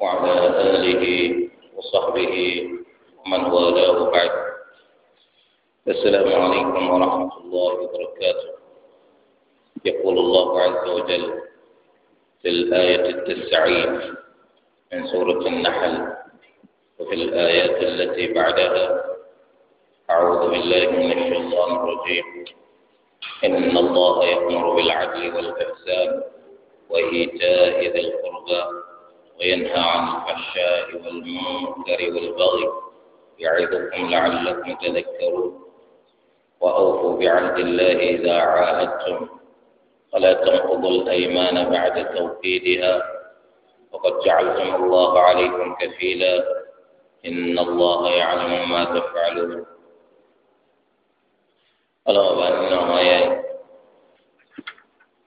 وعلى آله وصحبه ومن والاه بعد السلام عليكم ورحمة الله وبركاته يقول الله عز وجل في الآية التسعين من سورة النحل تذكرون وأوفوا بعهد الله إذا عاهدتم ولا تنقضوا الأيمان بعد توكيدها وقد جعلتم الله عليكم كفيلا إن الله يعلم ما تفعلون ọlọ́wọ́ bá nínú àwọn ayé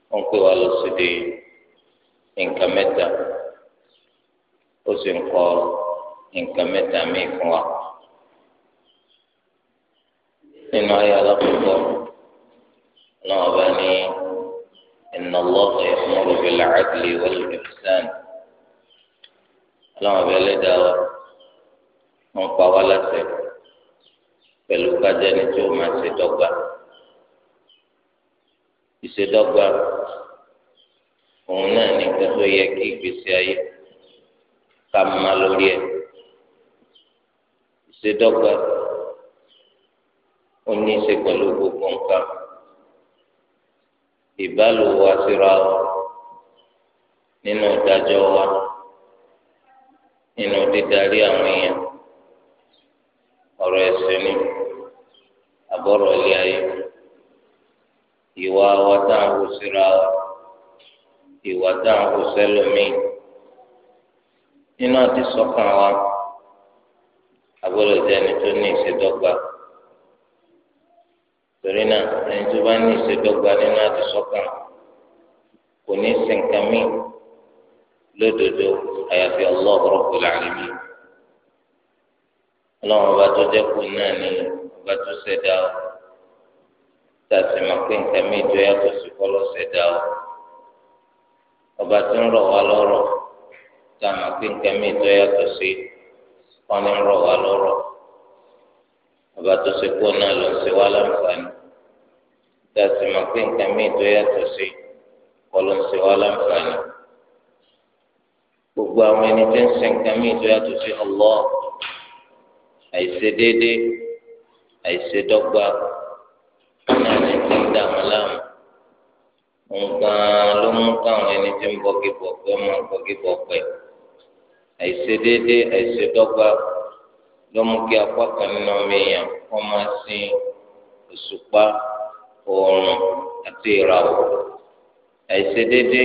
wọn pé wàá lọ síbi nǹkan mẹ́ta ó sì nínú ayé alákòókò náà bá ní iná lọ́kọ̀ ìfúnmọ́rò bí làákìlì wọlé ìfisàn ọlọ́run ọbẹ̀ lẹ́dàá wọn pa wá láṣẹ pẹ̀lú kájẹ́ni tí ó máa ṣe dọ́gba ìṣèdọ́gba òun náà ní nǹkan yẹ kí ìgbésí ayé ká má lórí ẹ̀ ìṣèdọ́gba. ó ní í gbogbo nǹkan ìbálò wa síra wa nínú wa nínú dídarí àwọn èèyàn Ọrọ ẹ̀sìn ni àbọ̀rọ̀ ilé ayé ìwà wa tá à ń wò síra wa ìwà tá à ń wò sẹ́lòmíì nínú wa torí náà ẹni tó bá ní ìṣèdọ́gba nínú àdìsọ́kàn kò ní sin kàmí lódodo àyàfi Allah Rabbul Alamin ọlọ́run ọba tó jẹ́ kó náà ni ọba tó ṣẹ̀dá ọ tàbí máa pé nǹkan mi tó yàtọ̀ sí kọ́lọ́ ṣẹ̀dá ọ ọba tó ń rọ̀ wá lọ́rọ̀ tá a máa pé nǹkan mi yàtọ̀ sí kọ́ni ń rọ̀ wá lọ́rọ̀ ọba tó ṣe kó náà lọ sí wá láǹfààní tẹ̀sí ma pé nǹkan míì tó yàtọ̀ sí kọlọ̀ ń ṣe wá láǹfààní. gbogbo àwọn ẹni tí ń ṣe nǹkan míì tó yàtọ̀ sí Allah àìṣe déédéé àìṣe dọ́gba náà ní ti ń dààmú láàmú. nǹkan ló mú káwọn ẹni tí ń bọ́gí bọ̀pẹ́ mọ́ bọ́gí bọ̀pẹ́ àìṣe déédéé àìṣe dọ́gba ló mú kí apá kan nínú ọmọ èèyàn kọ́ máa sin òṣùpá. Oorun àti ìràwọ̀ àìṣedédé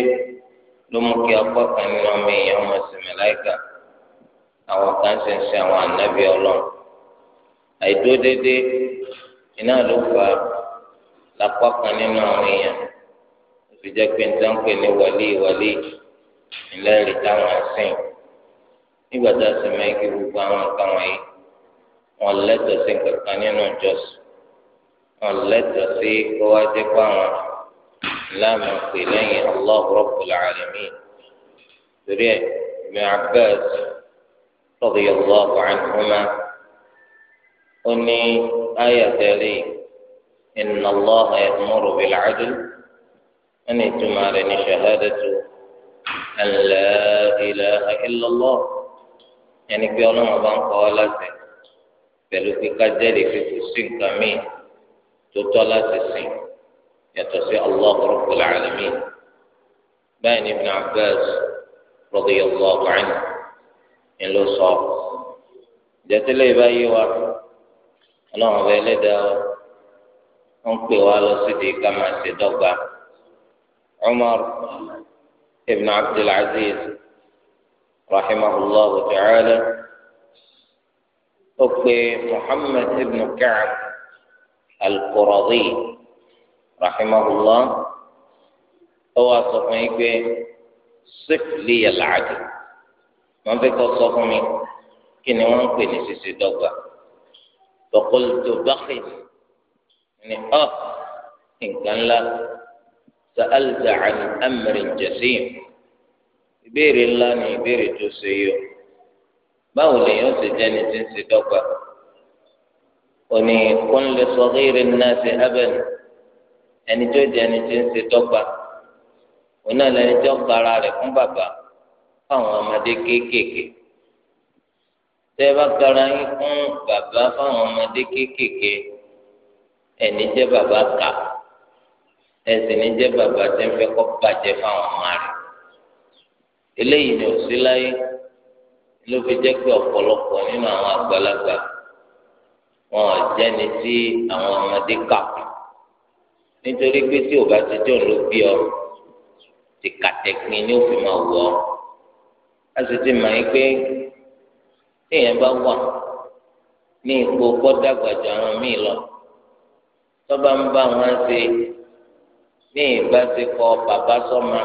ló mú kí ọ̀pọ̀ kan nínú ọmọ èèyàn ọmọ sinmi láìka àwọn kan ṣe ń ṣe àwọn ànábì Ọlọ́run àìdúródédé iná ló fà lápá kan nínú àwọn èèyàn òfin jẹ́ pé nǹkan pè ní wàlí wàlí táwọn àṣìn nígbà tá gbogbo àwọn nǹkan wọ̀nyí wọn lẹ́tọ̀ọ́ sí kankan ọ̀lẹ́tọ̀ sí kó wá jẹ́ pé àwọn láàmú pè lẹ́yìn Allah Rabbul Alamin torí ẹ̀ Ibn Abbas radiyallahu anhuma ó ní ayọ̀tẹ̀lẹ̀ inna Allah ya'muru bil 'adl wọ́n ní ìtumọ̀ rẹ̀ ní shahadatu an la ilaha illallah pé ọlọ́run ń kọ́ ọ láti pẹ̀lú kíkájẹ́ lè fi kù sí nǹkan mìíràn. tó tọ́ láti sìn yàtọ̀ sí Allah rukú làlámì bẹ́ẹ̀ ni Ibn Abbas radiyallahu anhu ń lọ sọ ìjẹ́tẹ́lẹ̀ ìbáyé wa ọlọ́run ọba ẹlẹ́dàá ń pè wá lọ sídìí ká máa ṣe dọ́gba Umar ibn abdulaziz Aziz rahimahullah ta'ala ó pè Muhammad ibn Ka'b. alukọrọdì rahimahullah ó wàá sọ fún yín pé sífìlì yàlàdì wọn fi kọ sọ fún mi kí ni wọn ń pè ní ṣíṣe dọ́gba tọkọlùtò bákì ni ọ nǹkan ńlá sàálùtà àni amẹrin jẹsìn ìbéèrè ńlá ni ìbéèrè tó ṣe yìí o báwo lèèyàn ṣe jẹ́ ni tí ń ṣe dọ́gba òní kúnlẹ̀ sọ̀rọ̀ náà ṣe abẹ́nu ẹni tó di ẹni tí ń ṣe dọ́gba òun náà lẹni tó gbára rẹ̀ fún bàbá fáwọn ọmọdé kéékèèké tẹ́ ẹ bá gbára yín fún bàbá fáwọn ọmọdé kéékèèké ẹni jẹ́ bàbá kà ẹsìn ní jẹ́ bàbá tẹ́ ń fẹ́ kọ́ fáwọn ọmọ eléyìí ni òsínláyé ló fi jẹ́ pé ọ̀pọ̀lọpọ̀ nínú àwọn àgbàlagbà. wọn ò jẹ́ni tí àwọn ọmọdé kà nítorí pé tí bá ti jọ ló bí ọ ti kàtẹ́pin ní òfin máa wọ ọ a sì ti mọ̀ pé téèyàn bá wà ní ipò kọ́dàgbàjọ àwọn míì lọ tọ́ba ń bá wọn ṣe ní ìbáṣepọ̀ bàbá sọ́mà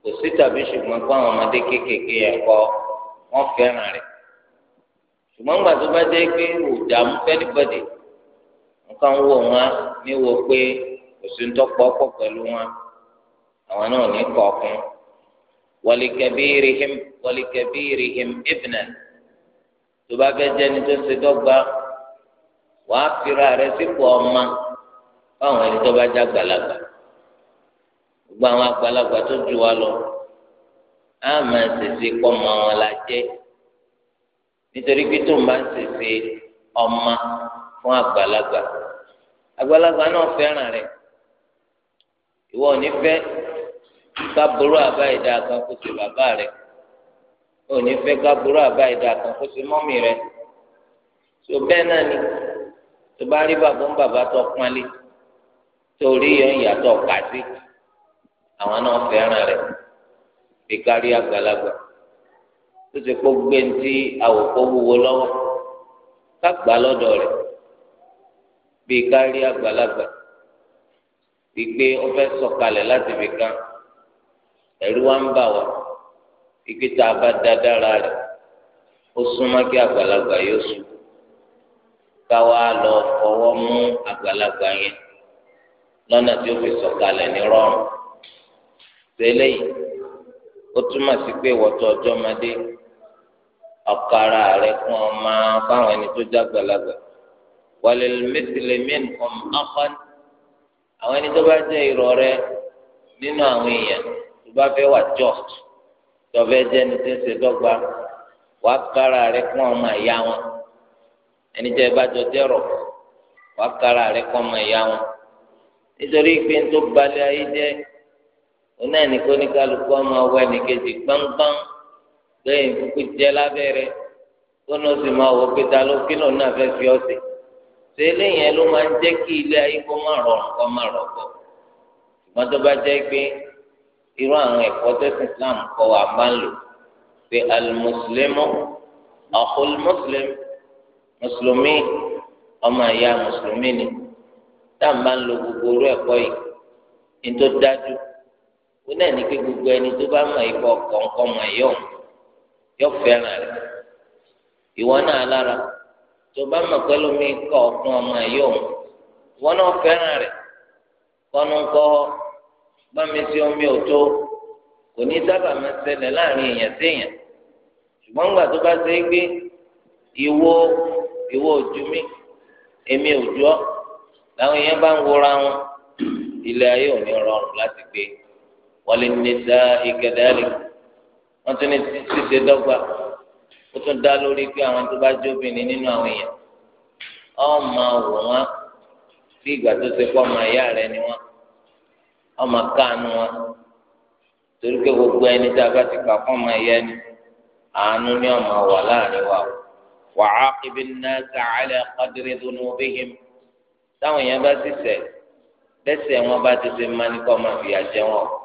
kò sí tàbí àwọn ọmọdé kéékèèké yẹn ṣùgbọ́n gbà tó bá dé pé òjà mú fẹ́nìbọ̀dì nǹkan wò wọn ní wo pé òsì ń tọ́pọ̀ pọ̀ pẹ̀lú wọn àwọn náà ní kọ̀ọ̀kan walikabirihim walikabirihim ibnan tó bá fẹ́ jẹ́ni tó ṣe dọ́gba wàá fira rẹ sípò ọmọ fáwọn ẹni tó bá já gbàlagbà gbogbo àwọn àgbàlagbà tó ju wa lọ á máa ṣèṣe pọ́ mọ́ wọn la jẹ́ nítorí pé tó máa ń ṣèṣe ọmọ fún àgbàlagbà àgbàlagbà náà fẹ́ràn rẹ̀ ìwọ ò ní fẹ́ kábúrò àbá ìdá kan kó ṣe bàbá rẹ̀ ò ní fẹ́ kábúrò àbá ìdá kan kó ṣe mọ́mì rẹ̀ tó bẹ́ẹ̀ náà ni tó bá rí bàbá ń bàbá tó pọ́nlé tó rí yọ ìyàtọ̀ kàdí àwọn náà fẹ́ràn rẹ̀ bí kárí àgbàlagbà tó ti kó gbé ntí àwòkọ́ wúwo lọ́wọ́ ká gbà lọ́dọ̀ rẹ̀ bí ká rí àgbàlagbà gbígbé ọfẹ́ sọ̀kalẹ̀ láti fi kan ẹ̀rú wa ń bà wá gbígbé tá a bá dá dára rẹ̀ ó súnmọ́ kí àgbàlagbà yóò sùn ká lọ fọwọ́ mú àgbàlagbà yẹn lọ́nà tí ó fi sọ̀kalẹ̀ ní rọrùn tẹ́lẹ̀ yìí ó túmọ̀ sí pé wọ́tọ̀ ọjọ́ máa dé ọ̀kara rẹ̀ fún ọmọ fáwọn ẹni tó jágbàlagbà wàlẹ̀ mẹsìlẹ̀mẹ́n ọm ọ̀kan àwọn ẹni tó bá jẹ́ ìrọ̀ rẹ nínú àwọn èèyàn tó bá fẹ́ wà just tó fẹ́ jẹ́ ẹni tó ń ṣe dọ́gba wà kára rẹ̀ fún ọmọ ìyá wọn ẹni jẹ́ bá jọ dẹ́rọ̀ wà kára rẹ̀ fún ọmọ ìyá wọn nítorí pé tó balẹ̀ ayé jẹ́ onáà ní kóníkálukú ọmọ ọwọ́ ẹnìkejì gbáǹgbáǹ lẹ́yìn kúkú jẹ́ lábẹ́rẹ́ tónú sì máa wọ pé ta ló kílò náà fẹ́ fi ọ́ sí ṣé eléyìí ẹ ló máa ń jẹ́ kí ilé ayé kó má rọrùn kó má rọgbọ ṣùgbọ́n tó bá jẹ́ pé irú àwọn ẹ̀kọ́ tẹ́sán Islam kọ́ wa máa ń lò pé alimusulemu ọ̀kọ́lùmùsùlùmí mùsùlùmí ọmọ ìyá mùsùlùmí ni tá a máa ń lo gbogbo orú ẹ̀kọ́ yìí ní tó dájú ó náà ní pé gbogbo ẹni tó bá mọ̀ ikọ̀ kọ̀ọ̀kan mọ̀ ẹ̀yọ́ òun yọ fẹ́ràn rẹ̀ ìwọ náà lára tó bá mọ̀ pẹ́lú mi kọ ọkùn ọmọ ẹ̀yọ́ òun ìwọ náà fẹ́ràn rẹ̀ kọ́nu kọ́ bá mi sí omi tó kò ní sábà máa láàrin èèyàn séèyàn ṣùgbọ́n gbà tó bá ṣe é gbé mi èmi ọ làwọn èèyàn bá ń wọn ilé ayé ò ní rọrùn láti gbé wọlé wọn tún ní ṣíṣe dọ́gba ó tún dá lórí pé àwọn tó bá jó obìnrin nínú àwọn èèyàn ọmọ máa wò wọn sí ìgbà tó ṣe pọ ọmọ ìyá rẹ ni wọn ọmọ káànù wọn torí pé gbogbo ẹni tí a bá ti kà fún ọmọ ni àánú ni ọmọ wà láàrin wa wa'aqibi an-nasa 'ala qadri dhunubihim táwọn èèyàn bá ti ṣẹ̀ bẹ́sẹ̀ wọn bá ti ṣe máa ní kọ́ máa fìyà jẹ wọn o.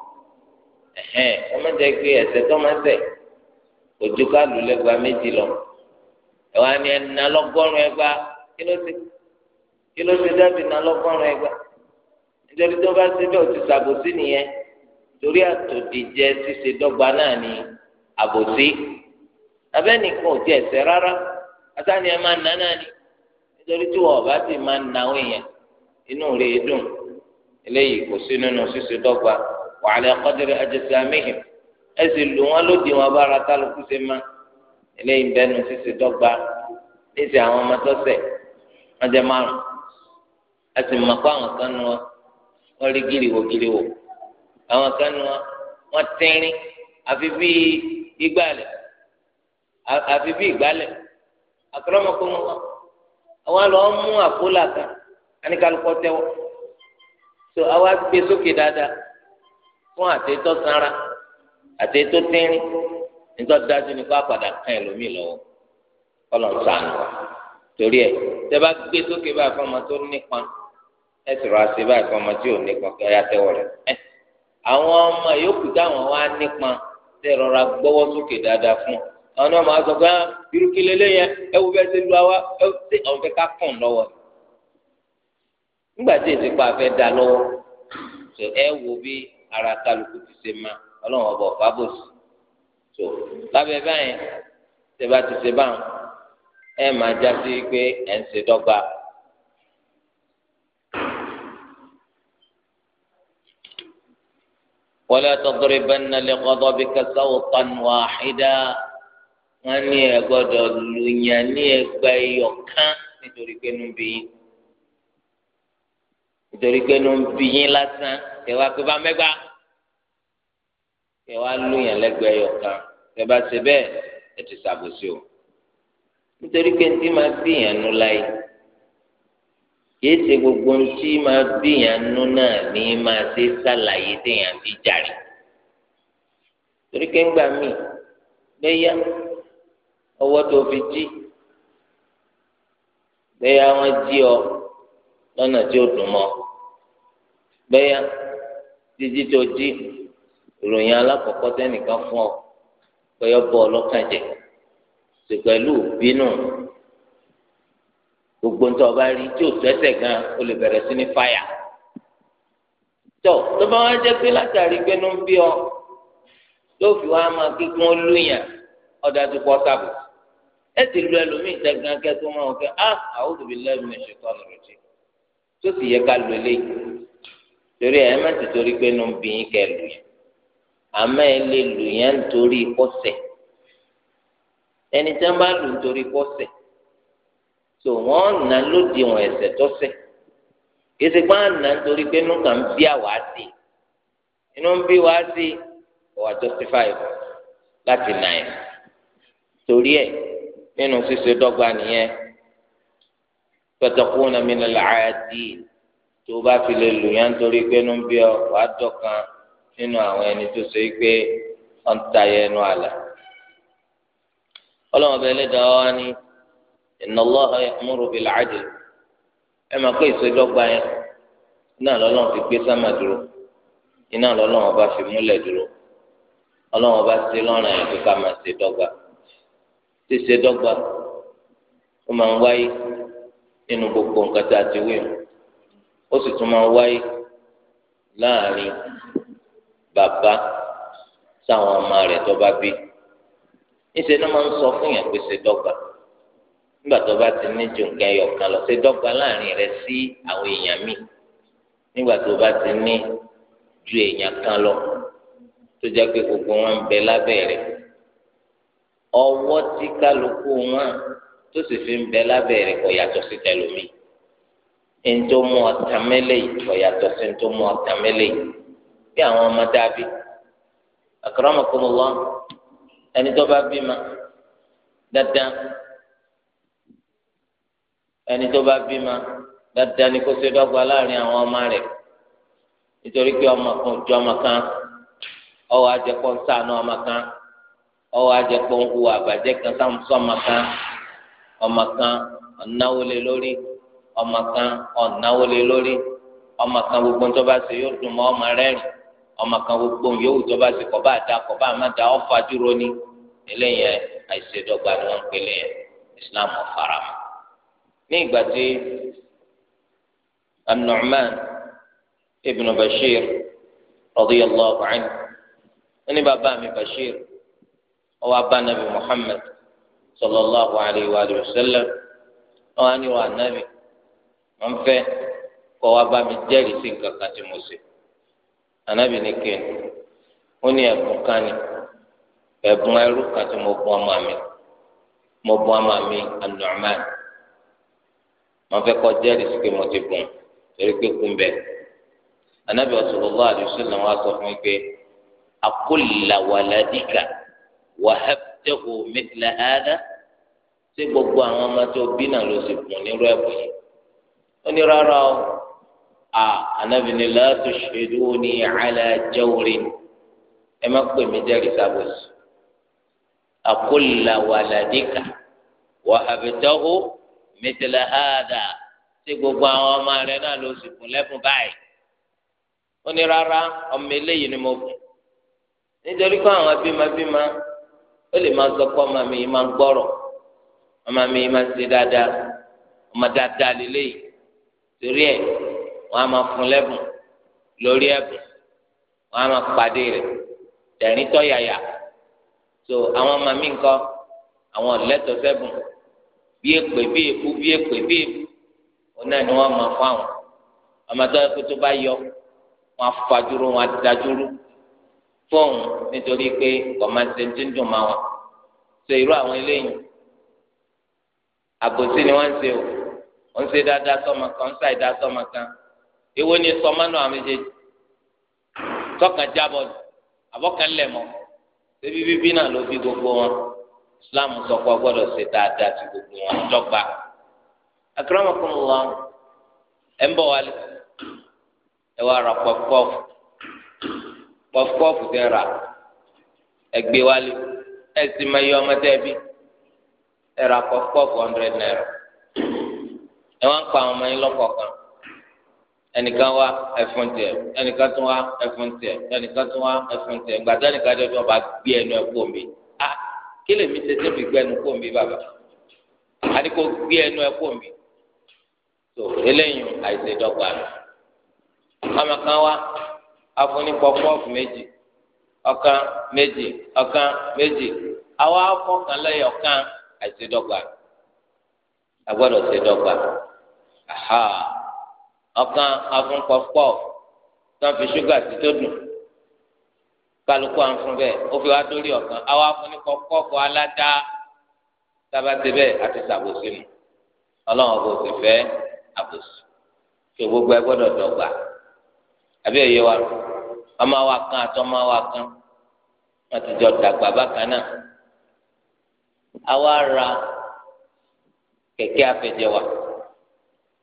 Ehe, ọmọdé gbé ẹ̀sẹ̀ tọ́mọ́sẹ̀ ojú ká lù lẹ́gba méjì lọ ni ẹ̀nà lọ́gọ́rùn-ún ẹgba kí ló ti kí ló ti dábì ná lọ́gọ́rùn ẹgba nítorí tó bá ò ti ṣàbòsí nìyẹn torí àtòdìjẹ ṣíṣe náà àbòsí ò ti ẹ̀sẹ̀ rárá máa nà náà ni nítorí tí wọ́n bá ti máa nà inú dùn eléyìí wàhálà ọkọdẹrẹ ajẹsẹ amihim ẹsẹ lù wọn lóde wọn bá ara kálukú ṣe má eléyìí bẹnu ṣíṣe dọ́gba níṣẹ àwọn ọmọ tọsẹ wọn jẹ márùn ẹsẹ mọkọ àwọn kan nu wọn wọn rí gíriwò gíriwò àwọn kan nu wọn wọn àfi bí ìgbálẹ̀ àfi bí ìgbálẹ̀ àkọlọmọkùnrin wọn àwọn àlọ mú àpò làkà àníkàlùkọ tẹwọ so àwa gbé sókè dáadáa fún àtẹtọ sanra àtẹtọ tẹrin nítorí dájú nípa padà kan ẹlòmíì lọ́wọ́ Ọlọ́run ṣàánú wa torí ẹ tẹ bá gbé sókè báyìí fún ọmọ tó nípa ẹ sì rà sí báyìí fún ọmọ tí ò nípa kí ọyá tẹ́wọ́ rẹ̀ ẹ àwọn ọmọ yòókù táwọn wá nípa tẹ rọra gbọ́wọ́ sókè dáadáa fún àwọn náà máa sọ pé ah, irúkí lélẹyìn ẹ wo bẹ́ẹ̀ ti lu àwa ẹ ṣe àwọn fẹ́ ká kàn lọ́wọ́ nígbà tí èsì pa fẹ́ dá lọ́wọ́ ẹ wo bí ara kálukú ti ṣe má ọlọ́run ọba ọ̀fà bò sí. tó lábẹ́ báyìí ṣe bá ti ṣe báwọn ẹ máa já pé ẹ̀ ń ṣe dọ́gba. ولا تضربن لغضبك سوطا واحدا wọn ní ẹ gbọ́dọ̀ lùyàn ní ẹgbẹ́ ẹyọkan nítorí pé nù bí yín nítorí pé nù bí yín lásán kẹwàá pé bá mẹ́gbà kẹwàá lóyún lẹ́gbẹ̀ẹ́ yọ̀kan kẹbà ṣe bẹ́ẹ̀ ẹ ti ṣàbòsí o nítorí pé ntí máa bíyàn nú láyé kìí ṣe gbogbo ntí máa bíyàn nú náà ní máa ṣe ṣàlàyé téèyàn fi jàre torí pé ńgbà míì bẹ́yà ọwọ́ tó fi jí bẹ́yà wọ́n jí ọ lọ́nà tí ó dùn mọ́ bẹ́yà títí tó di ìròyìn alákọ̀ọ́kọ́ tẹ́nìkan fún ọ pẹ́yọ́ bọ́ ọlọ́kàn jẹ sì pẹ̀lú bínú gbogbo ń tọ́ ọba rí tí ò tẹ́tẹ̀ gan o lè bẹ̀rẹ̀ sí ní fáyà tó tó bá wá jẹ́ pé látàrí pé ló ń bí ọ yóò fi wá máa kíkún olóyìn ọ̀dà tó pọ̀ sábà ẹ ti lu ẹlòmíì tẹ́gàn kẹ́tọ́ mọ́ ọ kẹ́ ah a'udhu billahi minash shaitani rajim tó sì yẹ ká lu eléyìí torí ẹ má ti torí pé nu bí yín kẹ lù yẹn àmọ́ ẹ lè lù yẹn nítorí kọsẹ̀ ẹni tí wọn bá lù nítorí kọsẹ̀ tó wọn nà lóde wọn ẹsẹ̀ tọsẹ̀ èsì pa nà nítorí pé nu kàn bí àwa sí inú bí wa sí ọwà justify láti nà ẹ torí ẹ nínú ṣíṣe dọ́gba nìyẹn pẹtẹkùn nàmínà làádìí. tó o bá fi lè lù yá nítorí pé bí ọ wàá nínú àwọn ẹni tó so yìí pé ta yẹ ẹnu àlà. ọlọ́run ọba ẹlẹ́dàá wa ni inna Allaha ya'muru bil ẹ máa pé ìṣèjọba yẹn iná lọ́lọ́run fi gbé sámà ọba fi múlẹ̀ dúró ọba ṣe lọ́rùn máa ṣe dọ́gba dọ́gba ó máa ń gbogbo nǹkan ó sì tún máa wáyé láàrin bàbá sáwọn ọmọ rẹ̀ tó bá bí níṣẹ́ ni wọ́n máa ń sọ fún yàn pé ṣe dọ́gba nígbà tó bá ti ní ju nǹkan ẹyọ kan lọ ṣe dọ́gba láàrin rẹ̀ sí àwọn èèyàn míì nígbà tó bá ti ní ju èèyàn kan lọ tó jẹ́ pé gbogbo wọn ń bẹ lábẹ́ rẹ̀ ọwọ́ tí kálukú wọn tó sì fi ń bẹ lábẹ́ rẹ̀ kò yàtọ̀ sí tẹlómi ẹnitó mú ọtá mẹlẹ yìí ọyàtọ̀ sí ẹnitó mú ọtá mẹlẹ yìí bí àwọn ọmọ dábì akramakumullah ẹni tó bá bí ma dandan ẹni tó bá bí ma dandan ni kó ṣe dọ́gba láàrin àwọn ọmọ rẹ̀ nítorí pé ọmọ kan ju ọmọ kan ọwọ́ ajẹpọ ń ọmọ kan ọwọ́ ajẹpọ ń àbàjẹ kan sọmọ kan ọmọ kan ọ̀nàwó lé lórí ọmọ kan ọ̀nàwó lé lórí ọmọ kan gbogbo tó bá ṣe yóò dùn mọ́ ọmọ rẹ́rìn ọmọ kan gbogbo yòówù tó bá ṣe kọ́ bá da kọ́ bá má da ọ̀fà dúró ni eléyẹn àìṣedọ́gba ni wọ́n ń pèlè yẹn Islam ọ̀farama. ní ìgbà tí an ibn Bashir radiyallahu anhu wọ́n bàbá mi Bashir ọwọ́ abánabi Muhammad sallallahu alayhi wa sallam wọ́n á ní wà nábì wọn fẹ́ kọ wa bá mi jẹ́rìí sí nǹkan kan tí mo ṣe anabi ní kéènì ó ní ẹ̀bùn kan ni ẹ̀bùn ẹrú kan tí mo bùn ọmọ mi mo bùn ọmọ mi An-Nu'man wọn fẹ́ kọ jẹ́rìí sí pé mo ti bùn torí pé kún bẹ́ẹ̀ anabi sallallahu alaihi wasallam wa sọ fún mi pé akulla waladika wahabtahu mithla hada gbogbo àwọn ọmọ tó bí náà ló sì bùn nírú ẹ̀bùn yìí oni rárá o a anabi ni la tushiduni ala jawrin ẹ má pè mí jẹ́rìí sábòsì akulla waladika wa abtahu mithla hada tí gbogbo àwọn ọmọ rẹ náà ló sì kún lẹ́kùn báyìí ó ní rárá ọmọ eléyìí ni mo kù nítorí pé àwọn bímabíma ó lè máa sọ pé ọmọ mi máa ń gbọ́rọ̀ ọmọ mi máa ń ṣe dáadáa ọmọ dáadáa lélẹ́yìí torí ẹ̀ wọ́n á máa fún lẹ́bùn lórí ẹ̀bùn wọ́n á máa pàdé rẹ̀ tẹ̀rín tọ́yàyà so àwọn ọmọ mi nǹkan àwọn ọ̀lẹ́tọ̀ sẹ́bùn bí èpè bí èkú bí èpè bí èkú òun náà ni wọ́n máa fún àwọn ọmọ tó yẹ kó tó bá yọ wọ́n á fadúró wọ́n á dájúrú nítorí pé kọ̀mọ̀sẹ̀ ti ń dùn máa wọn so irú àwọn eléyìí àbòsí ni wọ́n ń ṣe o. ó ń ṣe dáadáa sọ́mọ kan ó ń ṣàìdá sọ́mọ kan èwo ni sọmánú àwọn méjèèjì tọkàn jábọ́ àbọ̀kan lẹ̀ mọ́ bíbí náà ló gbogbo wọn Islam sọ pé ṣe dáadáa sí gbogbo wọn dọ́gba akramakumullah ẹ ń ẹ wá ra pọfupọfu pọfupọfu tẹ ra ẹgbẹ ẹ sì máa yọ naira ẹ wá ń pa àwọn ọmọ yín lọ́kọ̀ọ̀kan ẹnìkan wá ẹfun tiẹ̀ ẹnìkan tún wá ẹfun tiẹ̀ ẹnìkan tún wá ẹfun tiẹ̀ gbàtà ẹnìkan tó ọba gbé ẹnu ẹ mi a kí lèmi ṣe tẹ́bi gbẹnu kó mi bàbá àdìgbò gbé ẹnu ẹ mi tó eléyìí àìṣèdọ́gba rẹ ọmọ kan wá afunni pọfọọfù méjì ọ̀kan méjì ọ̀kan méjì àwa afọkànlẹyìn ọ̀kan àìṣèdọ́gba agbọ́dọ̀ ṣèdọ́gba aha ọ̀kan afúnpọ̀pọ̀ tó ń fi ṣúgà sí tó dùn kálukú àǹfọ̀n bẹ́ẹ̀ ó fi wá dórí ọ̀kan àwa afúnipọ̀pọ̀ aládá tábàtì bẹ́ẹ̀ àti sàbòsí mu ọlọ́run kò sì fẹ́ àbòsí tó gbogbo ẹ gbọ́dọ̀ dọ́gba àbí ẹ̀yẹ wa ọmọ wa kan àtọmọ wa kan wọn ti jọ dàgbà bákan náà àwa ra kẹ̀kẹ́ afẹ́jẹ́ wa.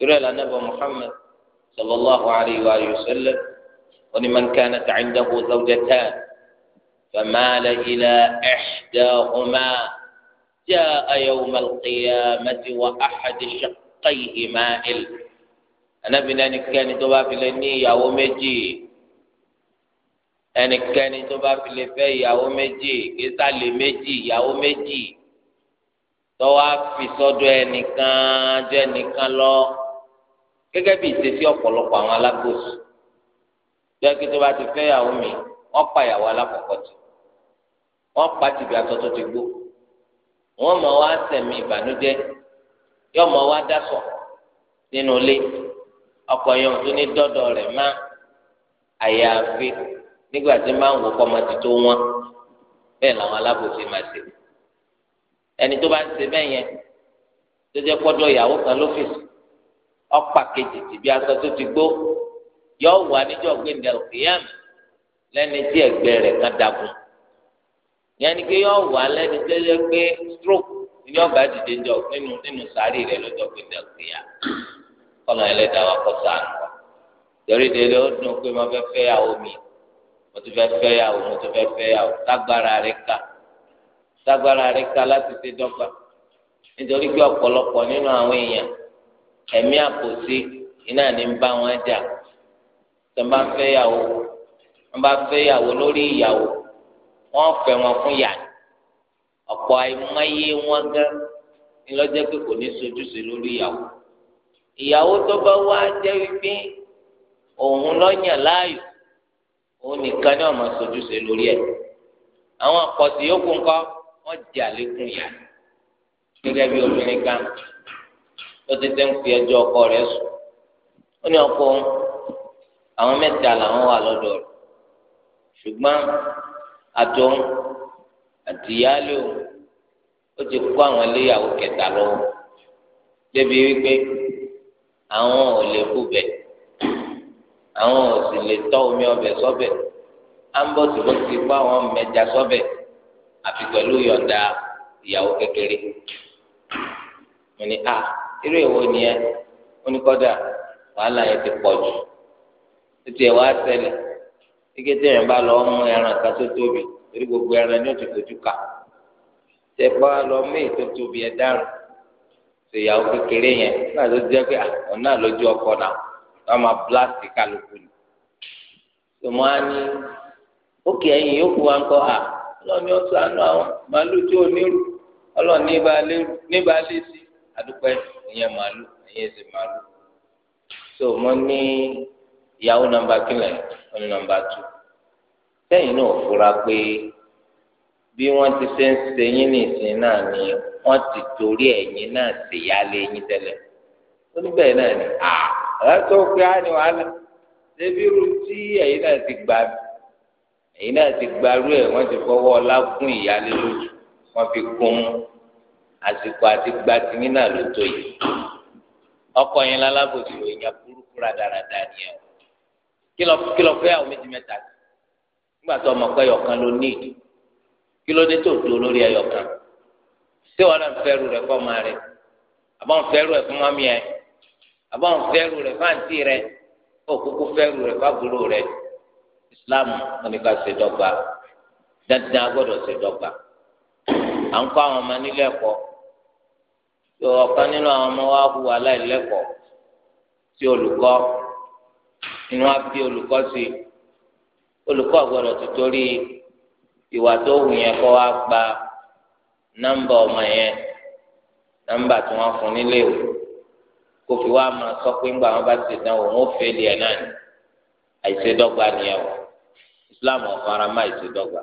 ترى النبي محمد صلى الله عليه وآله وسلم ولمن كانت عنده زوجتان فمال إلى إحداهما جاء يوم القيامة وأحد شقيه مائل أنا بناني كان تبا في لني يا ومجي ẹnikẹ́ni tó bá fi lè fẹ́ ìyàwó méjì kíta lè méjì ìyàwó méjì tó wá fi sọ́dọ̀ ẹnìkan jẹ́ gẹ́gẹ́ bí ìṣesí ọ̀pọ̀lọpọ̀ àwọn alágbòsí bẹ́ẹ̀ kí tó bá ti fẹ́ yàwó mi wọ́n pa ìyàwó alákọ̀ọ́kọ́ tì wọ́n pa tìbí aṣọ tó ti gbó wọ́n mọ̀ wá sẹ̀mí ìbànújẹ́ yọ mọ̀ wá dásọ̀ nínú ilé ọkọ yẹn tó ní dọ́dọ̀ rẹ̀ má àyàfi nígbà tí máa ń wò kọ́ máa ti tó wọ́n bẹ́ẹ̀ làwọn alábòsí máa ṣe ẹni tó bá ń ṣe bẹ́ẹ̀ yẹn tó jẹ́ pọ́dọ̀ ìyàwó kan lọ́fíìsì ọ̀pá kejì tìbí aṣọ tó ti gbó yọ wà níjọ́ gbẹ̀ndẹ̀ òkèèyàn lẹni tí ẹgbẹ rẹ kan dàgùn yẹn ni yọ wà lẹ́ni tó yẹ pé stroke ni ọba dìde jọ nínú nínú sáré rẹ̀ lọ́jọ́ wa sànù torí délé ó dùn pé mo mo mo ká ká láti ṣe nítorí pé ẹ̀mí àpòsí iná ní ń bá wọn jà tó ń bá fẹ́ yàwó wọn bá fẹ́ yàwó lórí ìyàwó wọn fẹ́ wọn fún yà ọ̀pọ̀ àìmọye wọn gán ni lọ́jọ́ pé kò ní sojúṣe lórí ìyàwó ìyàwó tó bá wá jẹ́ wípé òun lọ́yàn láàyò òun nìkan ni wọ́n sojúṣe lórí ẹ̀ àwọn àpọ̀sí yòókù ńkọ́ wọ́n jẹ́ àlékún yà gẹ́gẹ́ bí obìnrin kan tó tètè ń fi ẹjọ́ ọkọ rẹ̀ sùn ó ní ọkọ àwọn mẹ́ta làwọn wà lọ́dọ̀ rẹ̀ ṣùgbọ́n àtọ́n àtìyálé o ó ti kó àwọn iléyàwó kẹta lọ́wọ́ débi wípé àwọn ò lè kú bẹ̀ àwọn ò sì lè tọ́ omi ọbẹ̀ sọ́bẹ̀ à ń bọ̀ sí bó ti kó àwọn mẹ́ja sọ́bẹ̀ àfi pẹ̀lú yọ̀ǹda ìyàwó kékeré mo ní a. Ah irú èwo nìyẹn oníkọ́dà wàhálà yẹn ti pọ̀ jù títí ẹ̀ wá ṣẹlẹ̀ kíkẹ́ tí èèyàn bá lọ mú ẹran kan tó tóbi torí gbogbo ẹran ni ó ti fojú tẹ lọ tó tóbi ẹ ṣèyàwó kékeré yẹn nígbà tó jẹ́ pé lójú ọkọ náà máa kálukú ni wa àwọn màálù tí ò ìyẹn màálù ìyẹn èsì màálù so mo ní ìyàwó nọ́mbà kílẹ̀ ọ̀nà nọ́mbà tù sẹ́yìn náà fura pé bí wọ́n ti ṣe ń ṣe yín nìsín náà ni wọ́n ti torí ẹ̀yìn náà ṣe yá lé yín tẹ́lẹ̀ ó ní bẹ́ẹ̀ náà ni à aláṣọ pé á ní wàhálà débi irú tí ẹ̀yìn náà ti gbà ẹ̀yìn náà ti gbarú ẹ̀ wọ́n ti fọwọ́ ọlá fún ìyálé lójú wọ́n fi gún un àsìkò àti gba tìyín náà ló tó yìí ọkọ yẹn lálábòsí èèyàn burúkú rádaràda ni ẹ kílọ kílọ fẹ́ àwọn méjì mẹ́ta nígbà tó ọmọ pé ẹyọkan ló ní ìdí kí ló dé tó dúró lórí ẹyọkan tí wọn náà fẹ́rù rẹ fọ́ ọmọ rẹ àbọ̀ ń ẹ fún mọ́mí ẹ àbọ̀ ń rẹ fún àǹtí rẹ òkúkú fẹ́rù rẹ fún àbúrò rẹ Islam wọn ni ká ṣe dọ́gba dandan a gbọ́dọ̀ ṣe dọ́gba à ń kọ́ àwọn ọmọ nílé ẹ̀kọ́ tó ọ̀kan nínú àwọn ọmọ wa hùwà láìlẹ́kọ̀ọ́ sí olùkọ́ inú wa bí olùkọ́ sí olùkọ́ gbọ́dọ̀ ti torí ìwà tó hù yẹn kọ́ wa gba nọ́mbà ọmọ yẹn nọ́mbà tí wọ́n fún nílé o kò fi wá máa sọ pé ńgbà wọn bá ti dán o wọn ò fẹ́ di ẹ̀ náà ni àìṣedọ́gba nìyẹn o Islam ọ̀fara má àìṣedọ́gba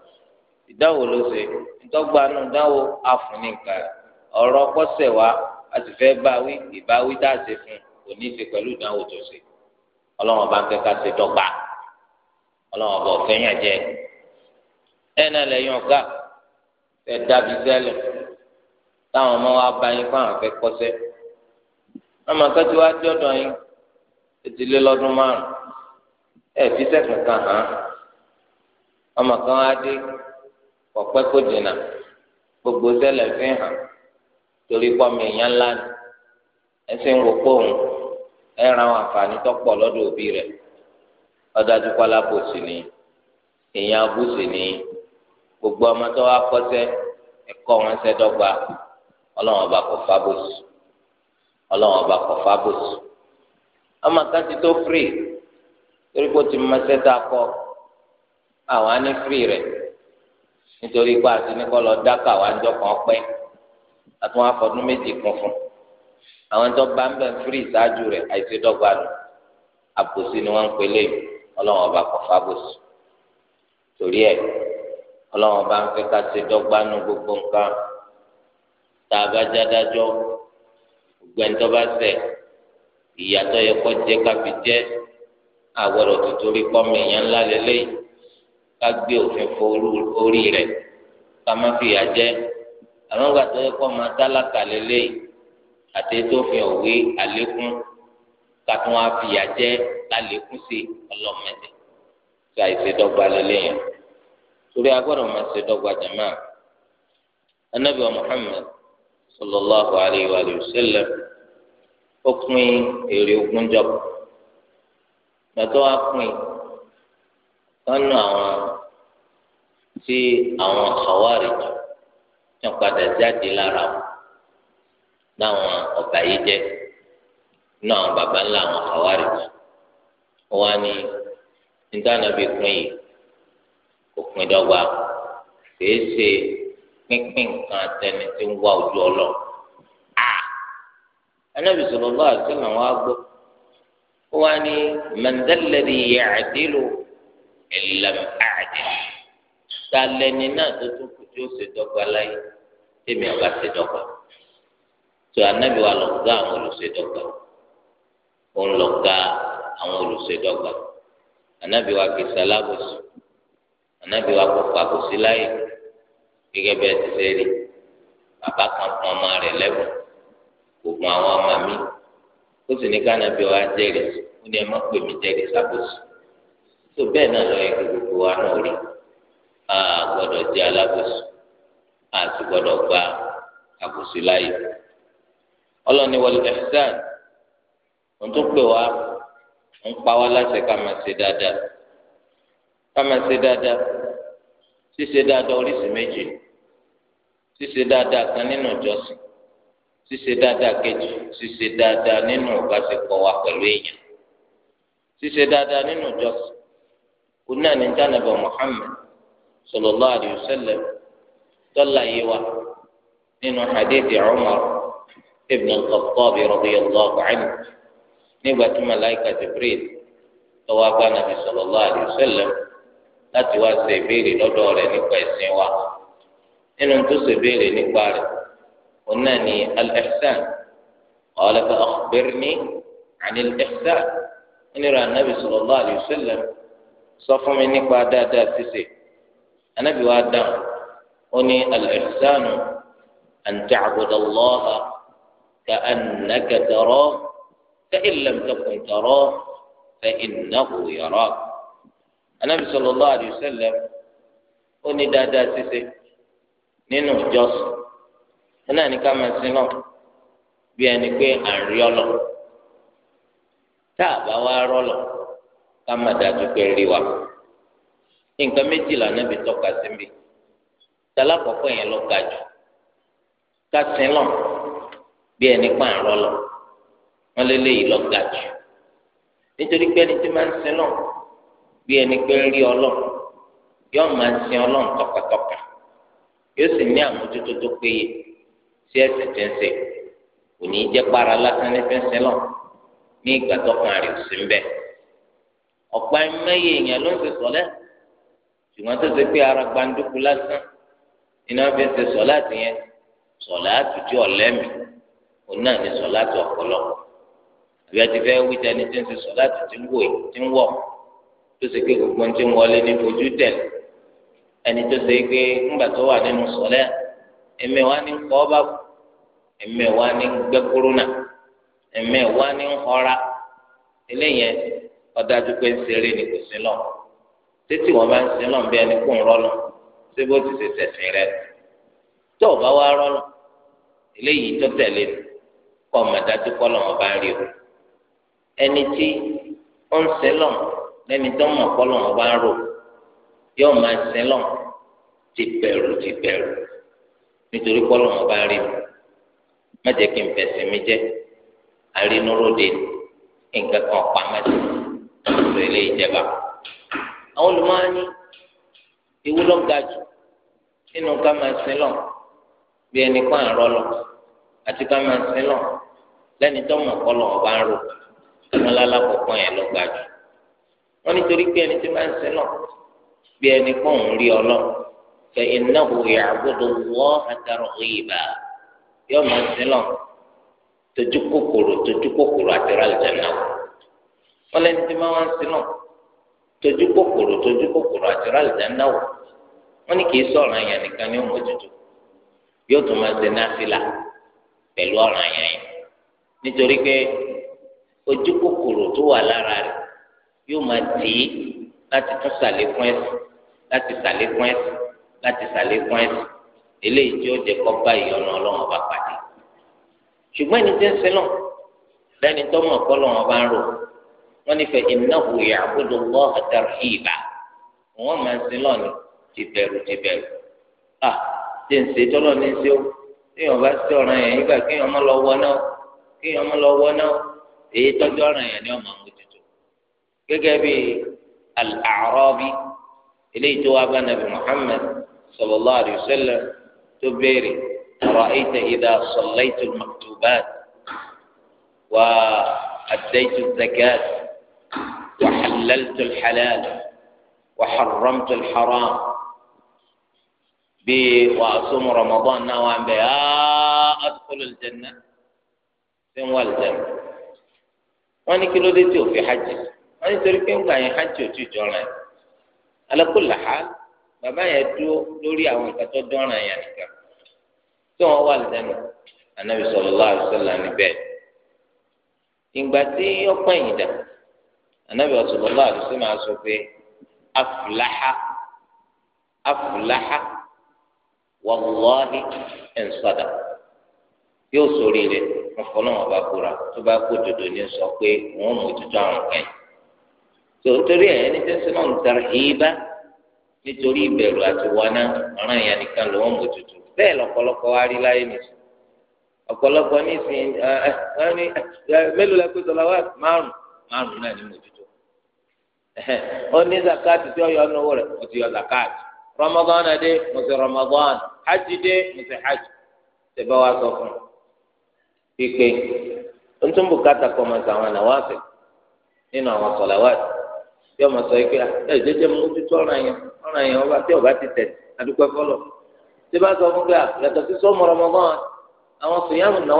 ìdánwò ló ṣe ìdọ́gba nù dánwò àfúnìkan rẹ̀ ọ̀rọ̀ kọ́sẹ̀ wa a sì fẹ́ báwí ìbáwí tá a ṣe fún kò ní í ṣe pẹ̀lú ìdánwò tó ṣe ọlọ́wọ́n bá ń fẹ́ ká ṣe dọ́gba ọlọ́wọ́n bá ọ̀fẹ́ yàn jẹ ẹ náà lẹ́yìn ọ̀gá fẹ́ dábì sẹ́lẹ̀ táwọn ọmọ wa bá yín fún àwọn fẹ́ ọmọ akẹ́tù wa dọ́dọ̀ yín etílé lọ́dún márùn ẹ fi sẹ́kùn kan hàn ọmọ kan wá dé ọ̀pẹ́ kò dènà gbogbo sẹ́lẹ̀ fi hàn. torí pọ́mi èèyàn ńlá ni ẹsẹ̀ ń wò pòun ẹ̀ ran àwọn àǹfààní tó lọ́dọ̀ òbí rẹ̀ ọ̀dájú sí ni èèyàn abú sí ni gbogbo ọmọ tó wá kọ́sẹ́ ẹ̀kọ́ wọn ṣẹ́ dọ́gba ọlọ́wọ́n ọba kò fábòsì ọlọ́wọ́n ọmọ kan ti tó firi torí kó ti mọṣẹ́ tá a kọ́ àwọn á ní firi rẹ̀ nítorí pé àti ní kọ́ lọ àti wọn afọdún méjì kún fún àwọn tó bá ń bẹ̀ fírì ṣáájú rẹ̀ àìṣedọ́gba nù àbòsí ni wọ́n ń pelé yìí ọlọ́run ọba kò fábòsí torí ẹ̀ ọlọ́run ọba ń fẹ́ ká ṣe dọ́gba nù gbogbo nǹkan tá a bá já dájọ́ gbẹ̀ntọ́ bá ṣẹ̀ ìyàtọ̀ yẹ kó jẹ́ káfi jẹ́ àwọ̀rọ̀ tuntun kọ́mọ èèyàn ńlá lélẹ́yìn ká gbé òfin fo orí rẹ̀ ká má fìyà jẹ́ àwọn gbà tó yẹ kó máa tálákà lélẹ́yìí àti tó fi òwe àlékún kàtún wá fìyà jẹ lálékún sí ọlọ́mọdé tí àìṣedọ́gba lélẹ́yìn torí agbọ́dọ̀ máa ṣedọ́gba jàmáà anabi wa muhammed sallallahu alayhi wa sallam ó pín èrè ogún jọba gbàtọ́ wa pín kánú àwọn tí àwọn àwárí jù tí wọn padà jáde lára wọn láwọn ọba yìí jẹ nínú àwọn baba ńlá àwọn àwárí wọn ni nítaná bíi pín yìí kò pín dọ́gba kìí ṣe pínpín nǹkan àtẹni tí ń wá ojú ọlọ a anábì sọlọ bá àti àwọn agbó wọn ni mẹndẹlẹdì yẹ àdìlù ẹlẹm àdìlù ta lẹni náà tó tún kù tí ó ṣe dọ́gba láyé tèmi ọba ṣe dọ́gba tó anábì wa lọgá àwọn olùṣèdọ́gba òun lọgá àwọn olùṣèdọ́gba anábì wa kì í ṣalábòsí anábì wa kò fàbòsí láyé gẹ́gẹ́ bẹ́ẹ̀ ti ṣe rí bàbá kan fún ọmọ rẹ̀ lẹ́bùn kò gun àwọn ọmọ mi ó sì ní kánábì wa jẹ́rìí ó ní ẹ má pè mí jẹ́rìí sábòsí tó bẹ́ẹ̀ náà lọ yẹ kí gbogbo wa náà rí i a gbọ́dọ̀ jẹ́ alábòsí a sì gbọ́dọ̀ gba àbòsí láàyè ọlọ́ni wọlé ẹ̀sán ohun tó pè wá ń pa wá láṣẹ ká máa ṣe dáadáa ká máa ṣe dáadáa ṣíṣe dáadáa oríṣìí méjì ṣíṣe dáadáa kan nínú ìjọsìn ṣíṣe dáadáa kejì ṣíṣe dáadáa nínú ìbáṣepọ̀ wa pẹ̀lú èèyàn ṣíṣe dáadáa nínú ìjọsìn onáà ní jánàbọ̀ Muhammad sallallahu alayhi wa sallam tọ́lá yìí wa nínú hadithi Umar ibn al-Khattab radiyallahu anhu nígbà tí malaika Jibril tọ́wọ́ abánabi sallallahu alayhi wa sallam láti wá ṣe ìbéèrè lọ́dọ̀ rẹ̀ nípa ẹ̀sìn wa nínú tó ṣe ìbéèrè nípa rẹ̀ òun náà ni al-ihsan qala fa akhbirni ani al-ihsan nínú Ànábì sallallahu alayhi wa sallam sọ fún mi nípa dáadáa ṣíṣe anabi wa dáhùn ó ní al-ihsanu an ta'buda Allaha ka'annaka tarahu fa'in lam takun tarahu fa'innahu yarak anabi sallallahu alayhi wa sallam ó ní dáadáa ṣíṣe nínú ìjọsìn nínú àníká máa sin náà bí ẹni pé à ń rí ọlọ tá a bá wá rọlọ wa nǹkan méjìlá náà bí tọ́ka sí mi tala kọ̀ọ̀kan yẹn lọ ga jù kásìn lọ bí ẹni pààrọ̀ lọ wọn lé léyìí lọ ga jù nítorí pé ẹni tí máa ń sin lọ bí ẹni pé ń rí ọlọ yóò máa ń sin ọlọ tọkàtọkà yóò sì ní àmójútó tó péye sí ẹsẹ tí ń sè kò ní í jẹ para lásán ní fẹsẹ lọ ní ìgbà tó kan rè sí bẹ ọ̀pá ẹ̀mẹ́yẹ èèyàn ló ń sè sọ́lẹ́. So ṣùgbọ́n tó ṣe pé ara gbanduku lásán iná fi ń ṣe sọ̀láàtì yẹn sọ̀láàtì tí ọ̀lẹ́mì òun náà ní sọ̀láàtì ọ̀pọ̀lọpọ̀ àbí ẹtì fẹ́ wí tẹni tí ń ṣe sọ̀láàtì tí ń wò tí ń wọ̀ tó ṣe pé gbogbo ń ti ń wọlé ní fojú tẹ̀ ẹni tó ṣe pé ńgbà tó wà nínú sọ̀lẹ́ ẹ̀mẹ̀ wá ní kọ́ bá ẹ̀mẹ̀ wá ní gbẹ́ kúrúnà ẹ̀mẹ̀ wá ní ọ̀ra eléyẹn ọ̀dájú pé ń ṣeré ní kò sí lọ́wọ́ tètè wọn bá ń sin lọ́n bí ẹni kó ń rọ́lọ́ ṣé bó ti ṣe tẹ̀sìn rẹ tó o bá wá rọ́lọ́ eléyìí tó tẹ̀lé kọ́ mọ̀dájú kọ́ lọ́wọ́ bá rí o ẹni tí ó ń sin lọ́n lẹ́ni tó mọ̀ kọ́ lọ́wọ́ bá rò yóò máa sin lọ́n ti bẹ̀rù ti bẹ̀rù nítorí kọ́ lọ́wọ́ bá rí o má jẹ́ kí n fẹ̀sìn mi jẹ́ àrínúróde nǹkan kan pa mẹ́tò lórí ilé ìjẹba àwọn olùmọ̀ọ́ni ewu lọ ga jù nínú ká máa sin lọ bí ẹni kan àrọ lọ àti ká máa sin lọ lẹ́ni tó mọ̀ kọ́ lọ ọba ń rò wọn lálá kọ̀ọ̀kan yẹn lọ ga jù wọn nítorí pé ẹni tó máa sin lọ bí ẹni kan ń rí ọ lọ fẹ iná òye àgbọdọ wọ àtàrọ òye bá yóò máa sin lọ tójú kòkòrò tójú kòkòrò àti rálẹ̀ jẹ̀ wọn lẹ́ni tó máa ń sin lọ tójú kòkòrò tójú kòkòrò àti rálìdáná wò wọn ní kì í sọ̀rọ̀ àyàn nìkan ní òmòjútó yóò tún máa ṣe náfìlà pẹ̀lú ọ̀rọ̀ àyàn yẹn nítorí pé ojú kòkòrò tó wà lára rẹ̀ yóò máa tì í láti tún sàlékún ẹ̀sìn láti sàlékún ẹ̀sìn láti sàlékún ẹ̀sìn eléyìí tí ó jẹ kọ́ bá ìyọnu ọlọ́run ọba pàdé ṣùgbọ́n ẹni tí ń sin náà lẹ́ni tó kọ́ wọn ní fẹ ìnáwó innahu ya'budu Allaha tarhiba wọn máa ń sin lọnà ti bẹ̀rù ti bẹ̀rù à ṣe ń ṣe tọ́lọ̀ ní ṣe ó ti nígbà kéèyàn má lọ wọ náà kéèyàn má lọ wọ náà èyí tọ́jú ọ̀ràn yẹn ni ọmọ àwọn òtútù gẹ́gẹ́ bí al-A'rabi yen ni wọn máa ń wò tuntun gege bi wá bá Nabi muhammed sọlọlá alayhi wa tó béèrè ara'ayta idha sallaytu al-maktubat wa addaytu az-zakat. حللت الحلال وحرمت الحرام بي وأصوم رمضان نوعا بي أدخل الجنة سن والجنة وأنا كيلو ديتي في حج وأنا تركي وقاعد حج وتجونا على كل حال bàbá yẹn dúró lórí àwọn nǹkan tó dọ́ràn yẹn nìkan tí wọ́n wà lẹ́nu anabi sallallahu alaihi wasallam níbẹ̀ ìgbà anabi ọsọlọlọ àdùsí máa sọ pé afúláhà afúláhà wàlúwàhí ẹnsọdà yóò sórí rẹ wọn bá kóra tó bá kó dodo ní sọ pé wọn mú tuntun àwọn kan tó torí ẹ náà ń tara nítorí àti ó ní zakati tí ó yọ ọ́nà owó rẹ̀ ó ti yọ zakati ramadan adé mo ṣe ramadan hajj dé mo ṣe hajj ṣe bá wa sọ fún un pípé ń tún bùkátà kọ́ máa sàwọn àwọn nínú àwọn sọ̀làwàtì bí ọmọ sọ yìí pé ẹ jẹjẹ mo ti tó ọ̀ràn yẹn ọ̀ràn ọba tí ọba ti tẹ̀ adúgbò fọlọ́ tí bá sọ fún pé yàtọ̀ sí sọ́mọ ramadan àwọn sòyàmù náà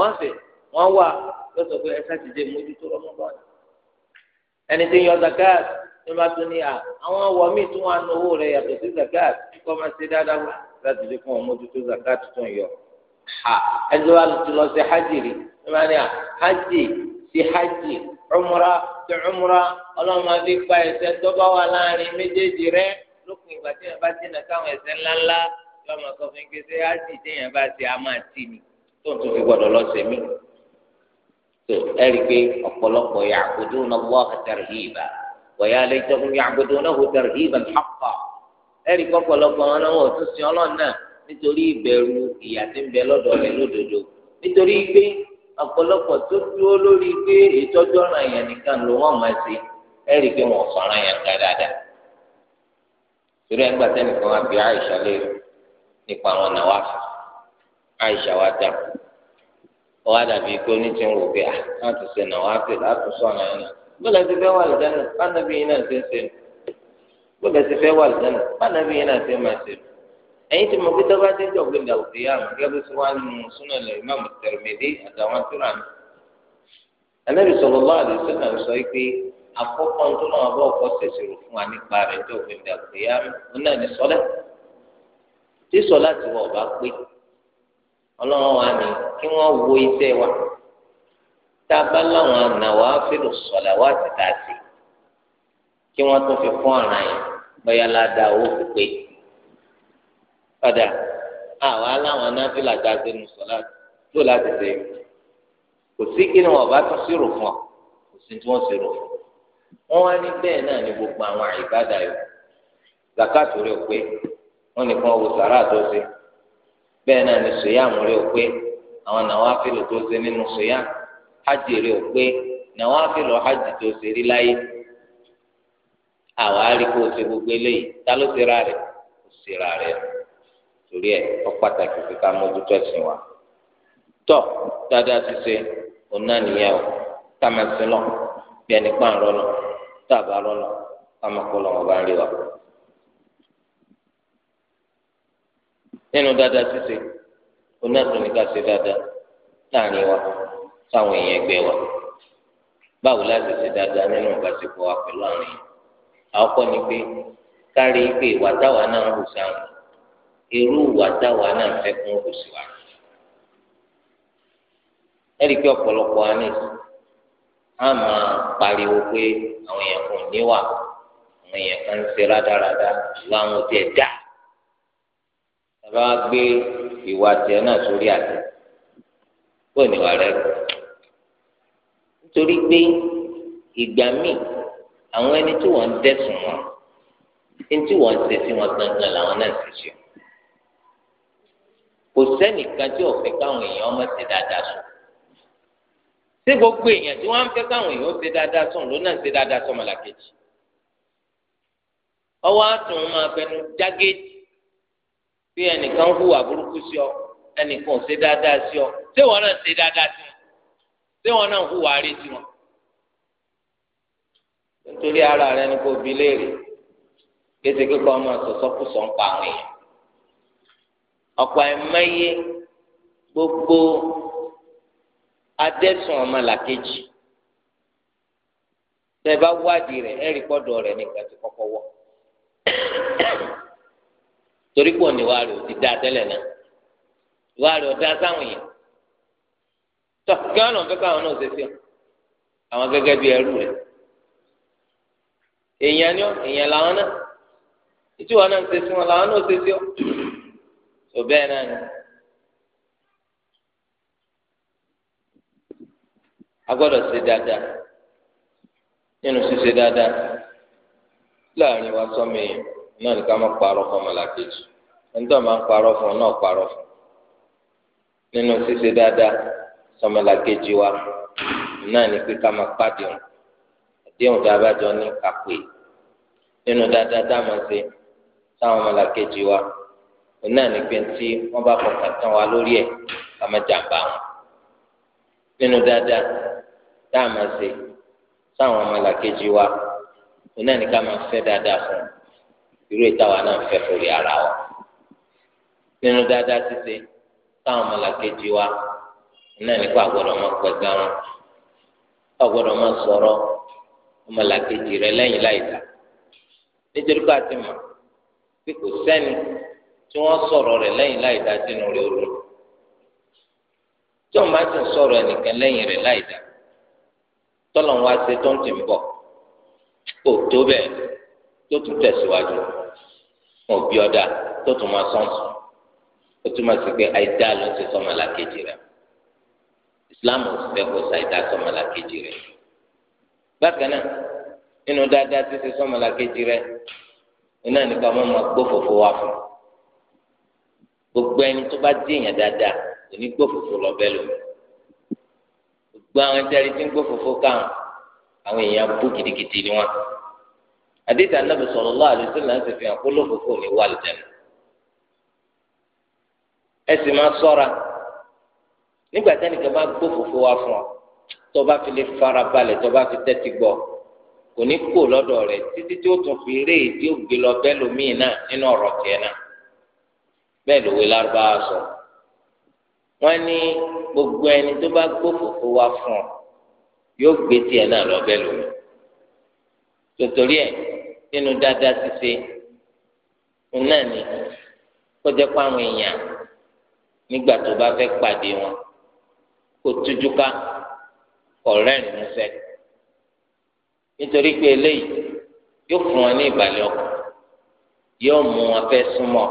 wá wà lọ́sọ̀ pé ẹ sá mo ti tó ẹni tí ń yọ zakat ní bá tún ní à àwọn ọwọ́ mi tún wà ní owó rẹ̀ yàtọ̀ sí zakat kọ́ máa ṣe dáadáa wá láti fi fún ọmọ tuntun zakat tuntun yọ. ẹjọ́ wa ti lọ sí hajj rí ní bá ní à hajj sí hajj umra sí umra ọlọ́run máa fi pa ẹ̀ṣẹ̀ tó bá wà láàrin méjèèjì rẹ̀ lókun ìgbà tí yẹn bá ti nà káwọn ẹ̀ṣẹ̀ ńláńlá yọ ọmọ kan fún gbèsè hajj tí yẹn bá ti a máa tì ní tó ń tún fi gbọdọ̀ lọ sẹ́mi. tó ẹ̀rí pé ọ̀pọ̀lọpọ̀ yà wọ̀yà lẹ́tọ́kùn yà gbọdọ̀ náà wò tẹ̀rẹ̀ ìbẹ̀n xọ́kọ̀ ẹ̀rí kọ́kọ́lọ́kọ́ wọn náà wọ́n tún sin ọlọ́run náà nítorí ìbẹ̀rù ìyà tí ń bẹ lọ́dọ̀ rẹ̀ lódodo nítorí pé ọ̀pọ̀lọpọ̀ tó dúró lórí pé ìtọ́jú ọ̀ràn yẹn nìkan ló wọ́n máa ṣe ẹ̀rí pé wọ́n yẹn ká dáadáa. torí wá bí àìsà léèrè ọ dàbí wò bóòlù ẹsẹ fẹ́ wà lùdánù bánàbí yìí náà ṣe ń ṣe bóòlù ẹsẹ fẹ́ wà lùdánù bánàbí yìí náà ṣe máa ṣe ẹ̀yin tí mo gbé tọ́ba dé jọ gbé dàwùdí yá mi gẹ́gẹ́ bí sọ wá nínú súnà lẹ̀ Imam Tirmidhi àtàwọn tóra mi Ànábì sallallahu alaihi wasallam sọ pé àkọ́kọ́ tó náà bọ́ ọkọ̀ ṣèṣirò fún wa nípa rẹ̀ jọ gbé dàwùdí yá mi tába láwọn ànàwà fìlù sọlá wà ti dá sí kí wọn tún fi fún ọ̀ràn yẹn bóyá ládàá owó pípé padà àwa láwọn anáfíìlà dá sínú sọlá tó láti ṣe kò sí kí ni wọn bá tún ṣírò fún ọ kò sí tí wọn ṣírò fún wọn wá ní bẹ́ẹ̀ náà ní gbogbo àwọn àìbádà yòó zakatu rẹ pé wọn nìkan wò sàrà tó ṣe bẹ́ẹ̀ náà ní sòyàmù rẹ pé àwọn nàwọn afẹlẹ tó ṣe nínú sòyàmù. hajj rẹ ò pé nàwọn àfihàn hajj tó ṣe láyé àwọn àríkò ṣe gbogbo eléyìí ta ló ṣe rẹ ọ pàtàkì fi ká mójútó wa tọ dáadáa ti ṣe òun nìyẹn o ká máa lọ bí ẹni pa ń rọlọ tá lọ wọn bá ń rí wa. ti wa. sáwọn èèyàn ẹgbẹ́ wa báwo láti ṣe dáadáa nínú ìbáṣepọ̀ wa pẹ̀lú àwọn èèyàn àkọ́kọ́ ni pé kárí pé ìwà táwa náà ń hù sáwọn irú ìwà táwa náà fẹ́ kún hù sí wa ẹ̀rí pé ọ̀pọ̀lọpọ̀ wa ní a máa pariwo pé àwọn èèyàn kò níwà àwọn èèyàn kan ń ṣe rádaràda ìwà àwọn òtí ẹ̀ dá tàbá gbé ìwà tiẹ̀ náà sórí àtẹ kó ìníwà rẹ̀ kù torí pé ìgbà míì àwọn ẹni tí wọ́n ń dẹ́sùn wọn ẹni tí wọ́n ń ṣe sí wọn gangan làwọn náà ti ṣe kò sẹ́nìkan tí òfin káwọn èèyàn ọmọ ti dáadáa sùn ṣé gbogbo èèyàn tí wọ́n ń fẹ́ káwọn èèyàn ṣe dáadáa sùn ló náà ṣe dáadáa sùn mọ̀làkejì ọwọ́ àtún máa fẹnu jágéjì bí ẹnìkan hùwà burúkú sí ọ ẹnìkan ò ṣe dáadáa sí ọ ṣé wọn náà ṣe dáadáa sí ọ tí wọn náà hùwà rí tiwọn nítorí ara rẹ ní kò bi léèrè kéṣeké kọ́ ọmọ sọ̀sọ́kùsọ̀ ń pa àwọn èèyàn ọ̀pọ̀ ẹ̀mẹ́yẹ gbogbo adẹ́sùn ọmọlàkejì tẹ bá wádìí rẹ rí pọ́dọ̀ rẹ nìkan ti kọ́kọ́ torí pọ̀ ti dá tẹ́lẹ̀ náà sáwọn èèyàn tọ kí wọn lọ fẹ káwọn náà ṣe sí ọ àwọn gẹ́gẹ́ bíi ẹrú rẹ èèyàn ni ọ èèyàn làwọn náà títí wọn náà ṣe sí wọn làwọn náà ṣe sí ọ tó bẹ́ẹ̀ náà ni. a gbọ́dọ̀ ṣe dáadáa nínú ṣíṣe dáadáa láàrin wa sọmi náà ní ká má parọ́ fún ọmọlàkejì ẹni tó máa ń parọ́ fún ọ náà parọ́ fún nínú ṣíṣe dáadáa sọmọlàkejì wa náà ní pé ká máa pàdé wọn àdéhùn tá a bá jọ ní kàpé nínú dáadáa tá a máa ṣe sáwọn ọmọlàkejì wa náà ní pé tí wọn bá fọkàn tán wa lórí ẹ ká máa jàǹbá wọn nínú dáadáa tá a máa ṣe sáwọn ọmọlàkejì wa náà ní ká máa fẹ́ dáadáa fún irú ìtawà náà fẹ́ fòrí ara wa nínú dáadáa títí sáwọn ọmọlàkejì wa. náà nípa àgbọ̀dọ̀ máa pẹ̀gà wọn àgbọ̀dọ̀ máa sọ̀rọ̀ ọmọlàkejì rẹ lẹ́yìn láìda nítorí mọ̀ pé kò sẹ́ni tí wọ́n sọ̀rọ̀ rẹ̀ lẹ́yìn láìda sínú o tí wọ́n bá ti sọ̀rọ̀ ẹnìkan lẹ́yìn rẹ̀ láìda tọ́lọ̀ wá ṣe tó ń ń bọ̀ kò tó bẹ́ẹ̀ tó tún tẹ̀síwájú ọ̀dà tó tún máa ó islam ò sì fẹ́ kó ṣàìdá sọmọlàkejì rẹ̀ bákan náà nínú dáadáa títí sọmọlàkejì rẹ̀ iná nìkan mọ́ máa gbó fòfò wá fún gbogbo ẹni tó bá dé èèyàn dáadáa ní gbó fòfò lọ bẹ́ẹ̀ lómi gbogbo àwọn ẹ̀dárí tí ń gbó fòfò nígbà tẹ́nìkan bá gbó fòfó wá fún ọ tó bá fi lè fara balẹ̀ tó bá fi tẹ́tí gbọ́ kò ní kó lọ́dọ̀ rẹ̀ títí tí ó tún fi eré èdè ògbé lọ bẹ́ẹ̀ lómìn náà nínú ọ̀rọ̀ tiẹ̀ náà bẹ́ẹ̀ lòwe lárúbáwá sọ wọ́n ní gbogbo ẹni tó bá gbó fòfó wá fún ọ yóò gbé tiẹ̀ náà lọ bẹ́ẹ̀ lómìn tòtòrí ẹ̀ nínú dáadáa ṣíṣe òun náà ni kó jẹ́ pé èèyàn nígbà tó bá fẹ́ pàdé wọn. kò tójú ká kọ̀rẹ́ẹ̀nì musẹ́ nítorí pé eléyìí yóò fún wọn ní ìbàlẹ̀ ọkàn yóò mú wọn fẹ́ súnmọ́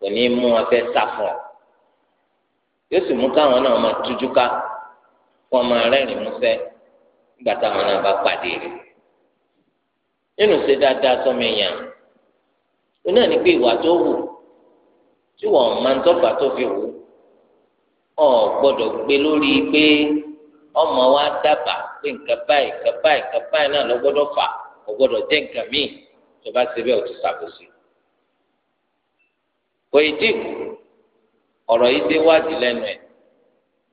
kò ní mú wọn fẹ́ sá yóò sì mú káwọn náà máa tójú ká kó máa musẹ́ nígbà pàdé rẹ̀ nínú ṣe dáadáa ó náà ní pé ìwà tó wù tí wọn ọ gbọ́dọ̀ gbé lórí pé ọmọ wa dábàá pé nǹkan báyìí nǹkan báyìí nǹkan báyìí náà lọ gbọ́dọ̀ fà ọ gbọ́dọ̀ jẹ nǹkan míì tó bá ṣe bẹ́ẹ̀ o ti ṣàkóso kò ì dín kù ọ̀rọ̀ yìí dé wádìí lẹ́nu ẹ̀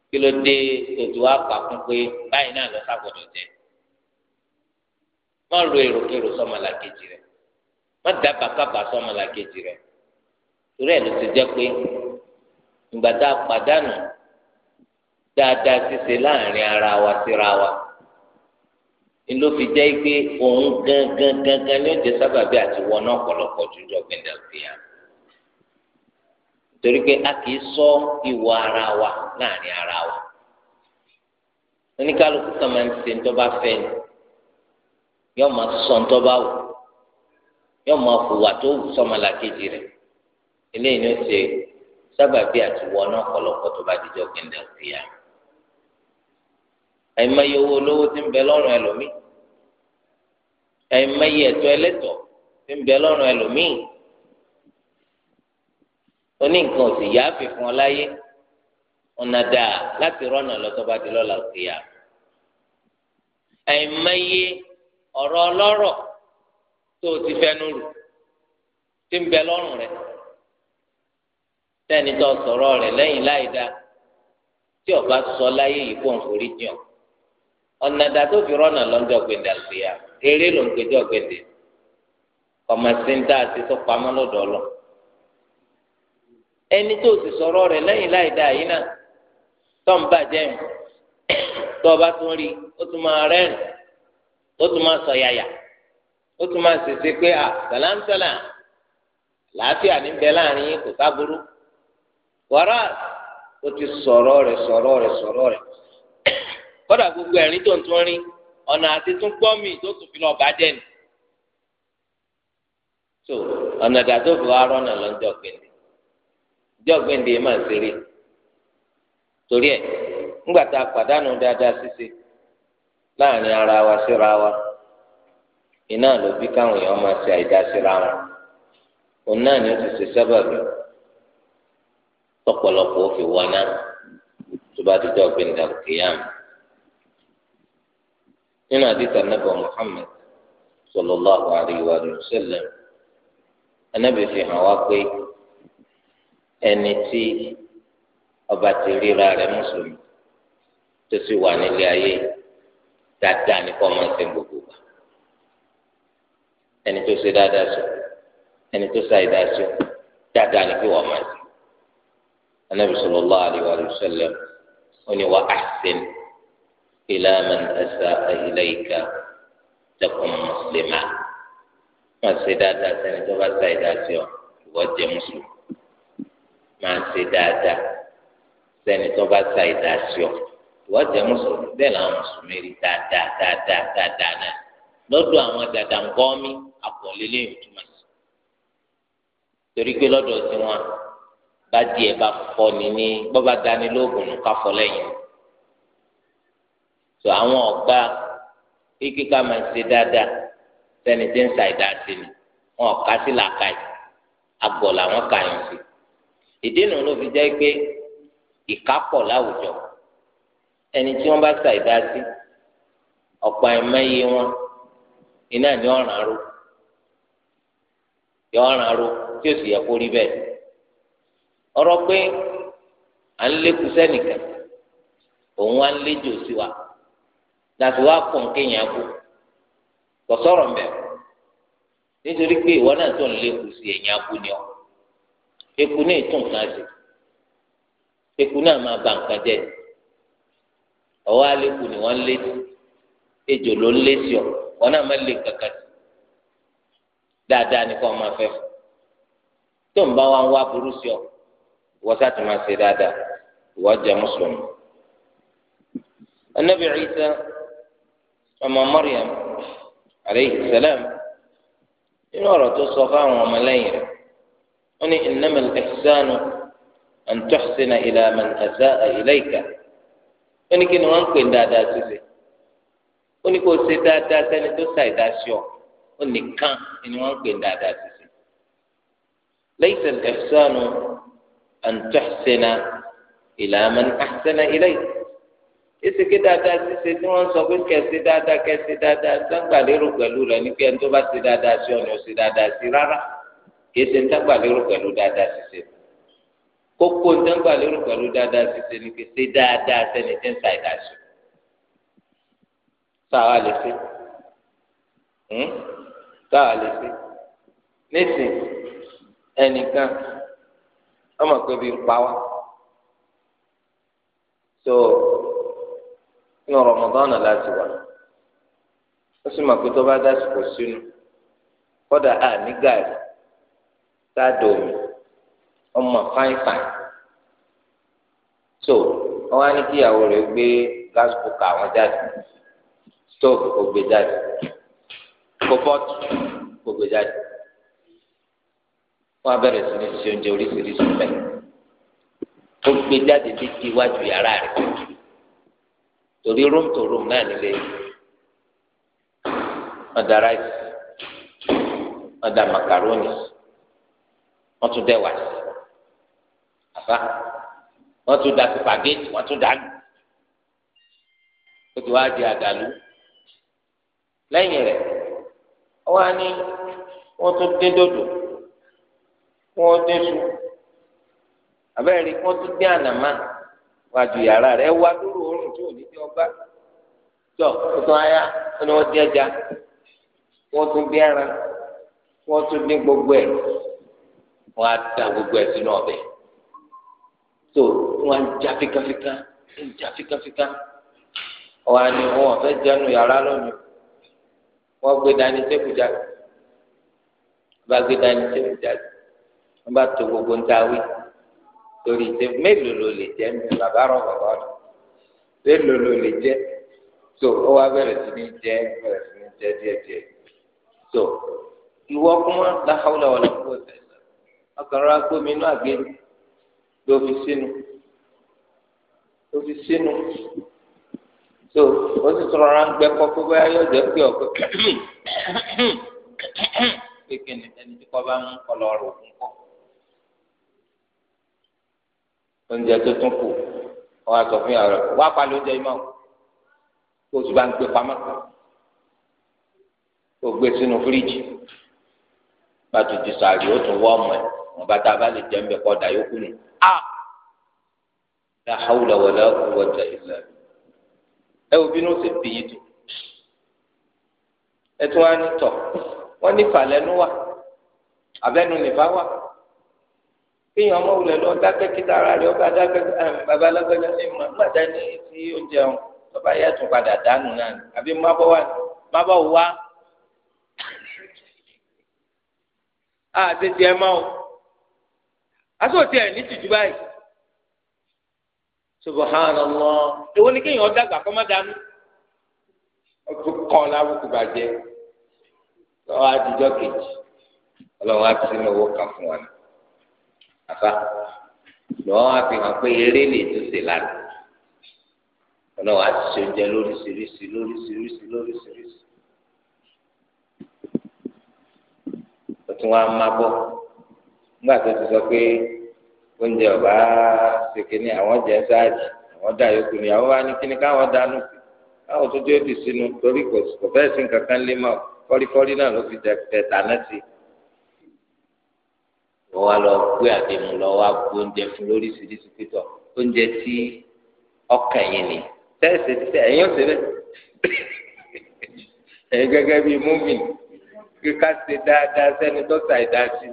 kí ló dé tòtò wá kà fún pé báyìí náà lọ sábọ̀dọ̀ jẹ má ro èròkèrò sọmọlàkejì rẹ má dábàá kábàá sọmọlàkejì rẹ torí ẹ̀ ló ti jẹ́ pé ìgbà tá a pàdánù dáadáa ṣíṣe láàrin ara wa síra wa ló fi jẹ́ pé òun gangan gangan ni ó jẹ́ sábàbí àti wọná ọ̀pọ̀lọpọ̀ jújọ torí pé a kì í sọ ìwọ ara wa láàrin ara wa oníkálukú kan máa ń ṣe ń tọ́ba fẹ́ ni yóò máa sọ ń tọ́ba wò yóò máa hùwà tó wù kejì rẹ̀ eléyìí ni ó ṣe sábàbí àti wọná ọ̀pọ̀lọpọ̀ tó bá àìmọye owó olówó ti ń bẹ lọ́rùn ẹlòmíì àìmọye ẹ̀tọ́ ẹlẹ́tọ̀ ti ń bẹ lọ́rùn ẹlòmíì oní nǹkan òsì yá fìfún ọ láyé ọ̀nà dà láti rọ́nà lọ́tọ́ba di lọ́la òsì yá àìmọye ọ̀rọ̀ ọlọ́rọ̀ tó o ti fẹ́nu rù ti ń bẹ lọ́rùn rẹ sẹ́ni sọ̀rọ̀ rẹ̀ lẹ́yìn láì dáa tí ọba sọ láyé yìí kó n forí jìn ọ ọ̀nà dàtó fi rọ́nà lọ́jọ́ gbẹ̀dẹ̀ àgbéyà eré ló ń gbẹjọ́ gbẹ̀dẹ̀ kọ̀mọ̀síńtà àti sọ́pamọ́ lọ́dọ̀ ọlọ. ẹni tó sì sọ̀rọ̀ rẹ̀ lẹ́yìn láì dáa yìí náà tó ń bàjẹ́ ń tó ọba tún rí ó tún máa rẹ́rìn ó tún máa sọ̀yàyà ó tún máa ṣèṣe pé à sàlámsàlà làáfíà níbẹ̀ láàrin kò sábúrú wàrà ó ti sọ̀rọ̀ rẹ̀ sọ̀rọ̀ rẹ̀ sọ̀rọ̀ rẹ̀ kódà gbogbo ẹ̀rín tó ń tún rí ọ̀nà àti tún gbọ́ mi tó tún fi lọ bá dẹ̀ nù. so ọ̀nà ìdàtò fún rọ́nà torí ẹ̀ ńgbà tá a pàdánù dáadáa ṣíṣe láàrin ara wa síra wa iná ló bí káwọn èèyàn máa ṣe wọn òun náà ni ó ti ṣe sábàbí wọná tó bá ti jọ nínú àdìsá nàbà Muhammad sallallahu alayhi wa sallam anábì fi hàn wá pé ẹni tí ọba ti ríra rẹ̀ mùsùlùmí tó sì wà nílé ayé dáadáa ní kọ́ máa ń ṣe gbogbo gbà ẹni tó ṣe dáadáa sọ ẹni tó ṣàì dáa sọ dáadáa ní kí wọ́n máa ṣe anábì sallallahu alayhi wa sallam ó ní wá ahsin. إلى من أساء إليك تكن مسلما ما سيداتا سنتوبا سيداتيو وجه مسلم ما سيداتا سنتوبا سيداتيو وجه مسلم بلا مسلم دادا دادا دادا náà lọ́dọ̀ àwọn dàdàǹgọ́mí àpọ̀lé lẹ́yìn túmọ̀ sí. torí pé lọ́dọ̀ tiwọn bá díẹ̀ bá fọ́ ni ní bọ́bá dání lóògùn ká fọ́ lẹ́yìn o. tó àwọn ọgbà kíkí ká máa ṣe dáadáa sẹni tí ni wọn ọ̀ka sí làákà yìí agbọ̀ làwọn kà yàn sí ìdí nu ló fi jẹ́ pé ìkápọ̀ láwùjọ ẹni tí wọ́n bá sa ìdá sí ọ̀pọ̀ wọn iná ni ọ̀ràn ro yọ ọ̀ràn ro tí ó sì yẹ kó rí bẹ́ẹ̀ ọ̀rọ̀ pé à ń òun láti wá kọ̀ nke kéèyàn kú kò mbẹ́ nítorí pé ìwọ náà tó ń lékun sí ni ọ eku náà tún kan eku náà máa ba nǹkan jẹ́ ọwọ́ ni wọ́n lé sí ejò ló ń lé sí ọ wọn náà má lè kankan sí dáadáa ni kò máa fẹ́ tó ń bá wa ń wá ọ sá ti máa ṣe dáadáa ọmọ Maryam aleyhi salam inú ọ̀rọ̀ ọ̀rọ̀ tó sọ fáwọn ọmọlẹ́yìn rẹ̀ wọ́n ní innamal pè dáadáa síse an tuhsina ila man asaa ilayka wọ́n ní kí ni wọ́n ń pè dáadáa sísè wọ́n ní kó o ṣe dáadáa sẹ́ni tó ṣàìdá sí ọ wọ́n nìkan ni wọ́n ń daadaa seni to sa ida si dáadáa ni sísè leyin al ihsanu an tuhsina ila man ahsana ilayka. eseke dáadáa ṣíṣe tí wọ́n sọ pé kẹsí dáadáa kẹsí dáadáa dágbàlérò pẹ̀lú rẹ̀ ní pé ẹni tó bá ṣe dáadáa sí ọ̀nà ṣe dáadáa sí rárá kẹsí dágbàlérò pẹ̀lú dáadáa ṣíṣe kókó dágbàlérò pẹ̀lú dáadáa ṣíṣe ní kẹsí dáadáa sẹ́ni tí ń sa ìdá sí sáwa lè ṣe sáwa hmm? lè ṣe nísìn ẹnìkan ọmọ pé bí ń pa wá so inú Ramadan láti wà ó sì mọ̀ pé tó bá dásìkò sínú kódà á ní gàrí sáàdọ̀ omi ọmọ fáìfáì so wọn wá ní kí ìyàwó rẹ̀ gbé gas cooker àwọn jáde stove kò gbé jáde kópọ́tù kò gbé jáde wọn á bẹ̀rẹ̀ sí ní ṣe oúnjẹ oríṣiríṣi bẹ́ẹ̀ ó gbé jáde títí iwájú yàrá rẹ̀ torí room to room náà nílé wọn da rice wọn da macaroni wọn tún dẹ wà sí àbá wọn tún da spaghetti wọn tún da nù ó ti wá di àdàlú lẹ́yìn rẹ̀ wọn á ní wọn tún dín dòdò wọn dín sùn abẹ́rẹ́ wọn tún dín ànàmá wájú yàrá rẹ̀ wá dúró oorun tí ò ní di ọgbà tọ tuntun aya wọn ni wọn dín ẹja wọn tún dín ẹran wọn tún dín gbogbo ẹ wọn á da gbogbo ẹ sínú ọbẹ̀ tó wọn á já fíkàfíkà ń já fíkàfíkà wọn á ní wọn fẹẹ jẹnu yàrá lónìí wọn gbé dání tẹkù wọn gbé dání tẹkù wọn bá tó gbogbo ń ta wí torí tẹ mélòó ló lè jẹ mi bàbá rọ bàbá rọ mélòó ló lè jẹ tó ó wá bẹ̀rẹ̀ sí ní jẹ bẹ̀rẹ̀ sí ní jẹ díẹ̀díẹ̀ tó ìwọ kúmọ láhàúlà wọlé kú ọtẹ ọkàrọ agbómi inú àgbélé ló fi sínú ló fi sínú tó ó sì tọrọ ara ń gbẹ kọ bóyá yóò jẹ pé ọkọ pé ẹni tí kò bá mú kọlọ rò fún kọ oúnjẹ tó tún kù wọn á sọ fún yàrá rẹ wá palẹ oúnjẹ yìí mọ kó o sì bá ń gbé pamọ́ kó o gbé sínú fíríjì bá a tún ti sàárì ó tún wọ ọmọ ẹ wọn bá tá a bá lè jẹ ń bẹ kọ ọdà yókù nù a la hawla wala quwwata illa ẹ wo bínú sì bí yín tó ẹ tún wá ní tọ wọn ní falẹnu wa abẹnu nìfà wa kéèyàn ọmọ wulẹ̀ lọ dákẹ́ kíta ara rẹ̀ ọba dákẹ́ bàbá alágbẹ́lẹ́ ẹ̀ mọ̀ gbàdá ní ti oúnjẹ ọ̀hún tọ́ba yẹ tún padà dànù náà ni àbí mábọ̀ wà mábọ̀ wá àtẹ̀tì ẹ̀ máa o asọ̀tì ẹ̀ ní tìjú báyìí subhanallah èwo ni kéèyàn dàgbà kọ́ má dànù ọdún kọ́ lábùkù bàjẹ́ lọ́wọ́ àdìjọ́ kejì ọlọ́run á ti ní owó kan fún wa ni àfa lọ́wọ́ wá fi hàn pé eré lè tún ṣe lánàá ọlọ́wọ́ á ti ṣe oúnjẹ lóríṣiríṣi lóríṣiríṣi lóríṣiríṣi ó tún wá má bọ́ nígbà tó ti sọ pé oúnjẹ ọba ṣe kínní àwọn jẹ ṣáàjì àwọn dá yòókù ni àwọn bá ní kínní káwọn dánú káwọn tó dé òdì sínú torí kò fẹ́ẹ́ sí nǹkan kan lé mọ́ fọ́rífọ́rí náà ló fi tẹ̀ tẹ̀ tà náà sí i wọ́n wá lọ gbé àdéhùn lọ wá gbóúnjẹ fún lóríṣiríṣi pítọ̀ oúnjẹ tí ọkàn yìí ni tẹ́sí tẹ́ ẹ̀yìn ọ̀sẹ̀ bẹ́ẹ̀ ẹ̀yìn gẹ́gẹ́ bíi múmin kíkà ṣe dáadáa sẹ́ni dọ́kítà ìdásí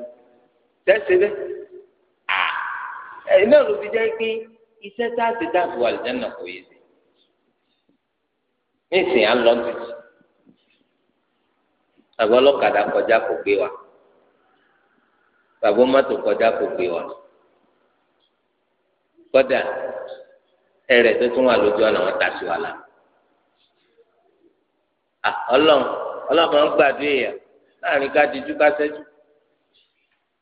tẹ́sí bẹ́ẹ̀ ẹ̀yìn náà ló fi jẹ́ pé iṣẹ́ tá a ti dáàbò àlùjáná kò yé sí nísìnyí à ń lọ kọjá kò gbé wa bàbá mọ́tò kọjá kò gbé wa kọ́dà ẹrẹ̀ tó tún wà lójú ọ̀nà wọn tàṣí wa la ọlọ́run ọlọ́run máa ń gbàdúrà yà láàrin ká dijú ká sẹ́jú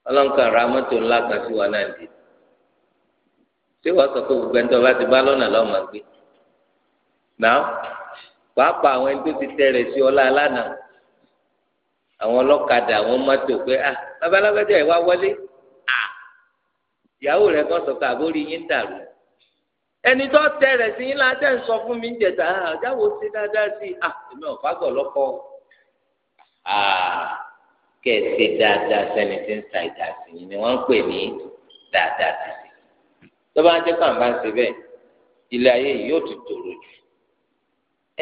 ọlọ́run kan ra mọ́tò ńlá kan sí wa náà dé ṣé wàá sọ pé gbogbo ẹni tó bá ti bá lọ́nà lọ́mọ gbé náà pàápàá àwọn ẹni tó ti tẹ̀rẹ̀ sí ọlá alánà àwọn ọlọ́kadà àwọn mọ́tò pé ah babalágbájá ẹ wá wọlé à ìyàwó rẹ kàn sọ pé àbórí yín dàrú ẹni tó tẹ rẹ sí yín láti ń sọ fún mi ń jẹta àjáwó sí dáadáa sí i à èmi ò fagbọ lọkọ à kẹsì dáadáa sẹni tí ń ta ìdá sí yín ni wọn ń pè ní dáadáa sí i tó bá ń jẹ káàmbá ń ṣe bẹ́ẹ̀ ilé ayé yìí yóò ti tòrò jù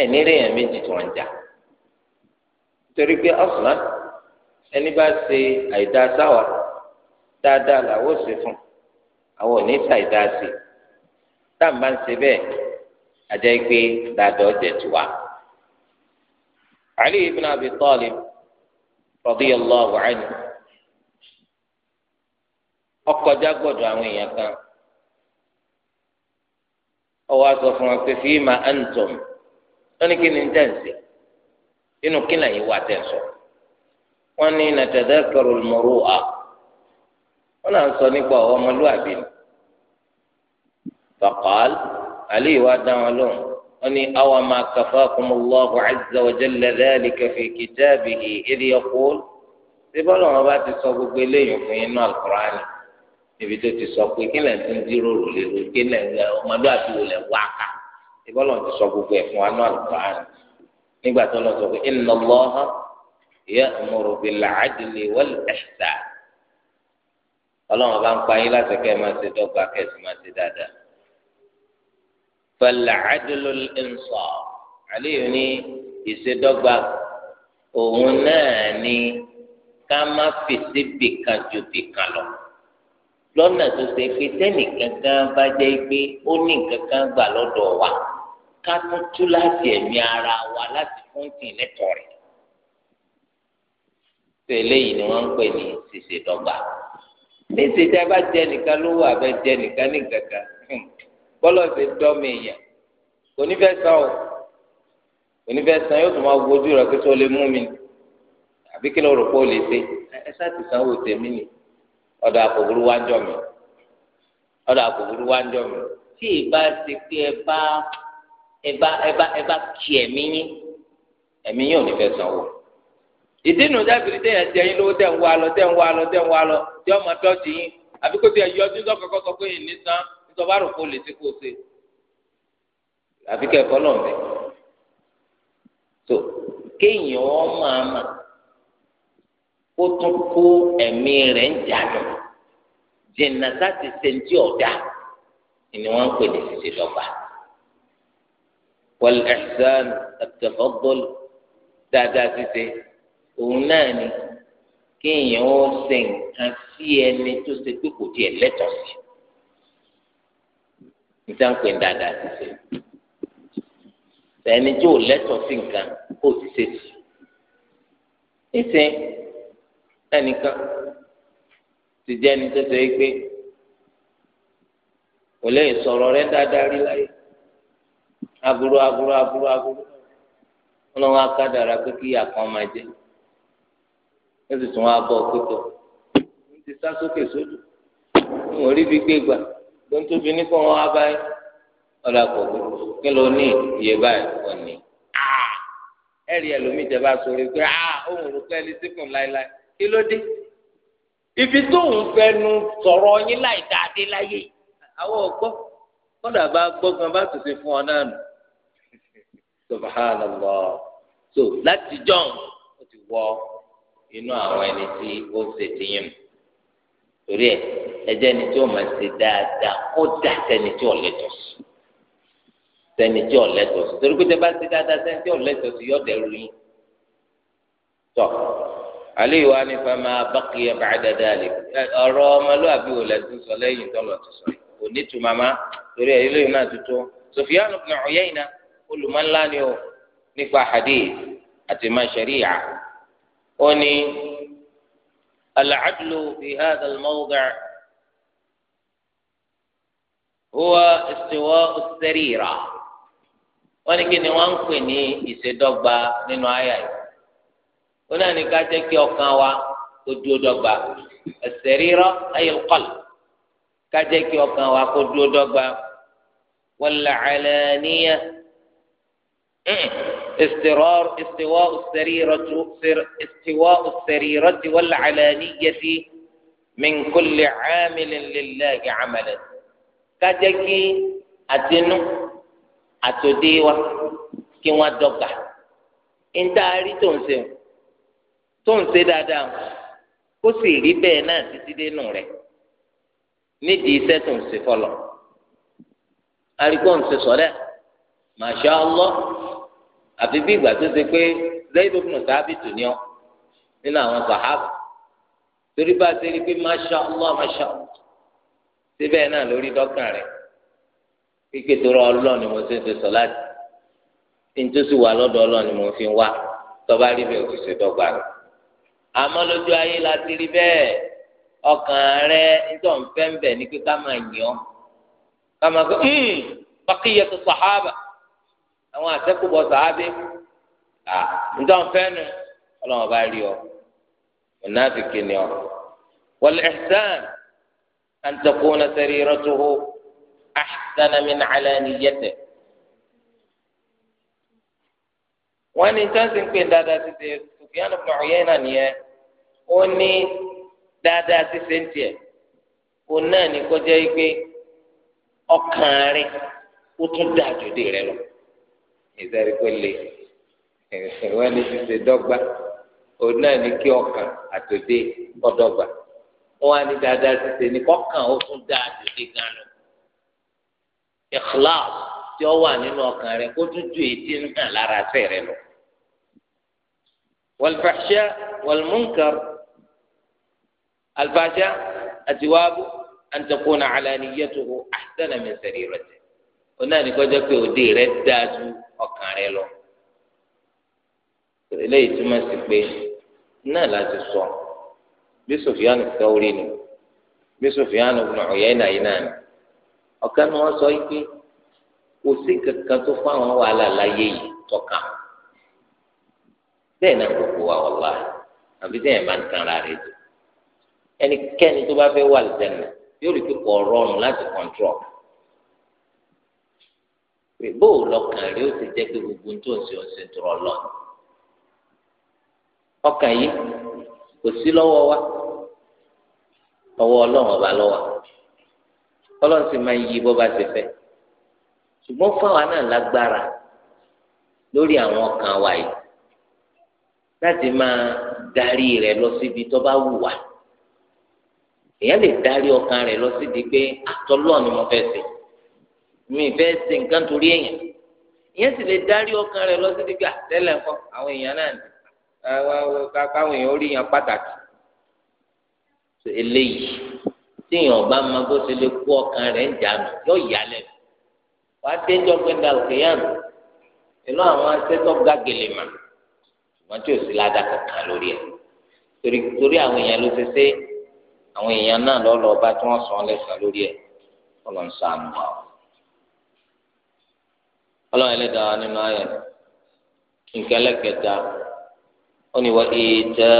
ẹ ní rí èèyàn méjì tó ń jà torí pé ọsùn náà. ẹni bá ṣe daa dáadáa làwọn ṣe fún àwọn ò ní tá à ń bá ń ṣe bẹ́ẹ̀ ajá pé dáadáa ọ̀jẹ̀ tù wá. Ali ibn Abi Talib radiyallahu anhu ọkọjá gbọ́dọ̀ àwọn èèyàn kan ọwọ́ aṣọ fún wọn pé wọ́n ní nàtẹ̀dẹ́kẹ̀rù mọ̀rúwà wọ́n náà ń sọ nípa ọmọlúwàbí ni fàkàl àlẹ́ ìwà dáhùn lóhùn wọ́n ní àwọn máa kàfà kùmù lọ́hùn àìsàn òjẹ́lẹ̀ lẹ́ẹ̀lì kẹfì kìtẹ́ẹ̀bì ìdí ẹ̀kọ́ ṣé bọ́lá wọn bá ti sọ gbogbo eléyìí fún inú àlùkùránì níbi tó ti sọ pé kí lẹ́yìn tó ń jíròrò lé lórí kí lẹ́yìn ọmọlúwàbí wò lẹ́ wá ká ṣé bọ́lá wọn ti sọ gbogbo ẹ̀ fún inú àlùkùránì nígbà tó lọ sọ pé ya'muru bil 'adli wal ihsan ọlọ́run bá ń pa yín láti kẹ́ máa ṣe dọ́gba kẹ́sì máa ṣe dáadáa. fal 'adlu al-insaf àlẹ́yìn ní ìṣedọ́gba òun náà ni ká má fèsì bìkan ju bìkan lọ lọ́nà tó ṣe pé tẹ́nìkankan bá jẹ́ pé ó ní nǹkankan gbà lọ́dọ̀ wa ká tún tú láti ẹ̀mí ara wa láti fún tìǹlẹ̀tọ̀ rẹ̀ tó eléyìí ni wọ́n ń pè ní ṣíṣe dọ́gba níṣẹ tí a bá jẹ nìkan lówó abẹ jẹ nìkan ní kankan hmm. bọlọ ṣe dọmi èèyàn kò ní fẹ́ san o kò ní fẹ́ san yóò tún máa wojú rẹ pé tó lè mú mi àbí kí ló rò pé ó lè ṣe ẹ ṣáà ti sanwó tèmi nì ọ̀dọ̀ àkókòrò wá ń jọ mi ọ̀dọ̀ àkókòrò wá ń jọ mi tí ìbá ti pé ẹ bá ẹ bá ẹ bá ẹ bá kí ẹ̀mí yín ẹ̀mí yín ò ní ìdínú dábìrì tẹ̀yàn jẹ́ yín lówó tẹ̀ ń wá lọ tẹ̀ ń wá lọ tẹ̀ ń wá lọ tí ọmọ dọ́ọ̀tì yín àbí kó ti ẹ̀yọ ọdún sọ́kọ̀ọ́kọ́ sọ pé yìí ní san nítorí bá rò kó lè ti kó ṣe àfi kẹ́kọ̀ọ́ lọ́n bẹ̀. tó kéèyàn ọmọ àmà ó tún kó ẹ̀mí rẹ̀ ń jàdùn jìnnà láti ṣèǹtì ọ̀dà ni wọ́n ń pè ní ṣiṣẹ́ lọ́gbà. wal ihsan at-tafaddul dáadáa òun náà ni kéèyàn ó ṣe nǹkan sí ẹni tó ṣe pé kò tiẹ̀ lẹ́tọ̀ọ́ sí nítorí pé dáadáa ti ṣe sẹ́ni tí lẹ́tọ̀ọ́ sí nǹkan kò ti ṣe sí níṣẹ́ ẹnìkan ti jẹ́ ẹni tó ṣe pé kò lè sọ̀rọ̀ dáadáa rí láyé aburú ẹ sì tún wá bọ̀ pẹtọ ń ti sá sókè sódò ń wọ́n rí bí gbé gbà ló ń tóbi ní kó wọn wá báyìí ọ̀dà kò gbé kí ló ní iye báyìí kò ní. Ah! ẹ rí ẹlòmíì tẹ bá sọ pé ohun ah! rò pé ẹni tí kùn láéláé kí ló dé. ibi tóun fẹnu sọ̀rọ̀ yín láì dáadé láyé àwọn ọgbọ́n kọ́dà bá gbọ́gbọ́n bá tètè fún ọ náà nù. subhanallah so láti jọ̀hún ó ti wọ́ inú àwọn ẹni tí ó ṣe tiyín mu torí ẹ ẹjẹ ni tí ó máa ṣe dáadáa ó dà sẹni tí ò lẹ́tọ̀ọ́ sí sẹni tí ò lẹ́tọ̀ọ́ sí torí pé tẹ bá ṣe dáadáa sẹni tí ò lẹ́tọ̀ọ́ sí yọdẹ rú yín tọ alẹ́ ìwà ni fama bákìyà bá dáadáa lè ọ̀rọ̀ ọmọlúwàbí wò lẹ́tún sọ lẹ́yìn tọ́lọ̀ tó sọ yìí kò ní tu màmá torí ẹ̀ ilé yìí náà tuntun Sufyan ibn Uyayna olùmọ̀ńlá ni ó nípa hadith àti máa ṣẹ̀ríyà أني العدل في هذا الموضع هو استواء السريرة wọ́n ní kí ni wọ́n ń pè ní ìṣèdọ́gba nínú àyà yìí wọ́n náà ní ká jẹ́ wa kó dúró dọ́gba as-sarira ay al-qalb ká jẹ́ wa kó dúró dọ́gba wal-alaniyah hmm. استرار استواء السريرة استواء السريرة والعلانية من كل عامل لله عملا kájẹ́kí àtinú àtòdé wa kí wọ́n dọ́gba ntaari tó ń ṣe tó ń ṣe dáadáa kó sì rí bẹ́ẹ̀ náà títí dénú rẹ̀ nídìí iṣẹ́ tó ń ṣe fọlọ́ àríkó ń ṣe sọ́dẹ̀ masha Allah àfi bí ìgbà tó ṣe pé zayd ibn sábìt ni ọ nínú àwọn sàhábà torí bá a ṣe rí i pé masha allah masha allah síbẹ̀ náà lórí dọ́kàn rẹ̀ kíkẹ́ tó rọ ọlọ́ọ̀ni mo ṣe ń ṣe sọ láti tí n tó sì wà lọ́dọ̀ ọlọ́ọ̀ni mo fi ń wá tọ́ba rí bẹ́ẹ̀ òṣìṣẹ́ dọ́gba rẹ̀ àmọ́ lójú ayé la ti rí bẹ́ẹ̀ ọkàn rẹ̀ nítorí òun fẹ́ ń bẹ̀ ní pé ká máa yàn ká máa gbé bàkìyẹ tó sàhábà àwọn àṣẹkùbọ sàábé à ntọ́n fẹ́nu ọlọ́run bá rí ọ mùnàfíkì ni ọ. wal ihsan an takuna sariratuhu ahsana min alaniyatihi. wọ́n ní sáǹsì ń pè dáadáa ti ṣe Sufyan ibn Uyayna nìyẹn ó ní dáadáa ti ṣe ń tiẹ̀ kò náà ní kọjá yìí pé ọkàn rẹ̀ ó tún dáa jòdè rẹ̀ lọ ìsẹ́rí pé lè ìwé ni ti ṣe dọ́gba òun náà ní kí ọkàn àtòdé kọ́dọ́gba wọn á ní dáadáa ti ṣe ní kọ́kàn ó tún dá àtòdé gan lọ. ìkìláàs tí ó wà nínú ọkàn rẹ kó dúdú èdè náà lára sẹ́ rẹ lọ. wàlfàṣà wàlmúnkàr àlfàṣà àti wàbù àǹtakùnà àlàníyàtò àṣìṣẹ́ nàmẹ́sẹ̀rì rẹ̀ tẹ̀ onáà ní kọjá pé òde rẹ dáa ju ọkàn rẹ lọ eléyìí túmọ̀ sí pé náà láti sọ bí Sufyan Thawri ni bí Sufyan ibn Uyayna yìí náà ni ọ̀kan ni wọ́n sọ yìí pé kò sí kankan tó fáwọn wàhálà láyé yìí tọ́ka bẹ́ẹ̀ náà gbogbo wa ọ̀la àbí tẹ́yẹ̀ máa ń tan ara rẹ̀ jù ẹnikẹ́ni tó bá fẹ́ wà lẹ́nu yóò rí pé kò rọrùn láti kọ̀ǹtrọ̀ọ̀lù pé bó o lọkàn rí o ti jẹ́ pé gbogbo tó ń ṣe ọ̀sẹ̀ tọrọ lọ. ọkàn yìí kò sí lọ́wọ́ wa ọwọ́ ọlọ́run ọba lọ́wọ́ ọlọ́run sì máa ń yí bó bá ṣe fẹ́ ṣùgbọ́n fáwa náà lágbára lórí àwọn ọkàn wa yìí láti máa darí rẹ̀ lọ síbi tó bá wù wá èèyàn lè darí ọkàn rẹ̀ lọ síbi pé àtọ́lọ́ ah, ni mo fẹ́ sè é mi fẹ́ ṣe nǹkan torí èèyàn ìyẹn sì lè darí ọkàn rẹ lọ síbi gbà tẹ́lẹ̀ ńkọ́ àwọn èèyàn náà ní káwọn èèyàn orí yẹn pàtàkì eléyìí tíyàn ọba máa bó ṣe lè kó ọkàn rẹ ń jà nù yóò yà lẹ́nu wàá déjọ́ pé dàlùkìyàn inú àwọn asẹ́tọ̀ gàgèlè mà wọ́n tí ò sí ládàá kankan lórí ẹ̀ torí torí àwọn èèyàn ló ṣe ṣe àwọn èèyàn náà lọ́ọ́ lọ́ọ́ bá tí wọ́n sọ ọ́ lẹ́sàn-án lórí ẹ̀ ọlọ́run ṣàánú wa o ọlọ́run ẹlẹ́dàá nínú ayẹ nkẹlẹ́kẹta ó ní wa ìjà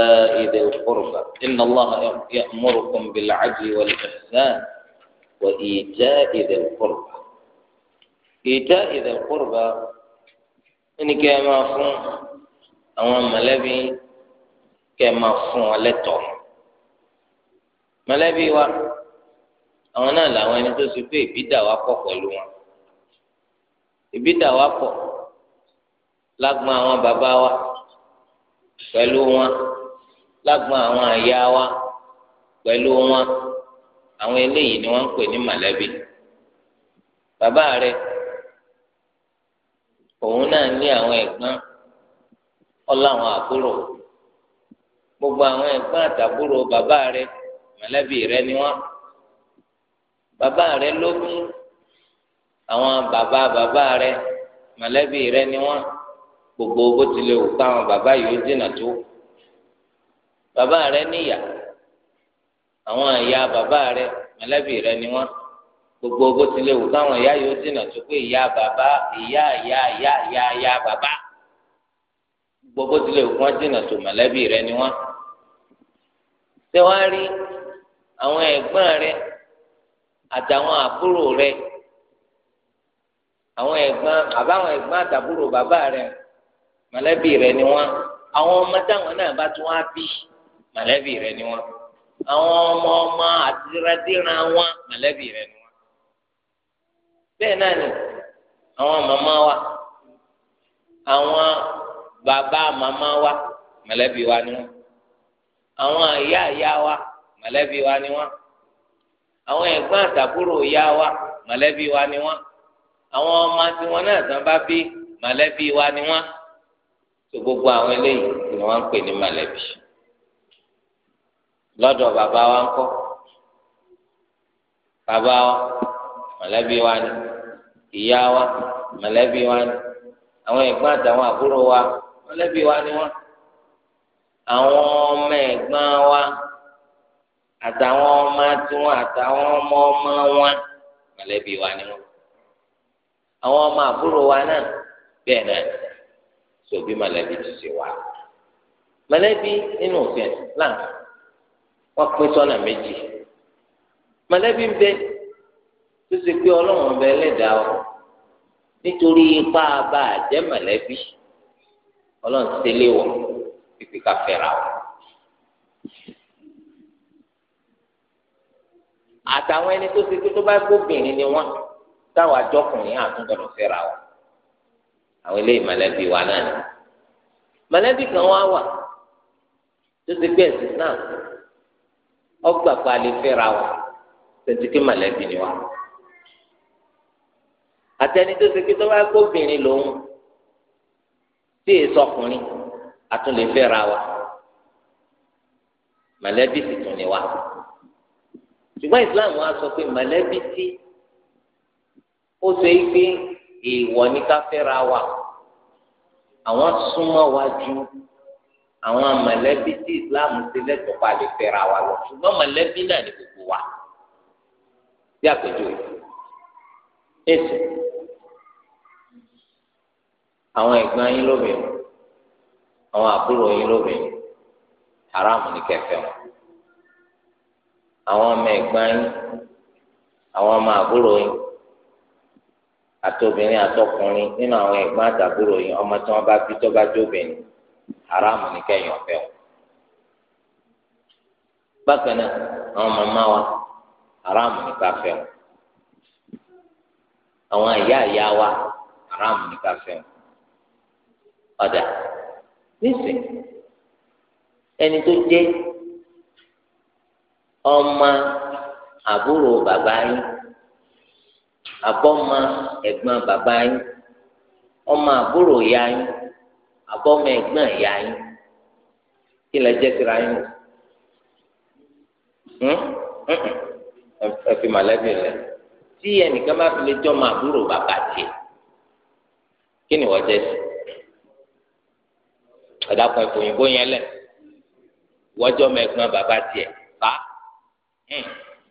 ìdè òkúrùbà iná allah yà múrùkùn bìlà àjì wàlẹ̀ ẹ̀sán wa ìjà ìdè òkúrùbà ìjà ìdè òkúrùbà ó ní kẹ́ ẹ máa fún àwọn mọ̀lẹ́bí kẹ́ ẹ máa fún wọn lẹ́tọ̀ọ́ mọ̀lẹ́bí wa àwọn náà làwọn ẹni tó ti pé ìbídà wa pọ̀ pẹ̀lú wọn. ìbí dà wá pọ̀ lágbọn àwọn bàbá wa pẹ̀lú wọn lágbọn àwọn àyà wa pẹ̀lú wọn àwọn eléyìí ni wọ́n ń pè ní mọ̀lẹ́bí bàbá rẹ̀ òun náà ní àwọn ẹ̀gbọ́n ọláwọn àbúrò gbogbo àwọn ẹ̀gbọ́n àtàbúrò bàbá rẹ̀ mọ̀lẹ́bí rẹ̀ ni wọ́n bàbá rẹ̀ ló àwọn bàbá bàbá rẹ mọ̀lẹ́bí rẹ ni wọ́n gbogbo bó tilẹ̀ wù káwọn bàbá yìí ó dènà tó bàbá rẹ níyà àwọn ìyá bàbá rẹ mọ̀lẹ́bí rẹ ni wọ́n gbogbo bó tilẹ̀ wù káwọn ìyá yìí ó dènà tó pé ìyá bàbá ìyá ìyá ìyá ìyá ìyá bàbá gbogbo bó tilẹ̀ wù kí wọ́n dènà tó mọ̀lẹ́bí rẹ ni wọ́n ṣé wàá rí àwọn ẹ̀gbọ́n rẹ àtàwọn àbúrò rẹ àwọn ẹ̀gbọ́n àbáwọn ẹ̀gbọ́n àtàbúrò bàbá rẹ̀ mọ̀lẹ́bí rẹ̀ ni wọ́n àwọn ọmọ táwọn náà bá tún wá bí mọ̀lẹ́bí rẹ̀ ni wọ́n àwọn ọmọ ọmọ àtìrádìrà wọn mọ̀lẹ́bí rẹ̀ ni wọ́n. bẹ́ẹ̀ náà ni àwọn màmá wa àwọn bàbá màmá wa mọ̀lẹ́bí wa ni wọ́n àwọn ìyá ìyá wa mọ̀lẹ́bí wa ni wọ́n àwọn ẹ̀gbọ́n àtàbúrò ìyá wa mọ̀lẹ́bí wa ni wọ́n àwọn ọmọ tiwọn náà tán bá bí mọ̀lẹ́bí wa ni wọ́n tó gbogbo àwọn eléyìí ni wọ́n ń pè ní mọ̀lẹ́bí lọ́dọ̀ bàbá wa ń kọ́ bàbá wa mọ̀lẹ́bí wa ni ìyá wa mọ̀lẹ́bí wa ni àwọn ẹ̀gbọ́n àtàwọn àbúrò wa mọ̀lẹ́bí wa ni wọ́n àwọn ọmọ ẹ̀gbọ́n wa àtàwọn ọmọ tiwọn àtàwọn ọmọ ọmọ wọn mọ̀lẹ́bí wa ni wọ́n àwọn ọmọ àbúrò wa náà bẹ́ẹ̀ náà sòbí mọ̀lẹ́bí ti ṣe wá mọ̀lẹ́bí nínú òfin Islam wọ́n pín sọ́nà méjì mọ̀lẹ́bí ń bẹ tó ṣe pé Ọlọ́run ọbẹ Ẹlẹ́dàá ọ nítorí ipá bá a jẹ mọ̀lẹ́bí Ọlọ́run ti tẹ́lẹ̀ wọ fífi ká fẹ́ra ọ. àtàwọn ẹni tó ṣe pé tó bá gbóbìnrin ni wọ́n táwọn àjọkùnrin àtúntọ̀rọ̀ fẹ́ra wa àwọn eléyìí mọ̀lẹ́bí wa náà ni mọ̀lẹ́bí kan wá wà tó ti gbé ẹ̀sìn náà ọgbà palẹ̀ fẹ́ra wa tẹ̀síkí mọ̀lẹ́bí ni wa àtẹni tó ti gbé tó wáyé kóbìnrin lòun tí èyí sọkùnrin àtúnlẹ̀ fẹ́ra wa mọ̀lẹ́bí sì tún ni wa ṣùgbọ́n Islam wa sọ pé mọ̀lẹ́bí tí. Si ó sọ yìí pé èèwọ̀ ní ká fẹ́ra wa àwọn súnmọ́ wa ju àwọn mọ̀lẹ́bí tí islam ti lẹ́tọ̀ọ́ pa lè fẹ́ra wa lọ ṣùgbọ́n mọ̀lẹ́bí náà ní gbogbo wa bí àpèjúwe èsì àwọn ẹ̀gbọ́n yín lóbìnrin àwọn àbúrò yín lóbìnrin haram ní kẹfẹ́ wọn àwọn ọmọ ẹ̀gbọ́n yín àwọn ọmọ àbúrò yín. àtọbìnrin atọkùnrin nínú àwọn ẹ̀gbọ́n àtàbúrò yìí ọmọ tí wọn bá bí tó bá jóbìnrin haramu ní kẹyìn o bákan náà àwọn wa haramu ní káfẹ́ o àwọn ìyá ìyá wa haramu o ọdà ẹni tó ọmọ àbúrò bàbá abọ́mọ ẹ̀gbọ́n bàbá yín ọmọ àbúrò ìyá yín abọ́mọ ẹ̀gbọ́n ìyá yín kí lẹ jẹ́ síra yín o hmm? hmm? ẹ fi màlẹ́bí lẹ tí ẹnìkan bá fi lè jọ ọmọ àbúrò bàbá tiẹ̀ kí ni wọ́n jẹ́ sí ọ̀dàpọ̀ ìfòyìnbó yẹn lẹ̀ wọ́jọ́ mẹ́gbọ́n bàbá tiẹ̀ bá.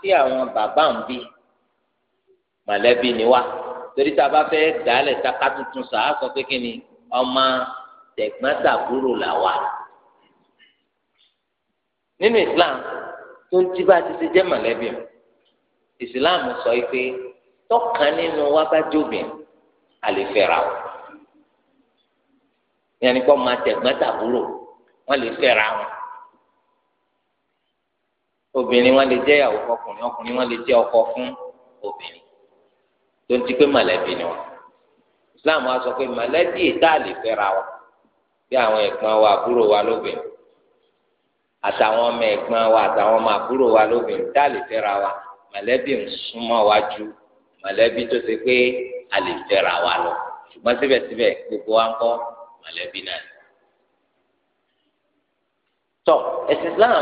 tí àwọn bàbá ń bí mọ̀lẹ́bí ni wá torí tá a bá fẹ́ dálẹ̀ taka tuntun sọ á sọ pé kí ni ọmọ tẹ̀gbọ́n-tàbúrò là wà. nínú Islam tó ń jí bá ti ṣe jẹ́ mọ̀lẹ́bí o Islam sọ pé tọ́kàn nínú wa bá jóbìn a lè fẹ́ra o yẹnni kọ́ máa tẹ̀gbọ́n-tàbúrò wọ́n lè fẹ́ra wọn obìnrin wọn lè jẹ́ ìyàwó ọkùnrin ọkùnrin wọn lè jẹ́ ọkọ fún obìnrin tó ń ti pé mọ̀lẹ́bí ni wọn islam wa sọ pé mọ̀lẹ́bí ìta lè fẹ́ra wọn bí àwọn ẹ̀gbọ́n wa àbúrò wa lóbìnrin àtàwọn ọmọ ẹ̀gbọ́n wa àtàwọn ọmọ àbúrò wa lóbìnrin tá lè fẹ́ra wa mọ̀lẹ́bí ń súnmọ́ wa ju mọ̀lẹ́bí tó ṣe pé a lè fẹ́ra wa lọ ṣùgbọ́n síbẹ̀síbẹ̀ gbogbo wa ń kọ́ mọ̀lẹ́bí náà. tọ ẹ̀sìn islam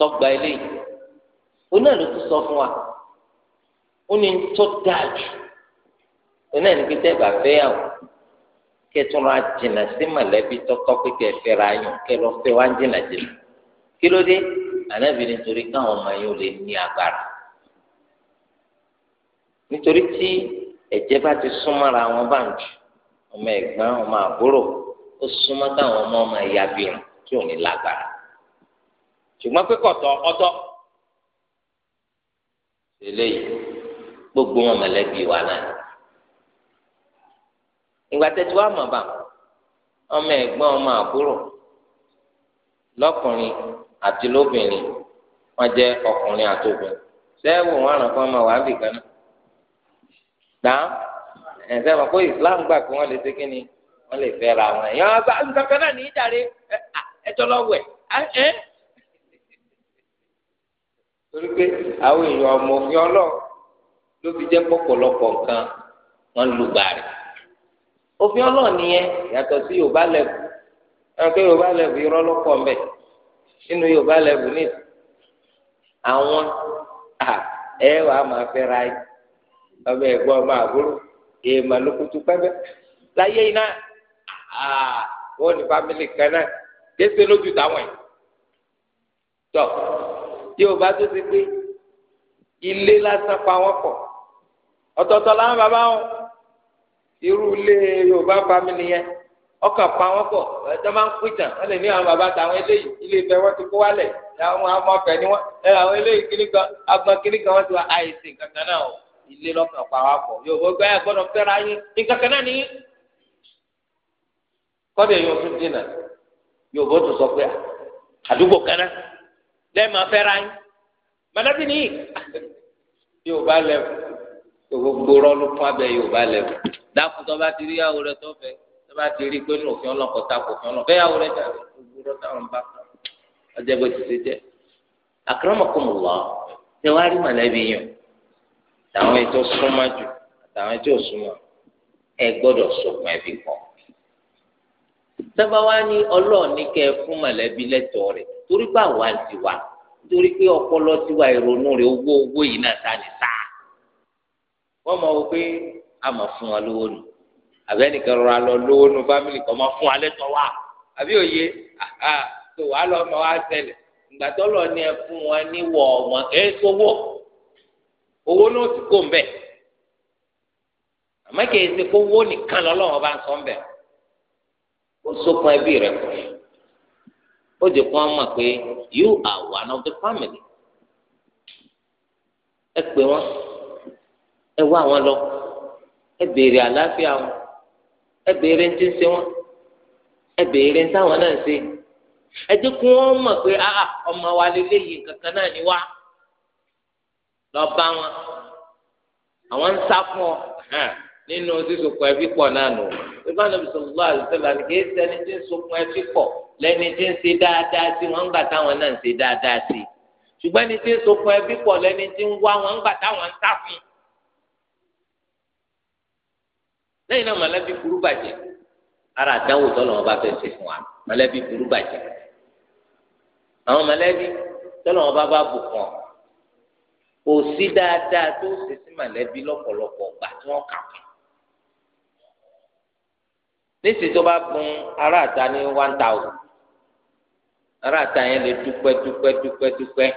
tọgbà eléyìí òun náà ló tún sọ fún wa ó ní tó dáa jù òun náà ní kí tẹ́ bá fẹ́ yà wò kẹtùnrà jìnnà sí mọ̀lẹ́bí tọ́tọ́ pé kẹ́ fẹ́ ra yàn kẹ́ lọ fẹ́ wá jìnnà jìnnà kí ló dé ànábì nítorí káwọn ọmọ yẹn ò lè ní agbára nítorí tí ẹ̀jẹ̀ bá ti súnmọ́ra wọn bá ń jù ọmọ ẹ̀gbọ́n ọmọ àbúrò ó súnmọ́ káwọn ọmọ ọmọ ẹ̀yà bìrùn tí ò ní lágbára ṣùgbọ́n pé kọ̀tọ̀ ọ̀tọ̀ eléyìí gbogbo wọn mọ̀lẹ́bí wa náà ìgbà wa mọ̀ ọmọ ẹ̀gbọ́n ọmọ àbúrò lọ́kùnrin àti lóbìnrin wọn jẹ́ ọkùnrin àti obìnrin sẹ́wọ̀n wọn àràn fún ọmọ wa bì wọn Islam gbà pé wọ́n lè ṣe ni wọ́n lè fẹ́ ra wọn ẹ̀yàn nǹkan kan náà torí pé àwọn èèyàn ọmọ òfin ọlọ ló fi jẹ pọpọlọpọ nǹkan wọn lu gbàrẹ òfin ọlọ nìyẹn yàtọ̀ sí yorùbá lẹbù ẹnì pé yorùbá lẹbù irọ́ ló pọ̀ mbẹ nínú yorùbá lẹbù ní àwọn ẹ wàá máa fẹ́ ra ẹ ọmọ ẹ̀gbọ́n ọmọ àbúrò èèmọ̀ ló kutu pẹ́pẹ́ láyé iná wọ́n ní fámìlì kan náà yéṣe lójú táwọn ẹ̀ tọ́ yóò bá tó ti pé ilé lásán pa wọ́n pọ̀ ọ̀tọ̀ọ̀tọ̀ làwọn bàbá wọn irú ilé yorùbá family yẹn ọkàn pa wọ́n pọ̀ ẹjọ́ máa ń pín tàn wọ́n lè ní àwọn bàbá táwọn eléyìí ilé ìfẹ́ wọn ti kó wálẹ̀ àwọn amọ̀fẹ́ ni wọ́n ẹ àwọn eléyìí kíní kan agbọn kíní kan wọ́n ti wá àìsàn kankan náà o ilé lọ́kàn pa wọ́n pọ̀ yorùbá gbé ẹ gbọ́dọ̀ fẹ́ra yín ní kankan náà nìyí kọ́dọ̀ yóò tún dínà yorùbá tún sọ pé àdúgbò kan náà lẹ́ẹ̀ma fẹ́ra yín mọ̀lẹ́bí ni yorùbá lẹ́wọ̀ gbogbo rọ́ọ̀lù fún abẹ yorùbá lẹ́wọ̀ dákun tó bá ti rí yàwó rẹ tó fẹ́ tó bá ti rí pé ní òfin ọlọ́kọ̀ ta kò fún ọlọ́kọ̀ yàwó rẹ jà gbogbo rọ́ọ̀lù táwọn bá kọ́ ọjọ́ bó ti ṣe jẹ́ àkàràmọ̀kọ̀mọ̀lá ṣé wàá rí mọ̀lẹ́bí yàn táwọn ètò súnmọ́ jù àtàwọn ètò súnmọ́ ẹ gbọ́dọ̀ sọ̀kan torí pé àwa ti wà nítorí pé ọpọlọ ti wà ìrònú rẹ owó owó yìí náà ta ni sáà wọ́n mọ̀ pé mọ̀ fún wa lówó nù àbẹ́nìkan rọra lọ lówó fámìlì fún wa lẹ́tọ̀ wa àbí òye tó wàá lọ ọmọ wa ìgbà tó lọ fún wọn ní ẹ owó náà nìkan mbẹ́ ó ẹbí ó jẹ́ kó wọ́n mọ̀ pé you are one of the family ẹ pè wọ́n ẹ wọn lọ ẹ béèrè àlàáfíà wọn ẹ béèrè ń ti ń ṣe wọn ẹ béèrè ń táwọn náà ń ṣe ẹ kó ah, ah, wa kankan lọ bá wọn àwọn ń sá fún nínú sísokùn ẹbí pọ̀ náà nù ìfẹ́ àná bisalòlá àlùsọ́lá ni kìí sẹ́ni tí ń sokùn ẹbí pọ̀ lẹ́ni tí ń ṣe dáadáa sí wọn gbà táwọn náà ń ṣe dáadáa sí ṣùgbọ́n ẹni tí ń sokùn ẹbí pọ̀ lẹ́ni tí ń wá wọn gbà táwọn ń tà fún. lẹ́yìn náà mọ̀lẹ́bí burú bàjẹ́ ara àdánwò tọ́lọ̀ wọn bá fẹ́ ṣe fún wa mọ̀lẹ́bí burú bàjẹ́ àwọn mọ̀lẹ́bí tọ́lọ̀ wọn bá bá bù kàn kò sí dáadáa tó níṣẹ́ tó bá gun ará àta ní one thousand ará àta yẹn lè dúpẹ́ dúpẹ́ dúpẹ́ dúpẹ́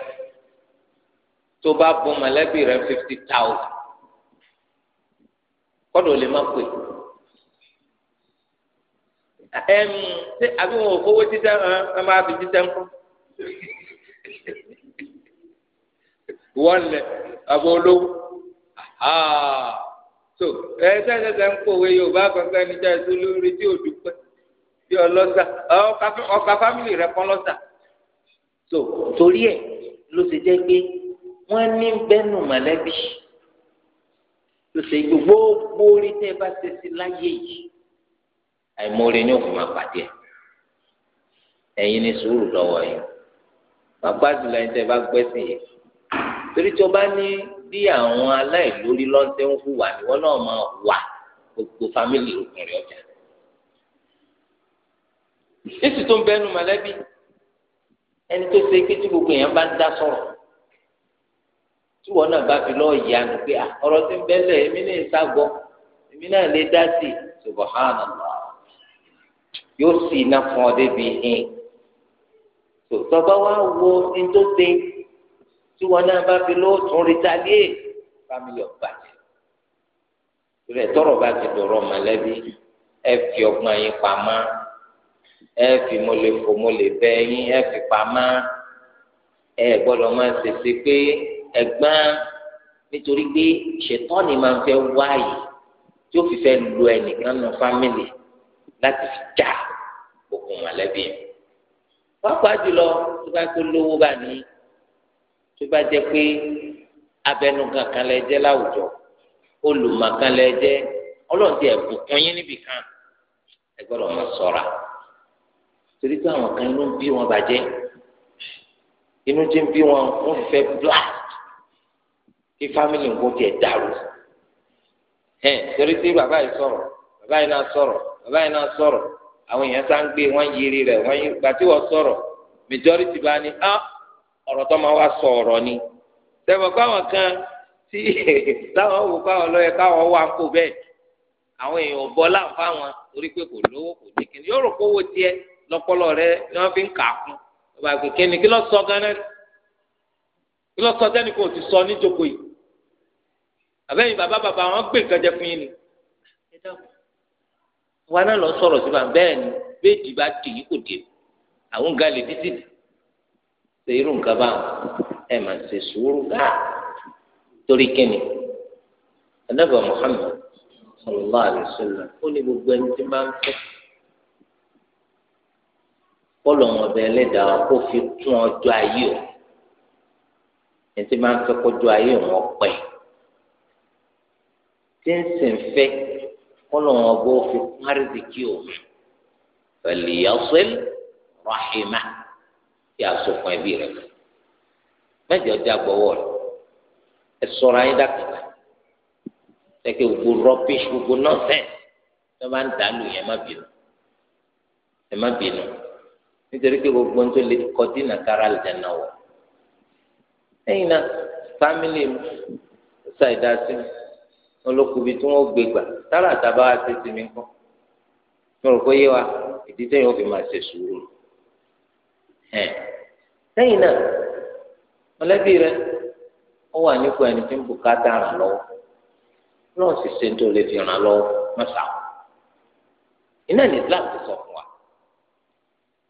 tó bá gun mọ̀lẹ́bí rẹ̀ fifty thousand kọ́dọ̀ lè má pè ẹm ṣé àbí wọn ò fowó títẹ́ ẹ máa fi títẹ́ ńkọ́ wọ́n lẹ̀ àbọ̀ olówó tó ẹ sẹsẹsẹ ń kọwé yorùbá kankan níjà èso lórí tí ò dúpẹ́ bí ọlọ́sà ọkà fámìlì rẹ kọ́ lọ́sà tó torí ẹ̀ ló ṣe jẹ́ pé wọ́n ní bẹ́nu mọ̀lẹ́bí ló ṣe gbogbo orí tẹ́ ẹ bá ṣe sí láyé yìí àìmọ̀ọ́rẹ́ ni òkú máa pàdé ẹ̀ ẹ̀yin ní sùúrù lọ́wọ́ yìí bàbá jùlọ ẹ̀ tẹ́ ẹ bá gbẹ́sìn yìí torí tí o bá ní bí àwọn aláìlórí lọ́sẹ̀ ń hùwà ni wọ́n náà máa wà gbogbo fámìlì òkùnrin ọjà. Jésù tó ń bẹnu mọ̀lẹ́bí ẹni tó ṣe pé tí gbogbo èèyàn bá ń dá sọ̀rọ̀ tí wọn náà bá fi lọ́ọ̀ yá nu pé ọ̀rọ̀ tí ń bẹ́lẹ̀ èmi náà ń ságbọ́ èmi náà lè dá sí i subhanallah yóò sì iná fún ọ débi hin tòtọ́ bá wá wo ní tó ṣe tí wọn náà bá fi lóòótọ́ rìtàlíè fámìlì ọ̀bàjẹ́ rẹ̀ tọrọ bá ti dọ̀rọ̀ mọ̀lẹ́bí ẹ fi ọgbọ́n yín pamọ́ ẹ fi mo lè fò mo lè bẹ yín ẹ fi pamọ́ ẹ gbọ́dọ̀ máa ṣèṣe pé ẹ̀gbọ́n nítorí pé ṣètọ́ni máa ń fẹ́ wáyé tí ó fi fẹ́ lu ẹnìkan nu fámìlì láti fi já okùn mọ̀lẹ́bí yẹn. wọ́n pa jùlọ tó bá tó lówó bá ní tó bá jẹ́ pé abẹnugan kan lẹ jẹ́ láwùjọ olùmọ̀kan lẹ jẹ́ ọlọ́run ti ẹ̀bùn kún yín níbì kan ẹ gbọ́dọ̀ mọ̀ ṣọ́ra torí pé àwọn kan inú ń bí wọn bàjẹ́ inú ti ń bí wọn wọn fẹ́ blast kí fámìlì ń kó tiẹ̀ dàrú ẹ torí pé bàbá yìí sọ̀rọ̀ bàbá yìí náà sọ̀rọ̀ bàbá yìí náà sọ̀rọ̀ àwọn èèyàn sá ń gbé wọn yiri rẹ̀ wọn yiri gbàtí wọn sọ̀rọ̀ majority bá ní ah ọ̀rọ̀ tó máa wá sọ ọ̀rọ̀ ni tẹ̀wọ̀n káwọn kan tí táwọn wò káwọn lọ́yẹ káwọn wà kó bẹ́ẹ̀ àwọn èèyàn bọ́ láǹfà wọn torí pé kò lówó kò ní kíni yóò rò kówó tiẹ̀ lọ́pọlọ rẹ ni wọ́n fi ń kà á fún ọba àgbẹ̀ kíni kí ló sọ gan-an kí ló sọ sẹ́ni kò ti sọ níjókòó yìí àbẹ́yìn bàbá bàbá wọn gbé nǹkan jẹ fún yín ni wọn náà lọ sọ̀rọ̀ sí ṣe irú nǹkan báwọn ẹ máa ṣe sùúrù gáà torí kíni anábà Muhammad sallallahu alaihi wasallam ó ní gbogbo ẹni tí máa ń fẹ́ kọlọ wọn bẹ Ẹlẹ́dàá kó fi kún ọjọ́ ayé o ẹni tí máa ń fẹ́ kọjọ́ ayé wọn pẹ tí ń sìn fẹ́ kọlọ wọn bó fi kún àrídìkì o pẹ̀lú yasel rahima kí a sọkún ẹbí rẹ mọ mẹjọ dá gbọwọ rẹ ẹ sọ̀rọ̀ ayé dàkàtà ẹkẹ gbogbo rọbíṣ gbogbo nọọsẹs tó bá ń dà lù yẹn má bínú ẹ má bínú nítorí pé gbogbo ń tó lè kọ dínà kára lè dáná wọ ẹ̀yìn náà fámìlì ṣàìdásí olókùbí tí wọn gbé gbà tára àtàbá wa ṣe ti mi kọ mo rò pé yé wa ìdí tẹ̀yìn ó fi máa ṣe sùúrù. ẹ̀ lẹ́yìn náà mọ̀lẹ́bí rẹ ó wà nípò ẹni tí ń bùkátà ràn lọ́wọ́ lọ́wọ́ sì ṣe tó lè fi ràn lọ́wọ́ mọ́sà iná ní Islam ti sọ fún wa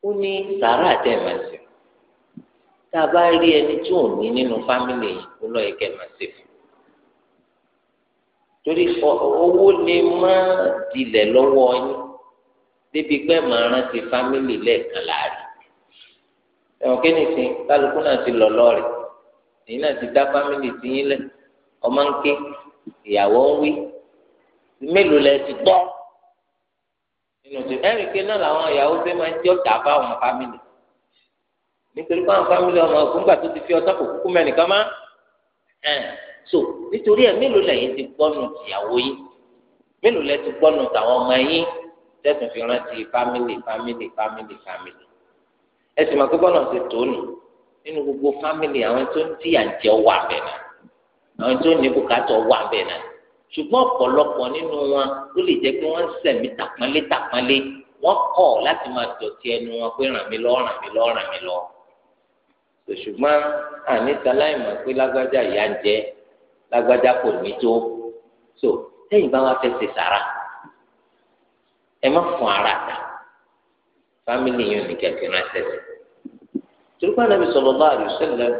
ó ní sàárà bá rí ẹni tí ò ní nínú fámìlì yìí ó lọ́ọ́ torí owó lè má dilẹ̀ lọ́wọ́ yín débi pé rántí fámìlì lẹ́ẹ̀kan láàrin ẹ̀wọ̀n kí ni sìn kálukú náà ti lọ lọ́ọ̀rì èyí náà ti dá fámìlì ti yín lẹ̀ ọmọ ń ké ìyàwó ń wí mélòó lẹ ti gbọ́ nínú ti ẹ̀rì ké náà làwọn ìyàwó fẹ́ máa ń jẹ́ ọ̀tá bá àwọn fámìlì nítorí báwọn fámìlì ọmọ ògúngbà tó ti fi ọtá kò kúkú mẹ́nìkan má so nítorí ẹ̀ mélòó lẹ̀yin ti gbọ́nu ìyàwó yín mélòó lẹ ti gbọ́nu tàwọn ọmọ yín tẹ̀sùn fi rántí fámìlì fámìlì fámìlì fámìlì ẹsìn máa gbọ́dọ̀ ṣe tónù nínú gbogbo fámìlì àwọn tó ń tíyà ń jẹ wà bẹ́ẹ̀ náà àwọn tó ń ní bùkátà wà bẹ́ẹ̀ náà ṣùgbọ́n ọ̀pọ̀lọpọ̀ nínú wọn ó lè jẹ́ pé wọ́n ń sẹ̀mí tàpọ́nlé tàpọ́nlé wọ́n kọ̀ láti máa dọ̀tí ẹnu wọn pé ràn mí lọ ràn mí lọ ràn mí lọ. ṣùgbọ́n àníta láì mọ̀ pé lágbájá ìyá so sẹ́yìn bá wá fẹ́ ṣe sàrà ẹ ara ta. fámìlì yẹn ní kẹ̀kẹ́ ránṣẹ́ sí. turukpa nàbì sallallahu alaihi wasallam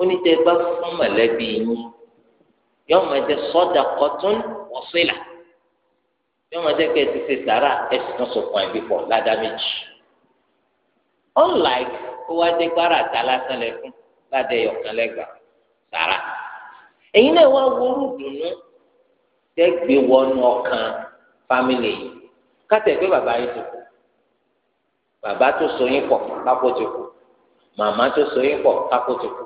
oníjẹ bá fún mọ̀lẹ́bí yín yọọ máa jẹ sadaqatun wa sila yọọ máa jẹ kẹsì ṣe sàrà ẹsì náà sọkàn ẹbí pọ ládàá méjì. unlike kó wá dé gbára àtà lásán lẹkùn ládàá ẹyọkan lẹgbàá sàrà. èyí náà wá wúrú dùnú tẹgbẹ wọnú ọkàn fámìlì yìí kátẹ pé bàbá yìí tó kù bàbá tó so yín pọ̀ kápò ti kù màmá tó so yín pọ̀ kápò ti kù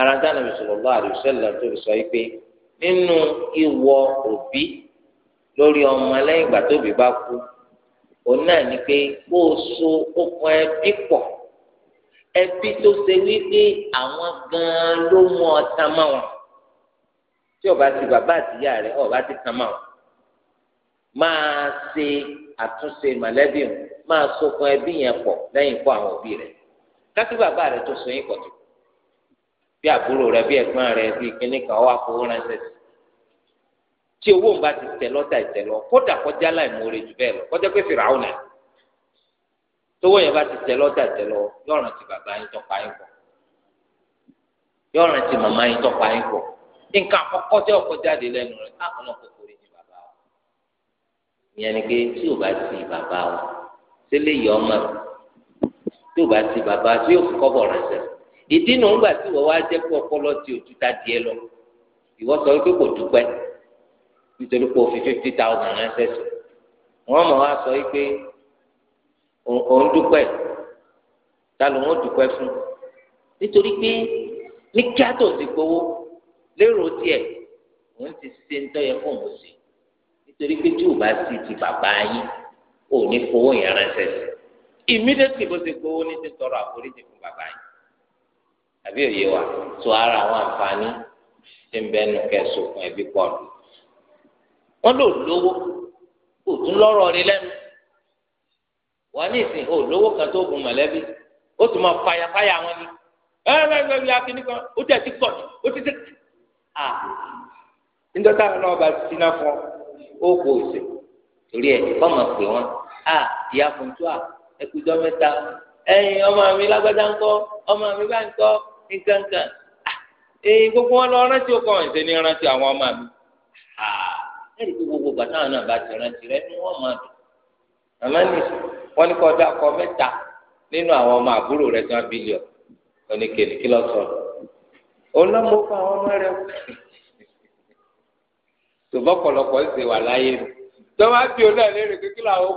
ara dáná bisalòlá àdùsẹ́lẹ̀ tó fi sọ yìí pé nínú ìwọ òbí lórí ọmọ lẹ́yìn ìgbà tóbi bá kú òun náà ni pé kó o so okùn ẹbí pọ̀ ẹbí tó ṣe wípé àwọn gan-an ló mú ọ tán wọn tí o ti bàbá àtìyá rẹ o ti tán mọ́ wọn máa ṣe àtúnṣe mọ̀lẹ́bí wọn máa sokun ẹbí yẹn pọ̀ lẹ́yìn ikú àwọn òbí rẹ̀ kátó bàbá rẹ̀ tó so yín pọ̀ tó bí àbúrò rẹ̀ bí ẹ̀gbọ́n rẹ̀ bí kíní kan wà kó ránṣẹ́ sí tí owó ń bá ti tẹ̀ lọ́tà ìtẹ̀lọ́ kódà kọjá láì mórè jù bẹ́ẹ̀ lọ kọjá pé fìràwọ̀ náà tówó yẹn bá ti tẹ̀ lọ́tà ìtẹ̀lọ́ yọ̀ràn ti bàbá yín tọ́pa yín pọ̀ yọ̀ràn ti màmá yín tọ́pa yín pọ̀ nǹkan àkọ́kọ́ tí ọkọ̀ jáde lẹ́nu rẹ̀ káàkiri náà kò kórè ní bàbá wa ìyẹn ni pé tí ò bá ti bàbá wa tẹ́lẹ̀ yọ ọmọ tí o bá ti bàbá tí yóò fi kọ́bọ̀ ránṣẹ́ ìdí nu ńgbà tí wọ́n wá jẹ́ pé ọpọlọ ti òtútà díẹ̀ lọ ìwọ sọ pé kò dúpẹ́ nítorí pé o fi fifty thousand ránṣẹ́ sí wọ́n mọ̀ wá sọ pé òun dúpẹ́ ta ló ń dúpẹ́ fún nítorí pé ní kí á tó ti gbowó lérò tiẹ̀ òun ti ṣe ń tọ́ fóun sí nítorí pé tí o bá ti ti bàbá yín o ní fowó yẹn ránṣẹ́ sí immediately bó ṣe gbowó ní ti tọrọ àforíjì fún bàbá yìí àbí òye wa tó ara àwọn àǹfààní tí ń bẹnu kẹsùn fún ẹbí pọ̀lù wọn lò lówó kò tún lọ́rọ̀ rí lẹ́nu wọn ní ìsìn o lówó kan tó gun mọ̀lẹ́bí ó tún máa fàyàfàyà wọn ni ẹ ẹ ẹ ẹ akíní kan ó tẹ̀ sí pọ̀ ó ti tẹ̀ à nítorí táwọn náà bá ti ná fún ọ ó kó o torí ẹ kọ́ máa wọ́n. a ìyá fùntúà ẹkùjọ mẹ́ta ẹ̀yin ọmọ mi lágbádá ńkọ ọmọ mi bá ńkọ nkọ ẹ̀yin gbogbo wọn lọ rántí ọkọ ẹsẹ ní rántí àwọn ọmọ mi ẹ̀yin tó gbogbo gbàtà náà bá ti rántí rẹ ni wọn máa dùn ní wọn kọ ọdọ akọ nínú àwọn ọmọ àbúrò rẹ tán bílíọ oníkèlè kí lọ sọ tọ́wọ́ bí olú ẹ̀ léèrè kékeré àwọn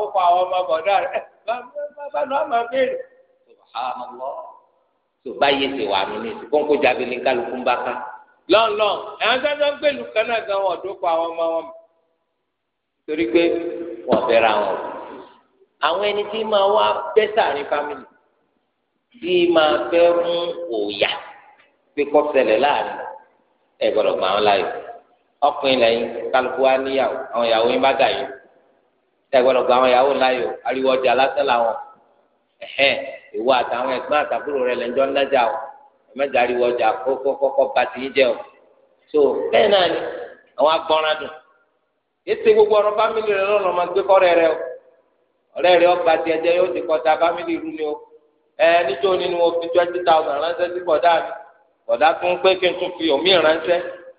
ọkọ̀ àwọn ọmọ bọ̀dá rẹ̀ bàbá náà máa béèrè. subhanallah tó bá yé ti wà mí ní ìsìn kó ń kó jáde ní kálukú ń bá ká. lọ́nlọ́n ẹ̀hán sọ́jọ́ ń gbèlú kan náà gan wọ́n dúpọ̀ àwọn ọmọ wọn. torí pé wọ́n fẹ́ra wọn. àwọn ẹni tí máa wá bẹ́ sàárín fámìlì tí máa fẹ́ mú òòyà pé kọ́ ṣẹlẹ̀ láàrin ẹ̀ gbọ́dọ̀ gbà wọn láyọ̀ ọkùnrin lẹ́yìn kálukú wa níyàwó àwọn ìyàwó yín bá dà yìí tẹgbọdọ gba àwọn ìyàwó láyò ariwo ọjà lásán làwọn ẹhẹn ìwọ àtàwọn ẹ̀gbọ́n àtàkùrọ rẹ lẹjọ ńlájà o ẹmẹjà ariwo ọjà kọkọkọ bá ti yín jẹ o so bẹ́ẹ̀ náà ni àwọn agbọràn dùn ètè gbogbo ọ̀rọ̀ fámìlì rẹ lọrọ máa gbé kọrẹ rẹ o ọ̀rẹ́ rẹ ọgbà tiẹ̀ jẹ yóò ti kọta fámìlì rú ni o ẹ níjó ni mo fi twenty thousand ránṣẹ́ sí bọ̀dá mi bọ̀dá tún pé kí n tún fi òmíì ránṣẹ́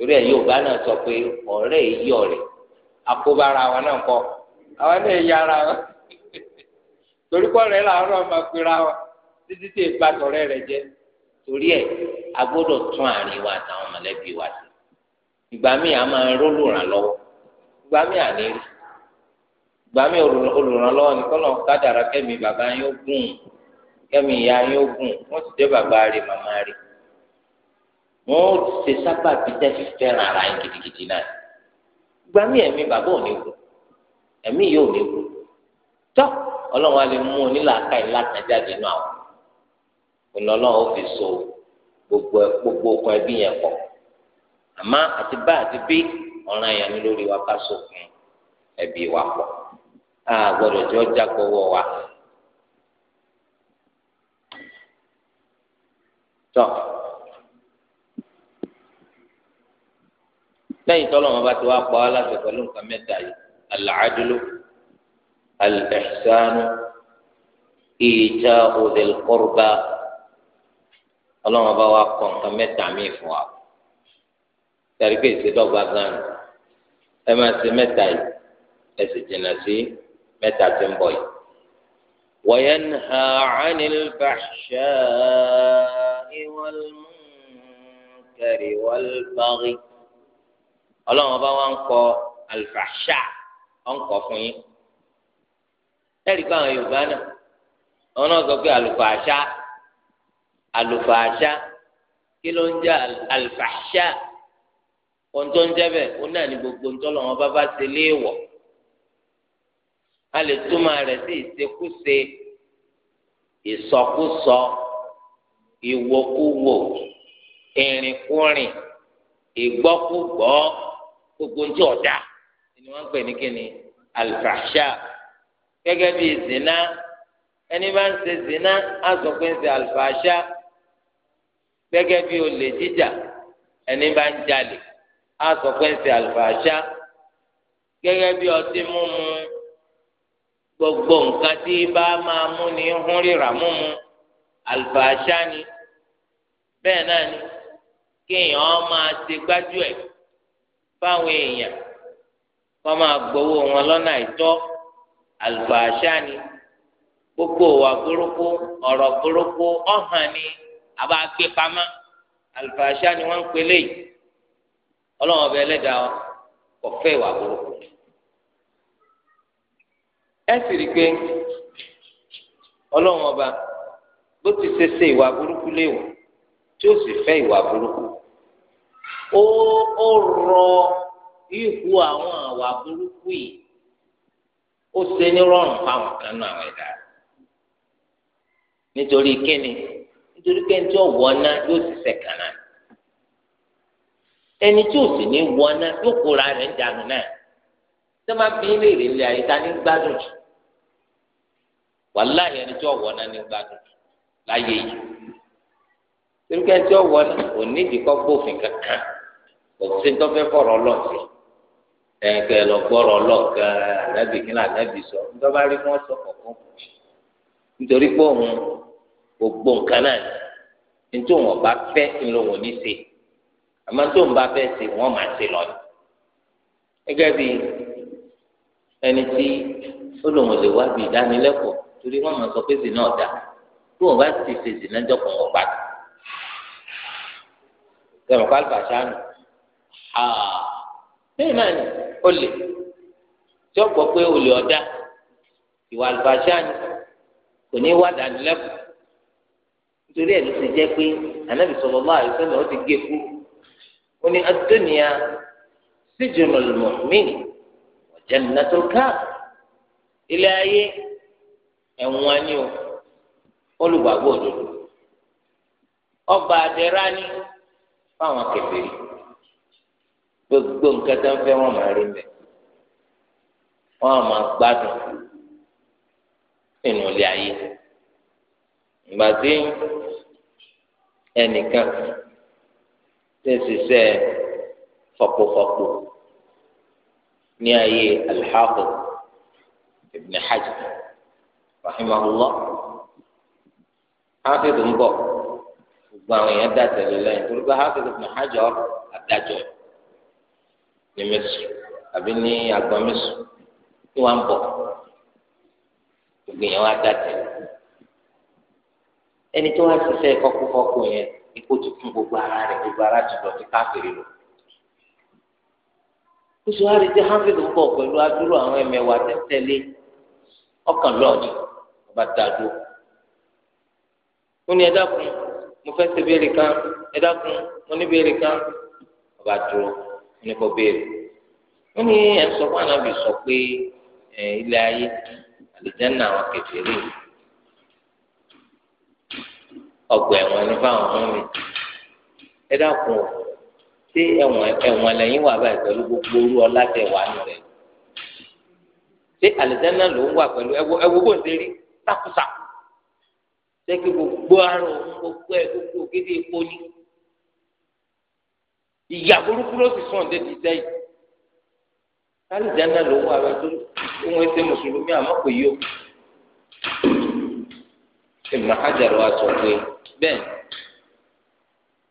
torí ẹ̀ Yorùbá náà sọ pé ọ̀rẹ́ èyí ọ̀rẹ́ àkóbára wọn náà kọ àwọn náà yà ara wọn torí kọ́rẹ́ làárọ̀ máa pera wọn títí tí èèpà tọ̀rẹ́ rẹ̀ jẹ́ torí ẹ̀ a gbọ́dọ̀ tún àárín wa àtàwọn mọ̀lẹ́bí wa sí ìgbà míì a máa ń rólù ràn lọ́wọ́ ìgbà míì àní rí ìgbà míì olùrànlọ́wọ́ ni kọ́nà kádàrá kẹ́mi bàbá yín ó gùn kẹ́mi ìyá yín ó gùn wọ́n sì jẹ́ bàbá rẹ̀ màmá rẹ̀ wọn ó ṣe sábà bí tẹ́sí fẹ́ràn ara yín gidigidi náà gba mí ẹ̀mí bàbá òní kù ẹ̀mí yóò ní kù tọ́ ọlọ́run á lè mú onílàáká yìí látàjáde náà ònà ọlọ́run ó fi so gbogbo gbogbo ọkàn ẹbí yẹn pọ̀ àmọ́ àti bá àti bí ọ̀ràn yẹn ní lórí wa ká sókun ẹbí wa pọ̀ a gbọ́dọ̀ jọ jágbọ́wọ́ wa. tọ́ lẹ́yìn tọ́lọ̀ wọn bá ti wá pa á láti pẹ̀lú nǹkan mẹ́ta yìí al-adlu al-ihsanu ìjà dhil qurba ọlọ́wọ́n bá wá kọ́ nǹkan mẹ́ta míì fún wa tẹ̀rí pé ìṣèdọ́gba gan ẹ máa ṣe mẹ́ta yìí ẹ sì jìnnà sí mẹ́ta tí ń bọ̀ yìí. wa yanha 'anil fahsha'i wal ọlọ́run ọba wa ń kọ alfàṣà ọ̀ ń kọ fún yín ẹ̀rí pé àwọn yorùbá náà àwọn náà sọ pé alfàṣà alfàṣà kí ló ń jẹ́ alfàṣà ohun tó ń jẹ́ bẹ́ẹ̀ ó náà ní gbogbo ń tọ́lọ̀ wọn bá bá ṣe léèwọ̀ a lè túmọ̀ rẹ̀ sí ìṣekúṣe ìsọkúsọ ìwòkúwò ìrìnkúrìn ìgbọ́kúgbọ́ gbogbo ń tí ọ̀dà ni wọ́n ń pè ní kíni alfàṣà gẹ́gẹ́ bí zina ẹni bá ń ṣe zina á sọ pé ń ṣe alfàṣà gẹ́gẹ́ bí olè jíjà ẹni bá ń jalè á sọ pé ń ṣe alfàṣà gẹ́gẹ́ bí ọtí mímu gbogbo nǹkan tí bá máa mú ni hún rírà mímu alfàṣà ni bẹ́ẹ̀ náà ni kéèyàn máa ṣe gbájú ẹ̀ fáwọn èèyàn kọ́ máa gbowó wọn lọnà àìtọ́ àlùfàṣà ni gbogbo wa burúkú ọrọ burúkú ọ̀hàn ni àbá gbé pamọ́ àlùfàṣà ni wọ́n ń pelé yìí ọlọ́run ọbẹ̀ ẹlẹ́dàá kò ìwà burúkú. ẹ sì rí i pé ọlọ́run ọba bó ti ṣe ṣe ìwà burúkú léèwọ̀ tí ó sì fẹ́ ìwà burúkú ó ó rọ ihu àwọn àwà burúkú yìí ó ṣe ní rọrùn fáwọn kan náà àwọn ẹ̀dá nítorí kíni nítorí pé ẹni tí ó wọná yóò sì náà ẹni tí ò sì ní wọ yóò kóra rẹ̀ ń dànù náà tó máa fi ilé ìrìnlẹ̀ àyíká ní gbádùn jù ẹni láyé yìí òsín tó fẹ́ fọ̀rọ̀ ọlọ́ọ̀sì ẹ̀ǹkẹ́ lọ gbọ́rọ̀ ọlọ́ọ̀kẹ́ ànábì kí ní ànábì sọ ní tọ́ba rí wọ́n sọ kọ̀ọ̀kan nítorí pé òun gbogbo nǹkan náà ní tó wọn bá fẹ́ ńlọ wọn ní ṣe àmọ́ tó ń bá fẹ́ ṣe wọ́n máa ṣe lọ ni gẹ́gẹ́ bí ẹni tí ó lòun lè wá bí ìdánilẹ́kọ̀ọ́ torí wọ́n máa sọ pé ṣì náà dáa tí wọn bá ti ṣe ìsìn náà jọkàn Ah, bẹ́ẹ̀ náà ni olè tí ó gbọ́ pé olè ọ̀dà ìwà àlùfáàṣà ni kò ní wá dánilẹ́kọ̀ọ́ nítorí ẹ̀ ló ti jẹ́ pé ànábì sallallahu alaihi wasallam ó ti gé kú ó ní ad-dunya sijnul mu'min wa jannatul kafir ilé ayé ẹ̀wọ̀n ni o olùgbàgbọ́ òdodo ọgbà àdẹ́rà ni fáwọn kèfèrí gbogbo nǹkan tó ń fẹ́ wọn máa rí mbẹ wọn á máa gbádùn nínú ilé ayé ìgbà tí ẹnìkan tẹ ṣiṣẹ́ fọpọfọpọ ní ayé al-Hafiz Ibn Hajar rahimahullah Hafiz tó ń bọ̀ gbogbo àwọn èèyàn dá tẹ́lẹ̀ lẹ́yìn torí pé Hafiz Ibn Hajar adájọ́ yìí ní mẹsù àbí ní agbọn mẹsù tí wọn ń bọ gbogbo yẹn wá dàtẹ ẹni tó wá ṣiṣẹ́ kọkúkọkú yẹn ikú ti fún gbogbo ara rẹ̀ gbogbo ara ti dọ̀tí káfíìrì lọ oṣù wa rí i tí hafi ló ń bọ̀ pẹ̀lú adúrò àwọn ẹ̀mẹ̀wà tẹ́tẹ́lé ọkàn lọ́ọ̀dì ọba dàdó ó ní ẹ̀dá kun mo fẹ́ ṣe béèrè kan ẹ̀dá kun mo ní béèrè kan ọba dúró ní kò béèrè wọn ní ẹsọ fún anábì sọ pé ilé ayé àlìjáná àwọn kẹfìrí ọgbà ẹ̀wọ̀n ní fáwọn ọmọ mi ẹ dákun o ṣé ẹ̀wọ̀n ẹ̀wọ̀n lẹ́yìn wà báyìí pẹ̀lú gbogbo orú ọlá tẹ wà nù rẹ ṣé àlìjáná ló ń wà pẹ̀lú ẹwọ ẹwọ bó ṣe rí sákúsákú ṣé kí gbogbo àrùn gbogbo ẹ gbogbo gidi epo ni ìyà burúkú ló sì sàn débi sẹ́yìn alìjáná ló wà wá tó wọn ṣe mùsùlùmí àmọ́ kò yó ìmọ̀ àjàrò wa sọ pé bẹ́ẹ̀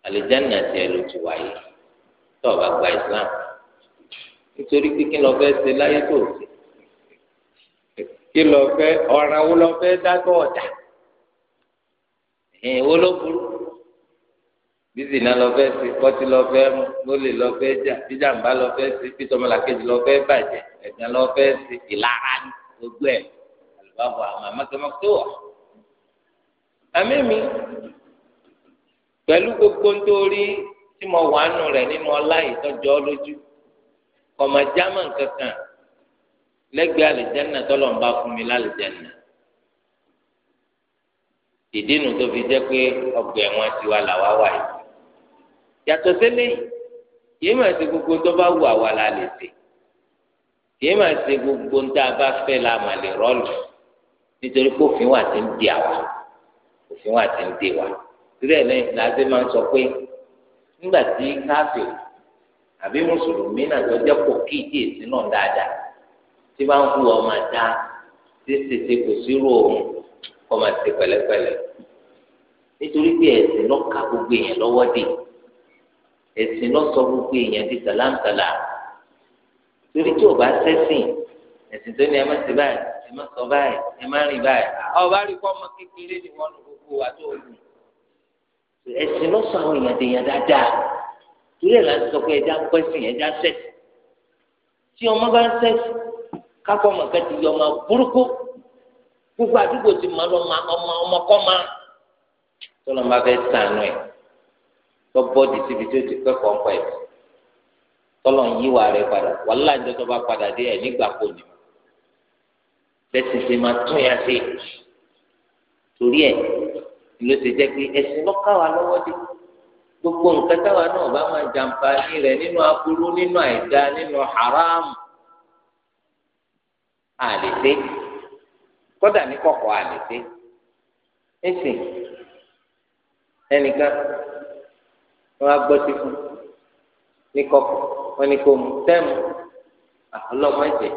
alìjáná tiẹ̀ ló ti wáyé tó o bá gba islam nítorí pé kí lọ fẹ́ ṣe láyé tó ṣe kí lọ fẹ́ ọ̀ràn wo lọ fẹ́ dá tó ọ̀dà ẹ̀hìn wo ló burú bísìnà lọfẹ sí kọtí lọfẹ mú lólè lọfẹ jà jíjàmbá lọfẹ sí pítọmọlàkejì lọfẹ bàjẹ́ ẹgbẹ́ lọfẹ sí ìlara ní gbogbo ẹ àlùbáwò àwọn amákẹmọtò wà. àmì mi pẹ̀lú gbogbo nítorí tí mo wà nù rẹ̀ nínú ọlá ìtọ́jọ́ lójú ọmọ jámà kankan lẹ́gbẹ̀ẹ́ àlìjẹ́nà tọ́lọ̀ ń bá fún mi lálìjẹ́nà ìdí nu tó fi jẹ́ pé ọgbà ẹ̀wọ̀n tiwa làwa wà yìí yàtọ̀ sẹ́lẹ̀ yìí máa ṣe gbogbo tó bá wù àwa la lè ṣe yìí máa ṣe gbogbo tá a bá fẹ́ la mà lè rọ́ọ̀lù nítorí pé òfin wà ti ń di àwa òfin wà ti ń di wa síbẹ̀ lẹ́yìn láti máa ń sọ pé nígbà tí káfíìn àbí mùsùlùmí náà tó jẹ́ pọ̀ kí ìdí èsì náà dáadáa tí bá ń hu ọmọ dá tí tètè kò sírò òun kọ́ máa ti pẹ̀lẹ́pẹ̀lẹ́ nítorí pé ẹ̀sìn lọ́ka gbogbo èèyàn lọ́wọ́ dé ẹ̀sìn lọ́sọ̀ gbogbo èèyàn di tàlàǹtàlà torí tí o bá sẹ́sìn ẹ̀sìn tó ní ẹ má ṣe báyìí ẹ má sọ báyìí ẹ má rìn báyìí ọ bá rí kọ́ ọmọ kékeré ni wọ́n nu gbogbo wa tó wù ẹ̀sìn lọ́sọ̀ àwọn èèyàn di èèyàn dáadáa torí ẹ̀ láti sọ pé ẹja ń pẹ́sìn ẹja sẹ́sìn tí ọmọ bá ń sẹ́sìn kákọ́ ọmọ kẹ́tì yọ ọmọ burúkú gbogbo àdúgbò ti mọ ọmọ ọmọ ọmọ kọ́ máa tọ́lọ́mọ bá tó bọ́dì síbi tó ti kẹ́kọ̀ọ́ pa ẹ̀ tọ́lọ̀ ń yíwà rẹ̀ padà wàhálà ń dọ́tọ́ bá padà dé ẹ̀ nígbà kò ní bẹ́ẹ̀ sì ṣe máa tún yà sí torí ẹ̀ ló ti jẹ́ pé ẹ̀sìn lọ́kà wà lọ́wọ́ dé gbogbo nǹkan táwa náà bá máa jàǹfààní rẹ̀ nínú aburú nínú àìdá nínú haram àlèsé kódà ní kọ̀kọ̀ àlèsé ẹ̀sìn ẹnìkan wọn á gbọ́ sí fún ní kọ́kọ́ wọn ni kò mú tẹ́ẹ̀mù àlọ́mọ ah, ẹ̀jẹ̀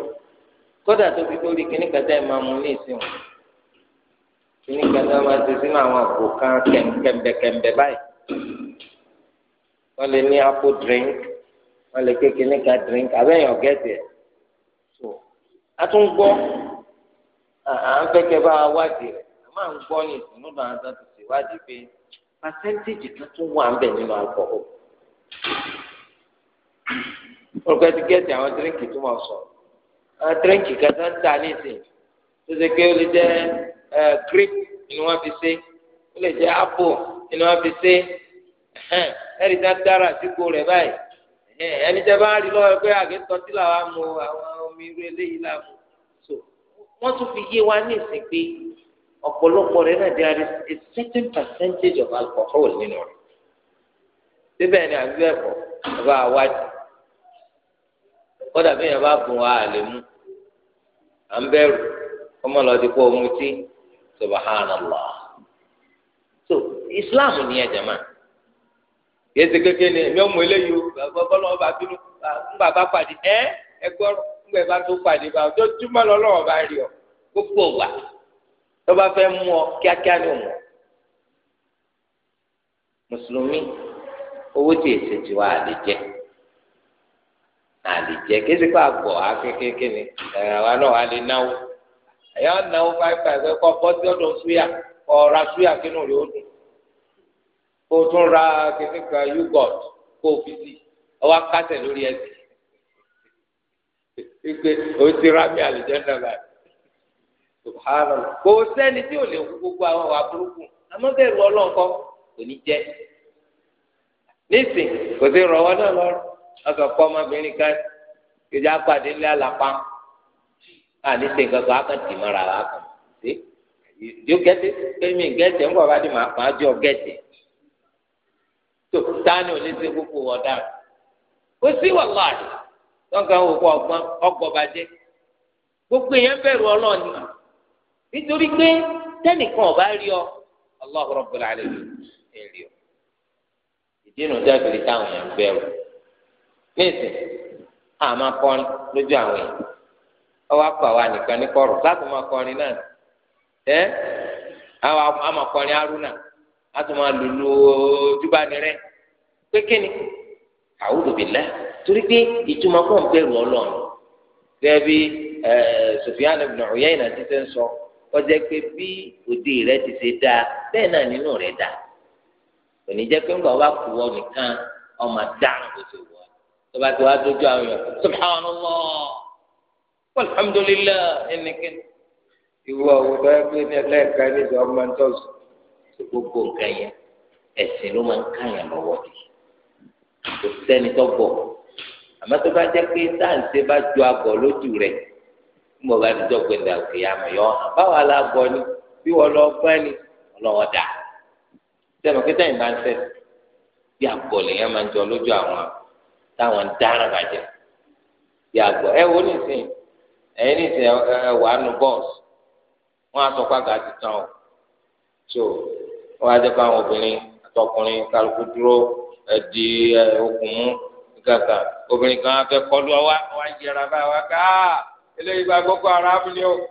kódà tó fi lórí kíní kẹta ẹ̀ máa mú ní ìsìn wọn kíní kẹta máa ti sínú àwọn àpò kan kẹ̀mbẹ̀kẹ̀mbẹ̀ báyìí wọn lè ní apple drink wọn lè ké kíní ká drink abẹ́yẹn ọ̀gẹ́tì ẹ̀ so a tún gbọ́ ah, à ń fẹ́ kẹ́ bá a wádìí rẹ̀ a máa ń gbọ́ ní ìsìn nígbà tó ti ṣèwádìí pé pàṣẹ́ntéèjì tuntun wà ń bẹ̀ nínú alukọ̀ọ́ olùkọ́ ti gẹ́tì àwọn díríǹkì tó máa sọ àwọn díríǹkì kẹta ń ta nísìn tó ṣe pé ó lè jẹ́ grape ni wọ́n fi ṣe ó lè jẹ́ apple ni wọ́n fi ṣe ẹ̀rí tá dára sípò rẹ̀ báyìí ẹni tẹ́ bá rí lọ́wọ́ pé àgẹ́tọ́ tí làwa mu àwọn omi irú eléyìí là mu so wọ́n tún fi yé wa nísìn pé ọ̀pọ̀lọpọ̀ rẹ̀ náà there is a certain percentage of alcohol nínú rẹ̀ síbẹ̀ ni àbí ẹ̀kọ́ bá a wájú kódà bí yẹn bá bùn wá àlè mú à ń bẹ̀rù ọmọ lọ ti kó ohun tí subhanallah so islam ni ẹ jẹ̀mọ́ yẹ ti kékeré ni èmi ọmọ eléyìí o bọ́lá ọba bínú ń bàbá pàdé ẹ ẹ gbọ́rọ̀ ń bẹ̀ bá tó pàdé bá ọjọ́ júmọ́ lọ́lọ́wọ́ bá rí ọ gbogbo wa. tó bá fẹ́ mú ọ kíákíá ni òun mùsùlùmí owó tí èsì tiwa àlè jẹ àlè jẹ kéésì kó àgbọ akékèké ni àwa náà àlè náwó ẹyà náwó five five kọ bọ sí ọdọ suya kọ ra suya kínú dùn tún ra kíní ka yúgọt kó fi sí ọwọ akásẹ lórí ẹsẹ ìgbé o ti ra mi àlè jẹ náà subhanallah kò sẹ́ni tí o lè gbogbo àwọn wà burúkú àmọ́ bẹ́ẹ̀ lọ lọ́nkọ́ kò ní jẹ́ nísìn kò sí rọwọ́ náà lọ́rùn ọkọ̀ kọ́ ọmọbìnrin kan kejì apàdé àlàpà akàn tì wa kàn sí bá tó ṣe gbogbo ọ̀dà kò sí wàhálà rẹ̀ tọ́ka ọgbọ́n nítorí pé tẹ́nìkan ọba rí ọ Allahu Rabbul Alamin idinu rí ọ ìdínà dábìlì táwọn èèyàn bẹ̀rù nísìn àmà kọrin lójú àwọn èèyàn ọwọ́ àpò àwa nìkan ní kọrọ láti máa kọrin náà ẹ àwọn àmà arúnà láti máa lùlù ojúbani rẹ pé kíni torí pé ìtumọ̀ kọ́ ń bẹ̀rù ọlọ́run gẹ́gẹ́ bí kọjá pé bí òde rẹ ti ṣe dáa bẹ́ẹ̀ náà nínú rẹ dáa kò ní jẹ́ pé ńgbà wá kú ọ nìkan ọmọ dáhùn kò sì wọ tó bá ti wá dójú àwọn èèyàn subhanallah alhamdulillah ẹnìkan ìwọ òwúrọ̀ ẹgbẹ́ ní ẹlẹ́ẹ̀kan ní ìjọ ọmọ tó sùn gbogbo nǹkan yẹn ẹ̀sìn ló máa ń káyàn lọ́wọ́ di kò sẹ́ni tó gbọ́ àmọ́ tó bá jẹ́ pé táǹtẹ́ bá ju agọ̀ lójú rẹ̀ mo bá ti dọ́gbẹ́ ní àwòké àmọ́ yọ hàn báwa la gbọ́ ni bí wọ́n lọ gbọ́ ni ọlọ́wọ́ dà sẹ́mi kíta ìbá ń sẹ́ bí àgbọ̀ lèyàn máa ń jọ lójú àwọn táwọn dára bàjẹ́ bí àgbọ̀ ẹ wo nísìnyí ẹ̀yin nísìnyí ẹ wà á nu bọ́ọ̀sì wọ́n á sọ pé àgà ti tán o so wọ́n á jẹ́ pé àwọn obìnrin àtọkùnrin kálukú dúró ẹ̀dì okùn mú kíkàkà obìnrin kan á fẹ́ kọlu ọwá wọ́n eléyìí bá Boko Haram ni o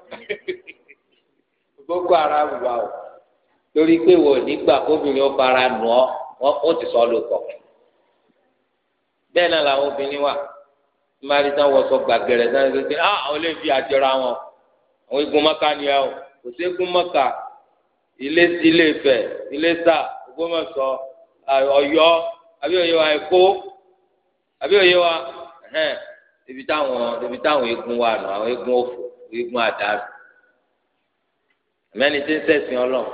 Boko Haram wà o torí pé wò nígbà obìnrin ó fara nù ọ ó ti sọ lóko bẹ́ẹ̀ náà làwọn obìnrin wà mmadụ tí wọ́n sọ gbàgẹ̀rẹ̀ náà ló ah àwọn eléyìí fi àjọra wọn àwọn igun mọ́ka ni ẹ o kò sí igun mọ́ka ilé ilé Ifẹ̀ ilé sà Ògbómọ̀ṣọ́ Ọ̀yọ́ àbí òye wa Èkó àbí òye wa ibi táwọn ibi táwọn eégún wà nù àwọn eégún òfò eégún àdàrú mẹni tí ń ṣẹ̀sìn Ọlọ́run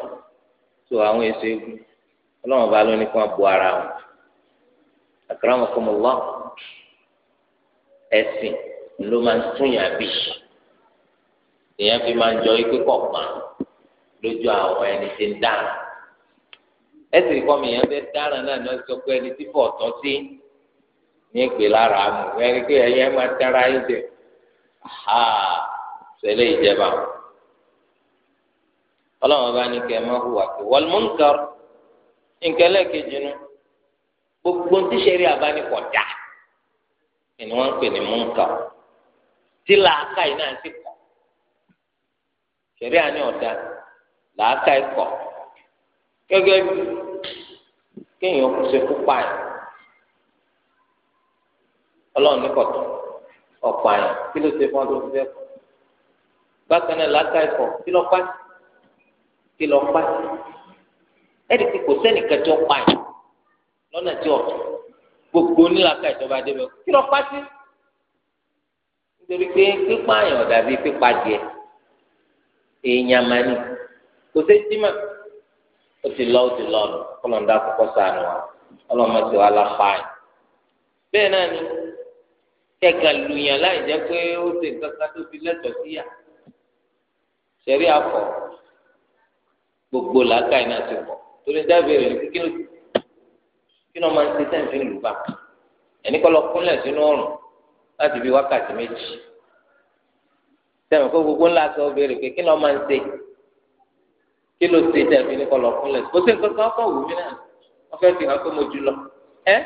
tó àwọn èso eégún Ọlọ́run bá lóní kí wọn bu ara wọn akramakumullah ẹ̀sìn ló máa ń túnyàn bí èèyàn fi máa ń jọ ikú kọ̀ọ̀kan lójú àwọn ẹni tí ń dára ẹ̀sìn kọ́mi yẹn fẹ́ dára náà ni wọ́n sọ pé ẹni tí fọ̀ọ̀tọ́ sí. ní ìgbé lára mu ẹni pé ẹyẹ máa tẹ́ra yín jẹ ha ṣẹlẹ̀ ìjẹba ọlọ́run bá ní kẹ́ máa hùwà pé nǹkan nu gbogbo tí sẹ́rí dá wọ́n ń pè ní tí làákà yìí náà ti kọ̀ sẹ́rí àní ọ̀dà làákà yìí kọ̀ gẹ́gẹ́ bí kéèyàn ọlọ́run ní kọ̀tọ̀ ọ̀pọ̀ àyàn kí ló ṣe fún ọdún fífẹ́ kọ̀ bákan náà látà ẹ̀kọ́ kí lọ pa kí lọ pa ẹ̀rí tí kò sẹ́ni kẹjọ pa yìí lọ́nà tí ọ̀tọ̀ gbogbo onílàkà ìjọba débẹ̀ kí lọ pa sí nítorí pé pípa àyàn dàbí pípa díẹ̀ èèyàn máa ní kò sí jimá ó ti lọ ó ti lọ ọlọ́run dá kọ́kọ́ sànù wa ọlọ́run mọ̀ sí wa lápá yìí bẹ́ẹ̀ náà ni kẹkàn lùyàn láì jẹ pé ó ṣe nǹkan kan tó fi lẹtọ síyà sẹrí afọ gbogbo làákàyè náà ti pọ torí dábìrì rẹ kí ló kí ló máa ń ṣe sẹ́ǹfì lùbà ẹni kọ́ lọ kúnlẹ̀ sínú ọ̀rùn láti fi wákàtí méjì sẹ́mi kó gbogbo ńlá sọ béèrè pé kí ló máa ń ṣe kí ló ṣe sẹ́ǹfì ní kọ́ lọ kúnlẹ̀ kó ṣe nǹkan kan kọ́ wù mí náà wọ́n fẹ́ fi hàn pé mo jù lọ ẹ́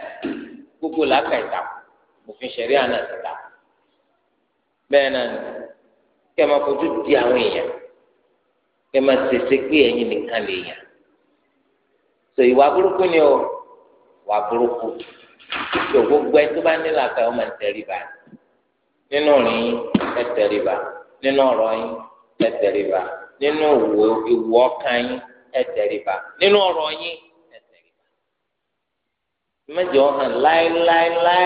gbogbo làákàyè dàpọ̀ òfin ṣẹ̀ríà náà ti ta bẹ́ẹ̀ náà ni kẹ́ máa fojú di àwọn èèyàn kẹ́ máa ṣèṣe pé ẹ̀yin nìkan lè yàn sọ ìwà burúkú ni o ìwà burúkú tó gbogbo ẹ tó bá nílò àtàwọn ọmọ ìtẹríba nínú ọ̀rìn yín ẹtẹríba nínú ọ̀rọ̀ yín ẹtẹríba nínú ìwọ ọkàn yín ẹtẹríba nínú ọ̀rọ̀ yín ẹtẹríba mẹjọ hàn láéláéláé.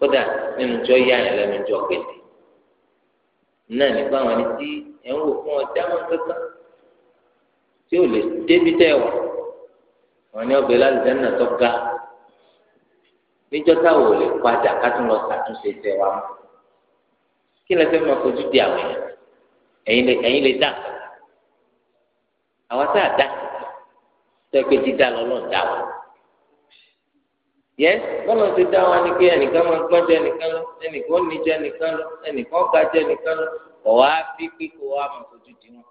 kódà nínú tí ó yá yẹn lẹ́nu tí ó gbèdé náà nípa àwọn ẹni tí ẹ ń wò fún ọjà máa kankan tí ò lè débi tẹ wà wọn ni ọbẹ lálùjá náà tó ga níjọ táwọn ò lè padà ká tún tẹ wa mọ kí lè fẹ́ máa fojú di àwọn èèyàn ẹ̀yin lè dà àwọn tá dà tẹ́ pé dídá lọ́lọ́ dà wọ́n. yẹ bọ́lá ti dá wa ni pé ẹnìkan máa gbọ́n jẹ ẹnìkan lọ ẹnìkan ó ní jẹ lọ ẹnìkan ga jẹ ẹnìkan lọ kíkó wa fojú di wọn.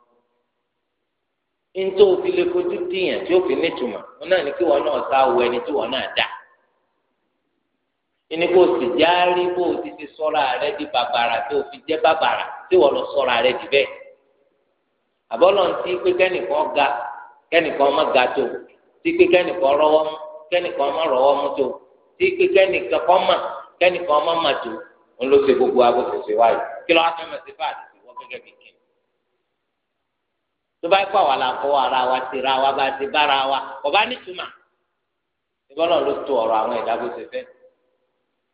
nítorí òfin lè fojú tí nítumọ̀ ẹni tí wọn náà ẹni kò sì já rí bó o ti sọ́ra rẹ di bàbàrà tó o fi jẹ́ bàbàrà tí wọ́n lọ sọ́ra rẹ di bẹ́ẹ̀. ga kẹ́nìkan má ga tó pé kẹ́nìkan kẹ́nìkan má rọwọ́ mú tó tí pé kẹ́nìkan kọ́ mà kẹ́nìkan má mà tó ń ló ṣe gbogbo aago ṣèṣe wáyé kí ló wá fẹ́ mọ̀ sí bá àdìsí wọ́n gẹ́gẹ́ bí kí tó bá kọ́ àwa la kọ́ ara wa ti ra wa bá ti bára wa ọba nítumà ìbọ́lọ̀ ló tó ọ̀rọ̀ àwọn ẹ̀dá bó ṣe fẹ́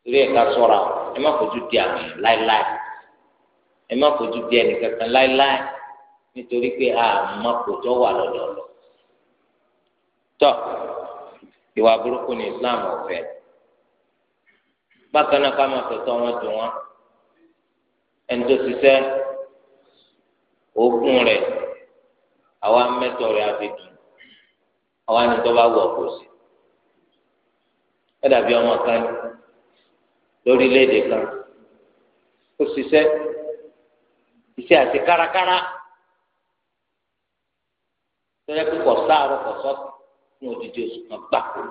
torí ẹ̀ka sọ̀rọ̀ àwọn ẹ má fojú di àwọn èèyàn láéláé ẹ má fojú di ẹnìkankan láéláé nítorí pé àmọ́ kò tó wà lọ́dọọlọ́ ìwà burúkú ní islam ọ̀fẹ́ bákan náà ká máa tọ̀tọ̀ wọn dùn wọn ẹni tó ṣiṣẹ́ oògùn rẹ̀ àwa mẹ́tọ̀ rẹ̀ àti dùn àwa ni tó bá wọ̀ kò sí ẹ ọmọ kan lórílẹ̀‐èdè kan ó ṣiṣẹ́ iṣẹ́ àti kárakára tó yẹ kó kọ̀ sáàrọ̀ kọ̀ sọ́tún. ní odidi oṣù kan gbàkó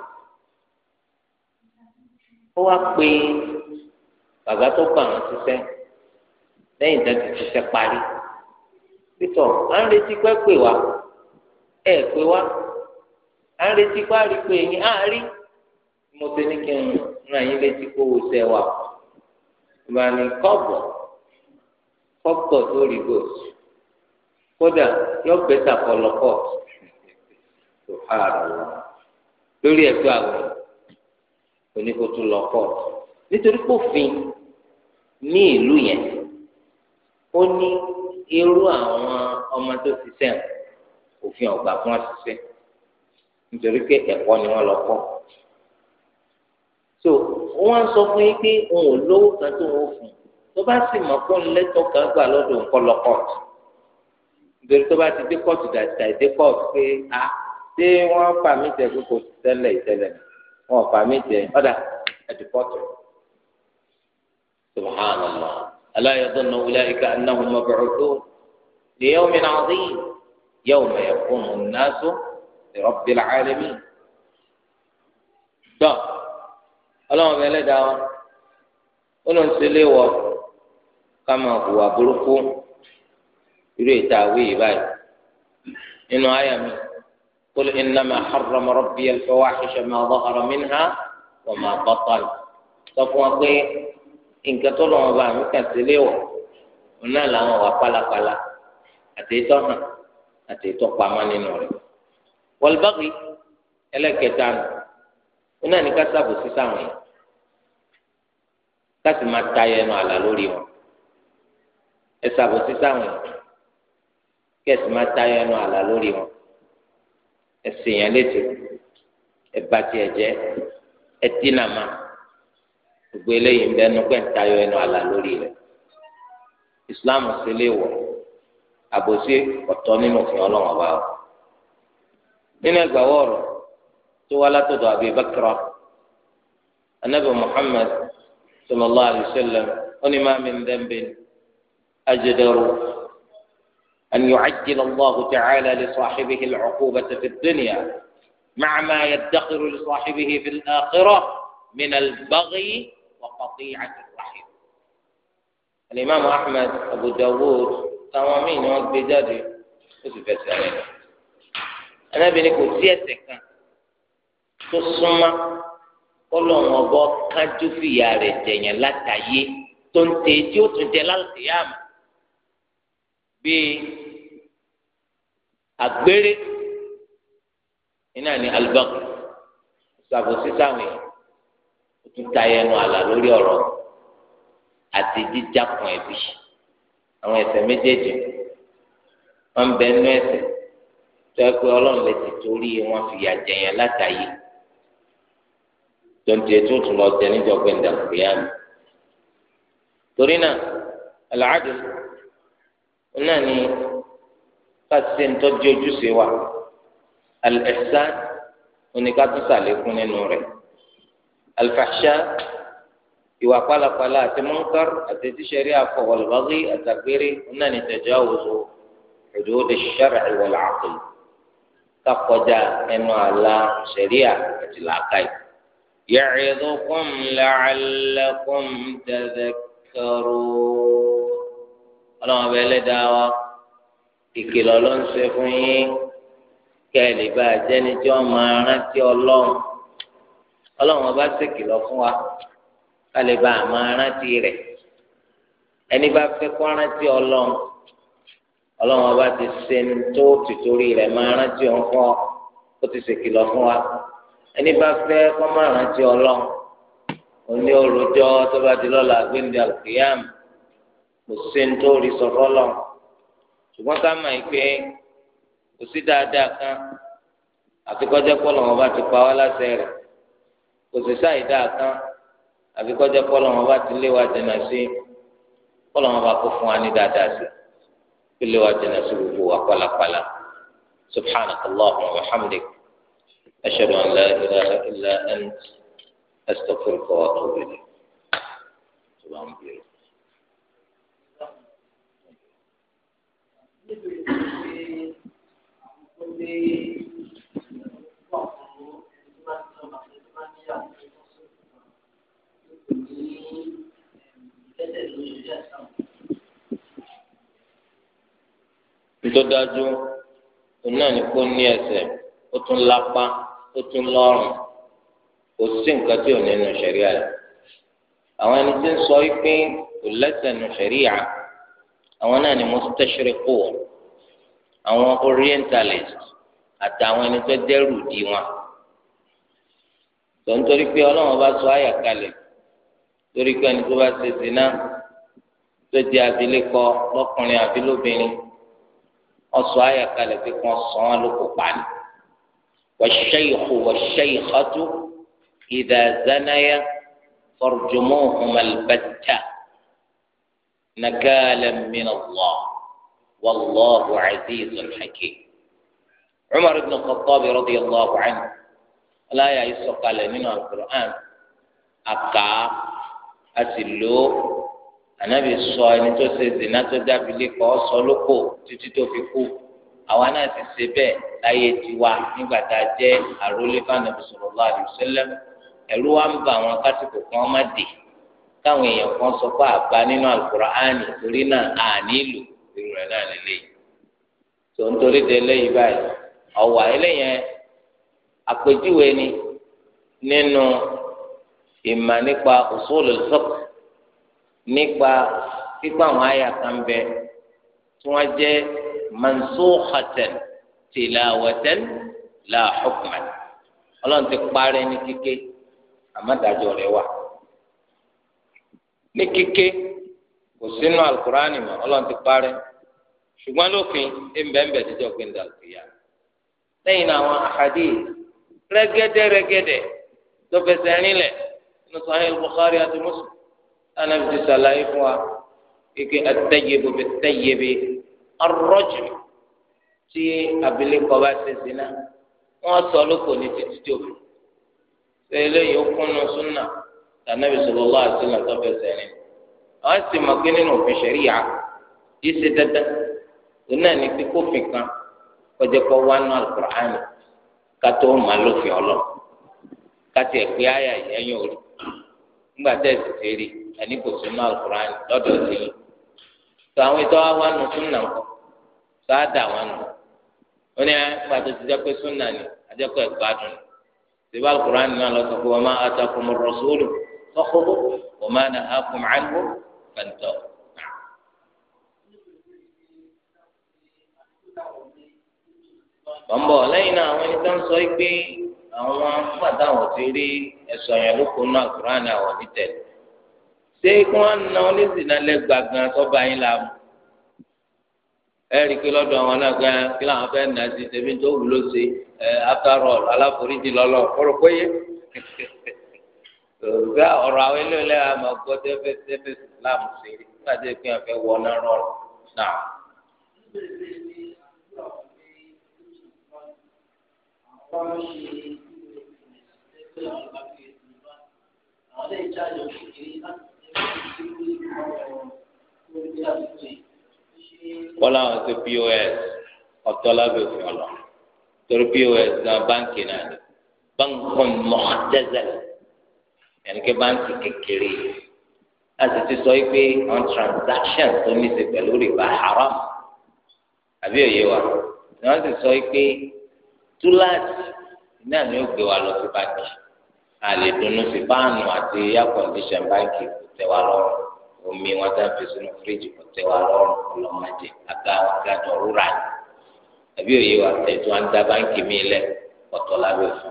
ó wá pé bàbá tó gbà wọn ṣiṣẹ́ lẹ́yìn ìdájọ́ ṣiṣẹ́ parí pítọ̀ à ń retí pé wá ẹ pè wá à ń retí pé pé yín àárí mo ti ní kí n ràn yín létí kó o ṣe wà ààrùn lórí ẹ̀tọ́ àwẹ̀ oníkótó lọ kọ́ọ̀tù nítorí pófin ní ìlú yẹn ó ní irú àwọn ọmọ tó ṣiṣẹ́ òfin ọ̀gbà fún àṣìṣe nítorí pé ẹ̀kọ́ ni wọ́n lọ kọ́ so wọ́n sọ fún yín pé òun ò lówó kan tó wọ́n fún tó bá sì mọ̀ pé òun lẹ́tọ̀ọ́ kan gbà lọ́dọ̀ nǹkan lọ kọ́ọ̀tù nítorí tó bá ti dé kóòtù dàtí dàtí dé kóòtù pé a ah, ṣé wọ́n fà mí tẹ kókò tẹ́lẹ̀ ìtẹ́lẹ̀ wọ́n fà mí tẹ ọ̀dà ẹ̀dùkọ́tù subhanallah ala yadhunnu ulaika annahum mab'uthun li yawmin 'adhim yawma yaqumu an-nasu li rabbil 'alamin tọ́ ọlọ́run bẹ́ẹ̀ lẹ́dàá wọn ó ló ń ṣẹlẹ̀ wọ ká máa hùwà burúkú irú ìta àwí báyìí nínú àyà mi. قل إنما حرم ربي الفواحش ما ظهر منها وما بطن تقوى قي إن كتلوا مبامي كتلوا ونا لا وقلا قلا أتيتها أتيتو قماني نوري والبغي إلا كتان ونا نكسب سيساوي kasi ma ta yẹnu àlà lórí wọn ẹsàbòsí sáwọn kẹsì ma ta yẹnu àlà lórí wọn ẹsìn yẹn létí ẹba tiẹ jẹ ẹtí nà má gbogbo eléyìí ń bẹnu pé ń tayọ ẹnu lórí rẹ islam sì lè wọ àbòsí ọ̀tọ̀ nínú òfin Ọlọ́run ọba o nínú ẹgbàwọ ọ̀rọ̀ tó wá abibakra anabi muhammad sallallahu alayhi wa sallam ó ní má أن يعجل الله تعالى لصاحبه العقوبة في الدنيا مع ما يدخر لصاحبه في الآخرة من البغي وقطيعة الرحم الإمام أحمد أبو داود توامين والبداد وسوف يسألين يعني؟ أنا بنكو سياسك تصمى Ọlọ́run ọgbọ kájú fìyà يا jẹyàn látàyé tó ń tẹ tí ó àgbèrè iná ní alibak ṣàbòsí sáwọn èèyàn ó tún ta ẹnu àlà lórí ọ̀rọ̀ àti jíjákun ẹbí àwọn ẹ̀ṣẹ̀ méjèèjì wọn bẹ nú ẹ̀ṣẹ̀ tó ẹ pé Ọlọ́run lè ti torí wọn fìyà jẹyàn látàyè tonti etu tun lọ jẹ níjọ gbẹndà kúrẹ́àmì torí náà alàádùn náà ni káṣíṣe ń tọ́jú ojúṣe wa al-ihsan oníkàtúnṣe àlékún nínú rẹ̀ al-fahsha ìwà pálapàla àti munkar àti tíṣẹ̀rí àfọwọ́lùbáwí àtàgbére náà ní tajawuzu hudud ash-shar'i wal-'aql kakọjá ẹnu àlà ṣẹ̀ríà àti làákàyè. ya'idukum la'allakum tadhakkarun ọlọ́run ọba ìkìlọ̀ ló ń ṣe fún yín kẹ́ẹ̀lì bá a jẹ́ni tí wọ́n máa rántí ọlọ́run ọlọ́run ọba ṣèkìlọ̀ fún wa kálí bá a máa rántí rẹ̀ ẹni bá fẹ́ kó rántí ọlọ́run ọlọ́run ọba ti ṣe ní tó tìtorí rẹ̀ máa rántí òun fún ọ ó ti ṣèkìlọ̀ fún wa ẹni bá fẹ́ kó máa rántí ọlọ́run òní òròjọ́ tó bá di lọ́la gbẹ̀ndẹ̀ àlùkìyàm kò ṣe ní tó rí sọ fọ́lọ́run ṣùgbọ́n ká mọ̀ pé kò sí dáadáa kan àfi kọjá pọ́lọ̀ bá ti pa wá láṣẹ rẹ̀ kò sì sáì dáa kan àfi kọjá bá ti lé wa jìnnà sí pọ́lọ̀ bá kó fún wa ní dáadáa sí kí lé wa jìnnà sí gbogbo wa pálapàla subhanaka allahumma wa hamdik an la ilaha illa ant astaghfiruka wa atubu ilayk. tó dájú òun náà ní kó ní ẹsẹ̀ ó tún lápá ó tún lọ́rùn kò sí nǹkan tí ò nínú ṣẹ̀ríà rẹ̀ àwọn ẹni tí ń sọ wípé kò lẹ́sẹ̀ nù ṣẹ̀ríà àwọn náà ni mustashriqu àwọn orientalist àtàwọn ẹni tó dẹ́rù di wọn tó ń torí pé ọlọ́run bá sọ àyà kalẹ̀ torí pé ẹni tó bá ṣe zina tó di abilékọ lọ́kùnrin àbí lóbìnrin àyà kalẹ̀ pé kàn sàn án ló kó pani wash-shaykhu wash-shaykhatu idha zanaya farjumuhuma al-batta. نكالا من الله والله عزيز حكيم عمر بن الخطاب رضي الله عنه لا يسوق على من القرآن أكا أسلو anabi sọ ẹni tó ṣe zina tó dábì lẹkọ ọsọ lóko títí tó fi kú àwa náà ti ṣe bẹ́ẹ̀ láyé tiwa nígbà tá a jẹ àrólé fanabi sallallahu alaihi wasallam ẹrú wa ń bà wọn kásìkò kan má dé káwọn èèyàn kan sọ pé àgbà nínú Al-Kùránì torí náà à nílò irú rẹ̀ náà lélẹ́yìí tó ń torí de eléyìí báyìí ọ̀wà eléyẹn àpèjúwe ni nínú ìmà nípa usulul fiqh nípa pípa àwọn àyà kan bẹ tí wọ́n jẹ́ mansukhatan tilawatan la hukman ti parí ní kíké àmọ́ dájọ́ rẹ̀ wà ní kíké kò sínú alukurani mọ́ Ọlọ́run ti parẹ́ ṣùgbọ́n lófin ẹnbẹnbẹ jíjọ pé ń da òkèèyà lẹ́yìn náà àwọn àhàdì rẹ́gẹ́dẹ́ rẹ́gẹ́dẹ́ tó fẹsẹ̀ rinlẹ̀ nínú Sahih Bukhari àti Muslim anabi ti sàlàyé fún wa kíkẹ at-tayyibu bit-tayyibi ar-rajm tí abilékọ bá ṣe sí náà wọn sọ lóko ní títí tó fi ṣe eléyìí ó kúnnú súnà. tànàbì sallallahu alaihi wasallam tó fẹsẹ̀ rìn àwọn sì mọ̀ pé nínú òfin ṣẹ̀ríyà yìí ṣe dandan náà ní pé kófin kan kọjá kọ wá nù alukur'ani kátó má lófin ọlọ kátó ẹ̀pẹ́ àyà ìyẹn òru nígbà tẹ́ ẹ sì ti rí ẹni kò sí nù alukur'ani lọ́dọ̀ sí i tó àwọn wa nù kọ tó dà wọn nù wọn ni ti ni ẹ̀gbádùn فخذوا وما نهاكم عنه فانتهوا tọ́ńbọ̀ lẹ́yìn náà àwọn ẹni sọ yìí pé àwọn fúnpàtà wọn ti rí yẹn ló náà kúrò àwọn onítẹ̀lẹ̀ ṣé kí wọ́n na lẹ́gbàá gan sọ́ba yín la ẹ rí i pé lọ́dọ̀ àwọn náà gan kí làwọn fẹ́ nà sí tó ṣe after all aláforíjì lọ́lọ́ òrùka ọ̀rọ̀ àwọn eléyìí lẹ́yìn àmọ́ gbọ́ tẹ́fẹ́ tẹ́fẹ́ islam ṣe rí láti pé wọn fẹ́ wọ náà rọrùn náà. kọ́lá wọn ṣe pos ọ̀tọ̀ lábẹ́ òfin ọ̀lọ́ torí pos náà báńkì náà ni báńkì mọ̀ọ́dẹ́sẹ̀ ẹnikẹ́ báńkì kékeré láti ti sọ pé on transaction tó ní ṣe pẹ̀lú rìbá haram àbí òye wa ni wọ́n sì sọ pé túláàsì náà ni ó gbé wa lọ sí báńkì a lè dunnú sí fáànù àti air condition báńkì kò tẹ́ wa lọ́rùn omi wọn tá a fi sínú fíríjì kò tẹ́ wa lọ́rùn ọlọ́mọdé àga àgàjọ rúra àbí òye wa tẹ̀tún á ń da báńkì mi lẹ̀ ọ̀tọ̀ lábẹ́ òfin.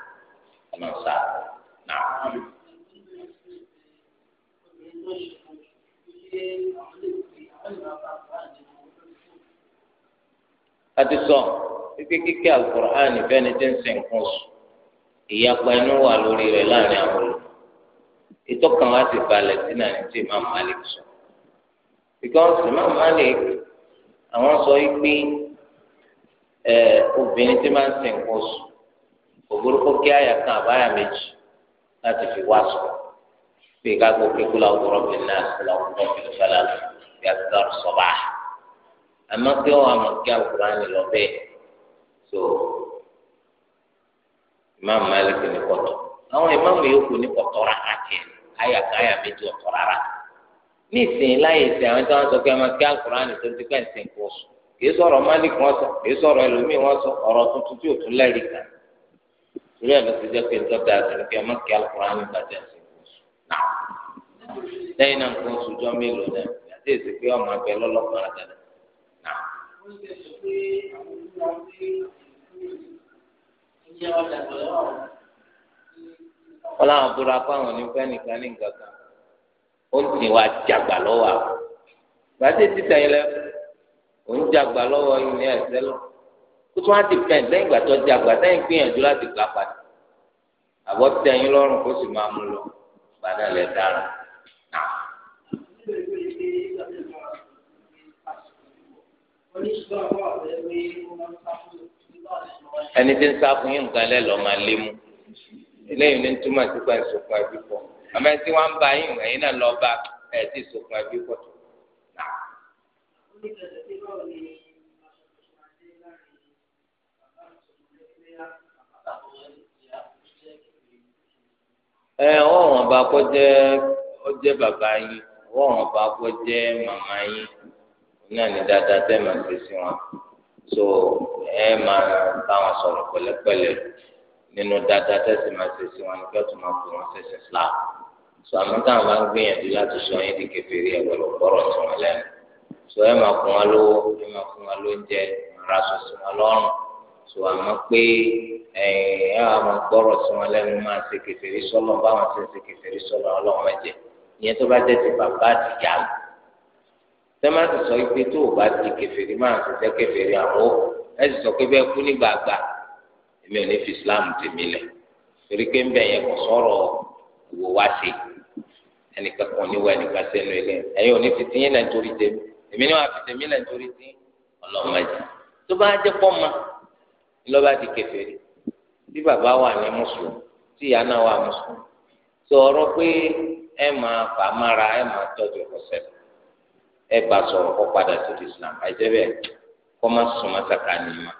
ọlọ́sà náà. àti sọ pípé kíkẹ́ alukur'an fẹ́ni tí ń sìn kún sùn ìyapa inú wà lórí rẹ̀ láàrin àwọn olùkọ́ ìtọ́kàn wa ti balẹ̀ sí náà ní tí Imam Malik sọ because Imam Malik àwọn sọ yìí pé obìnrin tí máa ń sìn kún sùn òbúrúkọ kí àyà kan àbáyà méjì láti fi wá sọ bí ká gbọ́ pé kúlà ọgbọrọ bí náà kúlà ọgbọrọ bí fẹlẹ bí a ti dá ọ̀rọ̀ sọba àmọ́ kí wọn kí àwòrán ni lọ bẹ́ẹ̀ so ìmáàmù Málíkì ní kọtọ àwọn ìmáàmù yòókù ní kọtọ rárá kẹ àyà kan àyà méjì ọ̀tọ̀ rárá ní ìsìn láyé ìsìn àwọn tí wọn sọ pé a máa kí àwòrán ni tó ti pẹ́ ìsìn kó sùn kì í sọ̀rọ̀ Málíkì wọn sọ kì í sọ̀rọ̀ ẹlòmíì wọn sọ ọ̀rọ̀ tuntun tí ò tún lẹ́rìí kan torí ẹ̀ ló ti jẹ́ pé ń tọ́ta àtẹ̀lẹ́ pé ọmọ kí alukóran ní ìbàjẹ́ ń sìn kóṣù náà lẹ́yìn náà nǹkan oṣù jọ mélòó náà àti èsì pé ọmọ abẹ lọ́lọ́kàn àtẹ̀lẹ́ náà. wọ́n láwọn búra fáwọn onífẹ́ nìkan ní nǹkan kan ó ń tì wá jàgbà lọ́wọ́ àwọn gbàdé títẹ̀yìn lẹ́kọ̀ọ́ ó ń jàgbà lọ́wọ́ yìí ní ẹ̀sẹ̀ lọ́wọ́ ó tún á ti pẹ̀ǹt lẹ́yìn ìgbà tó di àgbà sẹ́yìn gbìyànjú láti gbà padà àbọ̀ tẹ̀yìn lọ́rùn kó sì máa mú lọ gbàdá lẹ̀ dára náà. ẹni tí ń sá fún yín nǹkan lẹ́lọ́ máa lé mú eléyìí ní túmọ̀ sí pé ìsopọ̀ ẹbí pọ̀ àmọ́ tí wọ́n ń ba yín ẹ̀yin náà lọ́ọ́ bá ẹ̀ tí ìsopọ̀ ẹbí pọ̀ tó ẹ wọn wọn bá kọ jẹ ọjẹ bàbá yín wọn wọn bá kọ jẹ màmá yín náà ní dáadáa tẹ màá ṣe sí wọn so ẹ máa bá wọn sọ̀rọ̀ pẹ̀lẹ́pẹ̀lẹ́ nínú dáadáa tẹsí máa ṣe sí wọn nígbà tó máa fi wọn ṣẹṣẹ fúlà so àmọ́ táwọn bá ń gbìyànjú láti sọ yín di kékeré ẹgbẹrún gbọrọ tí wọn lẹ́nu so ẹ máa fún wọn lówó ẹ máa fún wọn lóúnjẹ ara sọ sí wọn lọ́rùn so àmọ́ pé ẹ àwọn gbọ́rọ̀ sí wọn lẹ́nu máa ṣe kẹfẹ́rí sọ́lọ́ báwọn ṣe ń ṣe kẹfẹ́rí sọ́lọ́ ọlọ́run ẹ̀jẹ̀ ìyẹn tó bá jẹ́ ti bàbá àtìyá lọ. sẹ́mà ti sọ pé tó o bá ti kẹfẹ́rí máa ṣe jẹ́ kẹfẹ́rí àwọn òkú sì sọ pé bẹ́ẹ̀ kú ní gbàgbà èmi ò ní fi Islam tèmi lẹ̀ torí pé ń bẹ̀ yẹn kò sọ̀rọ̀ ìwò wá sí ẹnìkan kan níwọ ẹnìkan sẹ́nu bí bàbá wà ní mùsùlùm tí ìyá náà wà mùsùlùm tó ọ̀rọ̀ pé ẹ máa fà mára ẹ máa tọ́jú ọ̀sẹ̀ ẹ bá sọ̀rọ̀ kó padà sí Islam àìjẹ́ bẹ́ẹ̀ kó má sùn má sàkà ní ma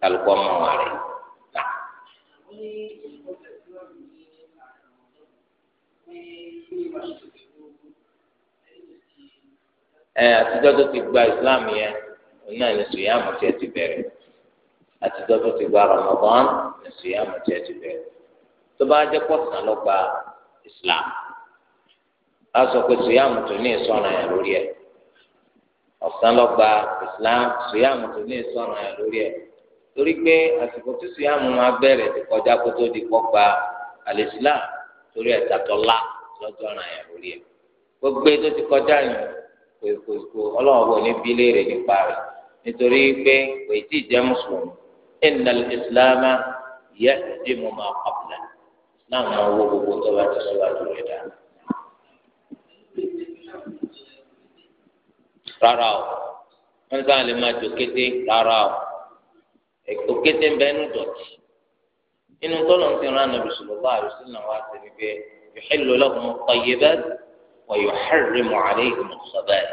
kálukọ́ má wà rẹ̀ nà. ẹ àtijọ́ tó ti gba Islam yẹn òun náà ní sùn yá àmọ́ tí ẹ ti bẹ̀rẹ̀. àti tó tó ti gba Ramadan ẹ̀sùn yà mọ̀ tí tó bá jẹ́ pọ̀sán ló gba Islam a sọ pé sùyàmù tó ní ìsọ̀nà yẹn lórí ẹ̀ ọ̀sán ló gba Islam sùyàmù tó ní ìsọ̀nà yẹn lórí ẹ̀ torí pé àsìkò tí máa bẹ̀rẹ̀ ti kọjá kó tó di kọ́ gba islam torí ẹ̀ta tọ́lá lọ́jọ́ ọ̀ràn yẹn lórí ẹ̀ gbogbo ètò ti kọjá yẹn kò kò kò ọlọ́wọ́ bò ní bílẹ̀ rẹ̀ nípa rẹ̀ nítorí pé kò tí إن الإسلام يهدم ما قبله náà máa wo gbogbo tó bá ti síwájú rẹ̀ dá. rárá o wọn sáà lè máa jò kété rárá o òkété ń bẹ nù dọ̀tí inú tọ́lọ̀ ń ti rán Ànábì sallallahu alaihi wasallam wá sí ni pé yuhillu lahum at-tayyibat wa yuharrimu alayhim as-khaba'ith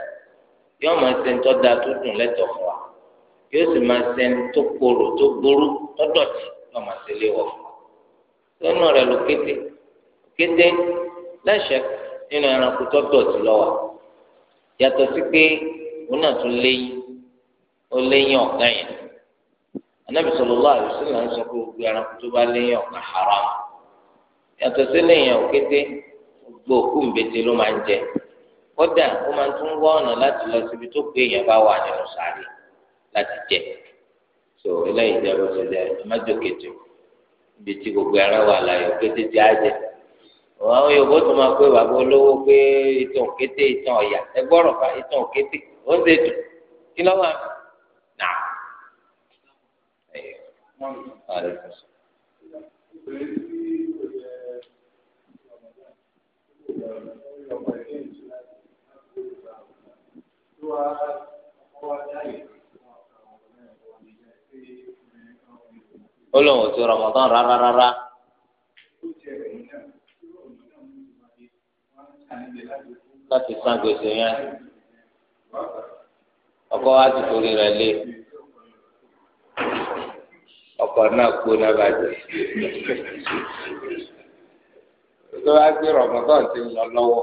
yóò máa ṣe ń tọ́ da tó dùn lẹ́tọ̀ọ́ fún wa. yóò sì máa ṣe ẹni tó korò tó burú tó dọ̀tí máa ṣe léwọ̀ lọ́nà rẹ̀ ló kété kété lẹ́sẹ̀ nínú ẹranko tó dọ̀tí lọ́wọ́ yàtọ̀ sí pé òun náà tún léyìn ó léyìn ọ̀gá yẹn anabi sallallahu alaihi wasallam ń sọ pé gbogbo ẹranko tó bá léyìn ọ̀gá haram yàtọ̀ sí léyìn òkété gbogbo òkú ńbete ló máa ń jẹ kódà ó máa tún ọ̀nà láti lọ síbi tó gbé láti jẹ so eléyìí jẹ bó ṣe jẹ ẹmẹjọkẹjọ ibi tí gbogbo ara wà láyò kété tí a jẹ àwọn Yorùbá tó máa pé bàbá olówó pé ìtàn ìtàn fa ìtàn ó ń ṣètò kí ló wà Thank you. ó lóun ò sí rọmọdán rárá rárá. láti san gbèsè yẹn ọkọ wa ti torí rẹ̀ lé ọkọ náà kú náà bàjẹ́ rọmọdán ti ń lọ lọ́wọ́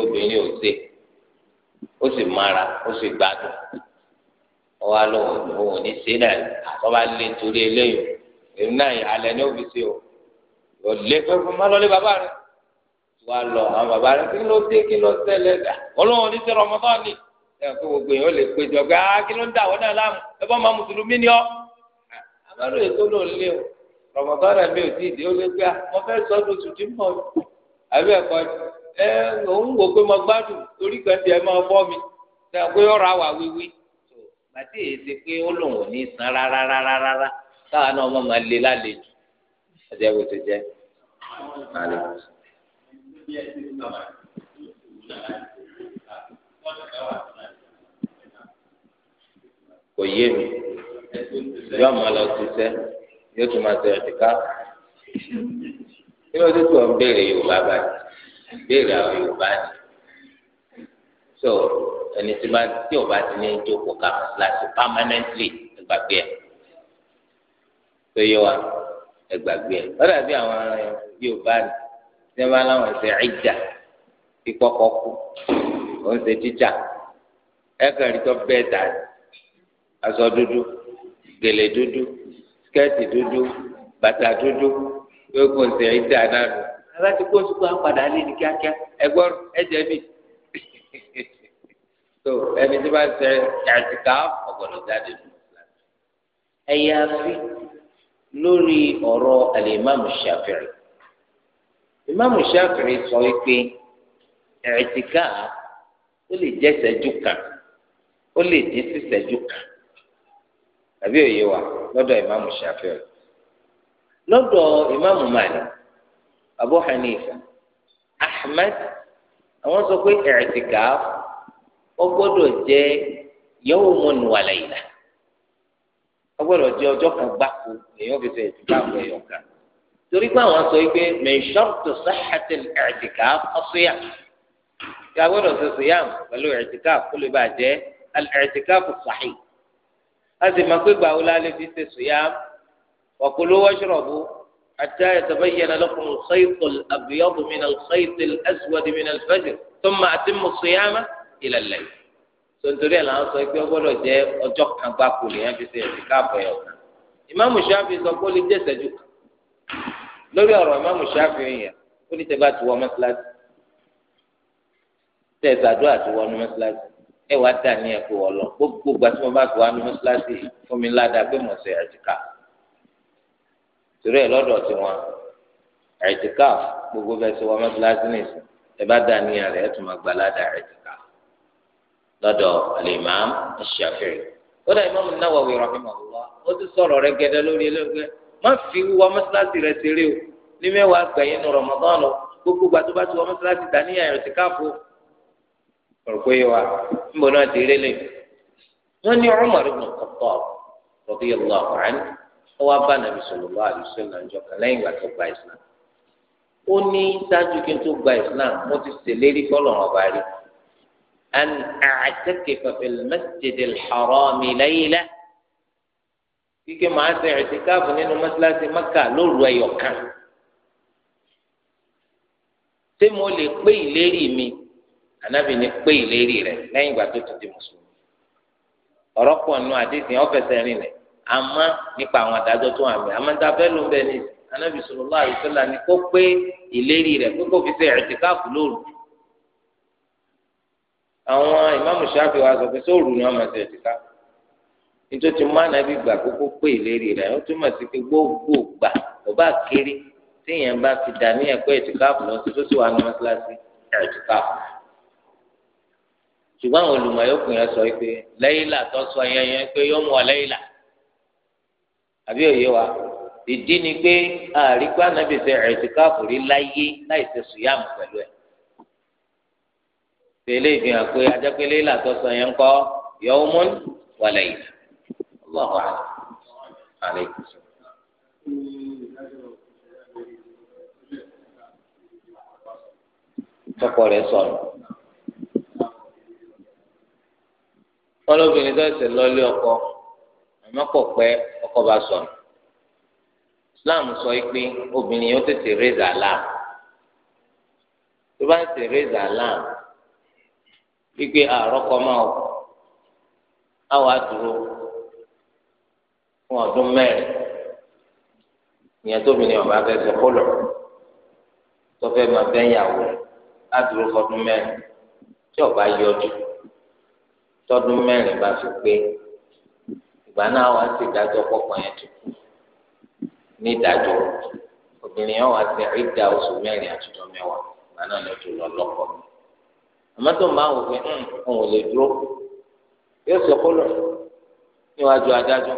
obìnrin ò ó sì ó sì ọwọ́ alóhùn òhun òní sí náà àtọ́ba lé nítorí eléyìí èmi náà alẹ́ ní òfìsì o yóò lé fẹ́fún má lọ́lé bàbá rẹ wà lọ àwọn bàbá rẹ kí ló dé kí ló ṣẹlẹ̀ dà ọlọ́run òní sí rọmọdán ni ẹ̀ kó gbogbo yẹn ó lè péjọ pé á kí ló ń dà wọ́n náà láàmú ẹ bọ́ máa mùsùlùmí ni ọ́ àbálò ètò ló ń lé o rọmọdán rẹ mi ò tí ì dé ó lé pé mo fẹ́ sọ ọdún tuntun mọ́ ọ àbí ẹ̀kọ́ ẹ òun wò pé mo gbádùn torí kan tiẹ̀ máa bọ́ mi ṣe àgbéyọ̀rọ̀ àwà wíwí àti èsì pé ó lòun ò ní san rárá rárá rárá táwa náà ọmọ máa le lálejò ẹjẹ bó ti jẹ lálejò. kò yé mi yóò máa lọ ṣiṣẹ́ yóò tún máa ṣe ẹ̀dínkà kí ló dé tó ń béèrè yorùbá báyìí béèrè àwọn yorùbá ni so ẹni tí bá tí o bá ti ní jókòó ká mọ́sálásí permanently ẹgbàgbé ẹ tó yẹ wa ẹgbàgbé ẹ ó dàbí àwọn Yorùbá ni tí wọ́n bá láwọn ṣe ìjà kíkọ́kọ́ kú ó ń ṣe jíjà ẹ̀kẹ́rì tó bẹ́ẹ̀ dà aṣọ dúdú gèlè dúdú skẹ́ẹ̀tì dúdú bàtà dúdú pé kò ń ṣe ìjà náà nù. aláti kó sùkúrú apàdánù ní kíákíá ẹgbọ́n ẹ̀jẹ̀ mi tó ẹni tí bá ṣe ẹ̀ẹ́dìkà ọ̀gbọ̀dọ̀ jáde nù. ẹ̀yà fi lórí ọ̀rọ̀ àlèmáàmù ṣàfihàn ìmáàmù ṣàfihàn sọ wípé ẹ̀ẹ́dìkà ó lè jẹ́ ìṣẹ́jú kan ó lè dín sí ìṣẹ́jú kan àbí òye wa lọ́dọ̀ ìmáàmù ṣàfihàn lọ́dọ̀ ìmáàmù malik abu hanifa ahmed àwọn sọ pé ẹ̀ẹ́dìgá ó gbọ́dọ̀ jẹ́ yawmun wa layla ó gbọ́dọ̀ jẹ́ ọjọ́ kan gbáko èèyàn fi ṣe ẹ̀ẹ́dìgá fún ẹ̀yọ̀ kan torí pé àwọn sọ pé min shartu sihhati ẹ̀ẹ́dìgá ọ̀ṣùyà tí a gbọ́dọ̀ ṣe ṣùyà pẹ̀lú ẹ̀ẹ́dìgá kó lè bàa jẹ́ ẹ̀ẹ́dìgá kò sahih a sì máa pé gbàwó lálẹ́ fi ṣe ṣùyà wa kulu حتى يتبين لكم الخيط الأبيض من الخيط الأسود من الفجر ثم أتم الصيام إلى الليل sọtúrí ẹ làwọn sọ pé ó gbọ́dọ̀ jẹ ọjọ́ kan gbáko lèyàn fi ṣe ìrìn káàbọ̀ ẹ ọkàn ìmáàmù ṣáfi sọ pé ó lè jẹsẹ jù kan lórí ọ̀rọ̀ ìmáàmù ṣáfi yẹn ó ní tẹbá ti wọ mọ́sálásí tẹ ìsàdúrà ti wọnú mọ́sálásí ẹ wàá dà ní ẹ̀kọ́ ọlọ gbogbo gbàtí mo bá ti wọnú mọ́sálásí fún mi ládàá pé mo ṣe àjùká torí ẹ lọ́dọ̀ tiwọn ẹtìkáf gbogbo sọ wọn mẹsàlásì ẹ bá dá níyàn rẹ ẹ tún máa gbà alimam ó dà ó ti lórí ẹlẹgbẹ má fi rẹ o ní mẹ́wàá gbẹ̀yìn nù Ramadan gbogbo gbà tó bá ti wọ mẹsàlásì dá níyàn ẹtìkáf o ọ̀rọ̀ pé wa níbo náà ti rí lè wọ́n ní Umar ibn ó wá bá nàbì sọlọ́lá àdùsọ ìlànjọ kan lẹ́yìn ìgbà tó gba islam ó ní dájú kí n tó gba islam mo ti ṣèlérí fọlọ́run ọba rí an a'takifa fil masjidil harami layla kíkẹ́ máa ṣe ìtìkáàfù nínú mọ́ṣáláṣí mẹ́kà lóru ẹ̀yọ̀ kan ṣé mo lè pé ìlérí mi ànábì ní pé ìlérí rẹ̀ lẹ́yìn ìgbà tó ti di mùsùlùmí ọ̀rọ̀ pọ̀ nù àdéhùn ọ̀fẹ́sẹ̀ rìn rẹ̀ àmọ́ nípa àwọn àdájọ́ tó wà mí àmọ́ níta fẹ́ ló ń bẹ ní anábì sallallahu alaihi wasallam ni kó pé ìlérí rẹ̀ pé kó fi ṣe ìtìkáàfù lóru àwọn ìmáàmù Ṣáfi'í wa sọ pé sóòrù ni wọ́n máa ṣe ìtìkáàfù nítorí tí má nàbí gbà kókó pé ìlérí rẹ̀ ó túmọ̀ sí pé gbogbo gbà kó bá kéré téèyàn bá ti dà ní ẹ̀kọ́ ìtìkáàfù lọ sí tó sì wà ní mọ́ṣáláṣí ìtìkáàfù ṣùgbọ́n àwọn olùmọ̀ yóò pè sọ pé lẹ́yìnlá tó sọ yẹn yẹn pé yóò mú ọ lẹ́yìnlá àbí òye wa ìdí ni pé àrígbá nàbì ṣe ẹ̀ẹ́dìkáàfù rí láyé láì ṣe sùyàmù pẹ̀lú ẹ̀ tẹ̀lé ìfihàn pé ajápẹ́lẹ́ làtọ́ sọ yẹn ń kọ́ yawmun wa layla Allahu alaykum. tọkọ rẹ sọ̀rọ̀ wọn lóbìnrin tó ṣe lọlé ọkọ àmọ́ kò pẹ́ ọkọ bá sọnù islam sọ pé obìnrin yóò tètè rèézà alam tó bá ń tètè rèézà alam wípé àròkọ máa wò àwọn àdúró fún ọdún mẹ́rin ìyẹn tóbi ni ọba fẹẹ sọ kọlọ tó fẹẹ máa fẹẹ yàwó àdúró fọdún mẹ́rin tí ọba yọjú tọdún mẹ́rin bá fi pé ìgbà náà wà sí ìdájọ́ pọpọ yẹn tó kù ní ìdájọ́ obìnrin yẹn wà sí ìdá oṣù mẹ́rin àtúntò mẹ́wàá ìgbà náà ló tó lọ lọ́kọ mi àmọ́ tó ń bá wò pé òun hmm, ò lè dúró yóò sọ kó lọ níwájú adájọ́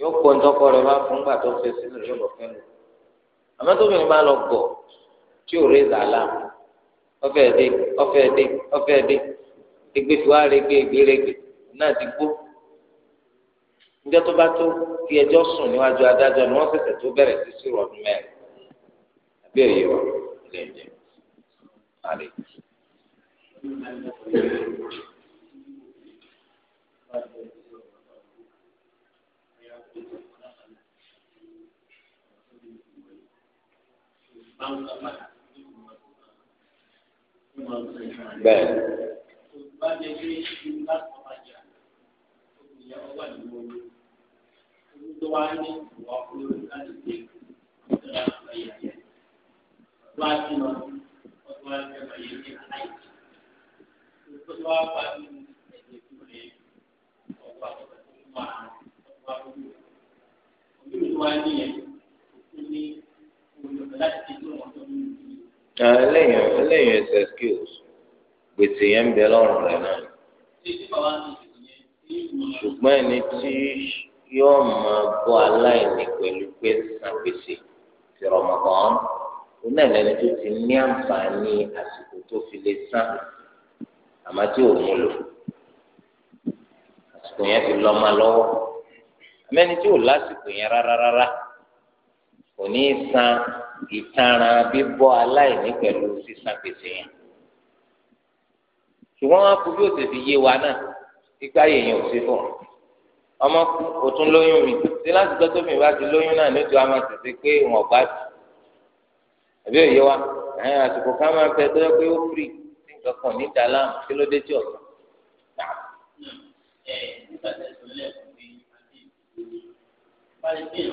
yóò kó ntọkọ rẹ wá fún gbà tó fẹ́ sílẹ̀ yóò lọ fẹ́ àmọ́ tó bìnrin bá lọ gọ tí ò rí ìzàlá ọfẹ dé ọfẹ dé ọfẹ dé egbe fi wá regbe egbe regbe náà ti gbó níjọ́ tó bá tó fi ẹjọ́ sùn níwájú adájọ́ ni wọ́n ṣẹ̀ṣẹ̀ tó bẹ̀rẹ̀ sí sí ọdún mẹ́rin àbí òye wa ilé ìjẹ àlè. Bẹ́ẹ̀ni tó wá ní ìwà olórí láti dé ìjọba àgbáyé ayé wá sí lọ wọ́n wá sí àgbáyé ní aláìsí tó tó wá bá ní ẹ̀jẹ̀ tó lé ọ̀pọ̀ àtọ̀tọ̀ tó wà ọ̀pọ̀ àbúrò òbí mi wá ní ẹ̀ òkú ní olùkọ́ láti dé tó wọ́n tó ní ìlú. ẹlẹ́yìn ẹlẹ́yìn ẹsẹ̀ skills gbèsè yẹn ń bẹ lọ́rùn rẹ̀ náà ṣùgbọ́n ẹni tí yóò máa bọ́ aláìní pẹ̀lú pé san gbèsè ti Ramadan ó náà lẹni tó ti ní àǹfààní àsìkò tó fi lè san àmọ́ tí ò mú lò àsìkò yẹn ti lọ máa lọ́wọ́ mẹ́ni tí ò lásìkò yẹn rárá rárá kò ní í san ìtanràn bíbọ́ aláìní pẹ̀lú sísan yẹn ṣùgbọ́n wọn kú bí ó ti fi yé wa náà kíkà yẹn ò sí fún un ọmọ kú o tún lóyún mi ṣé láti gbọ́ tóbi bá ti lóyún náà níjọ a máa tètè pé wọn bá ti àbí òye wa ẹ̀yìn àsìkò ká máa fẹ́ tó yẹ pé ó firi tí nǹkan ní dàlá kí ló dé tí ọ̀sán. Thank you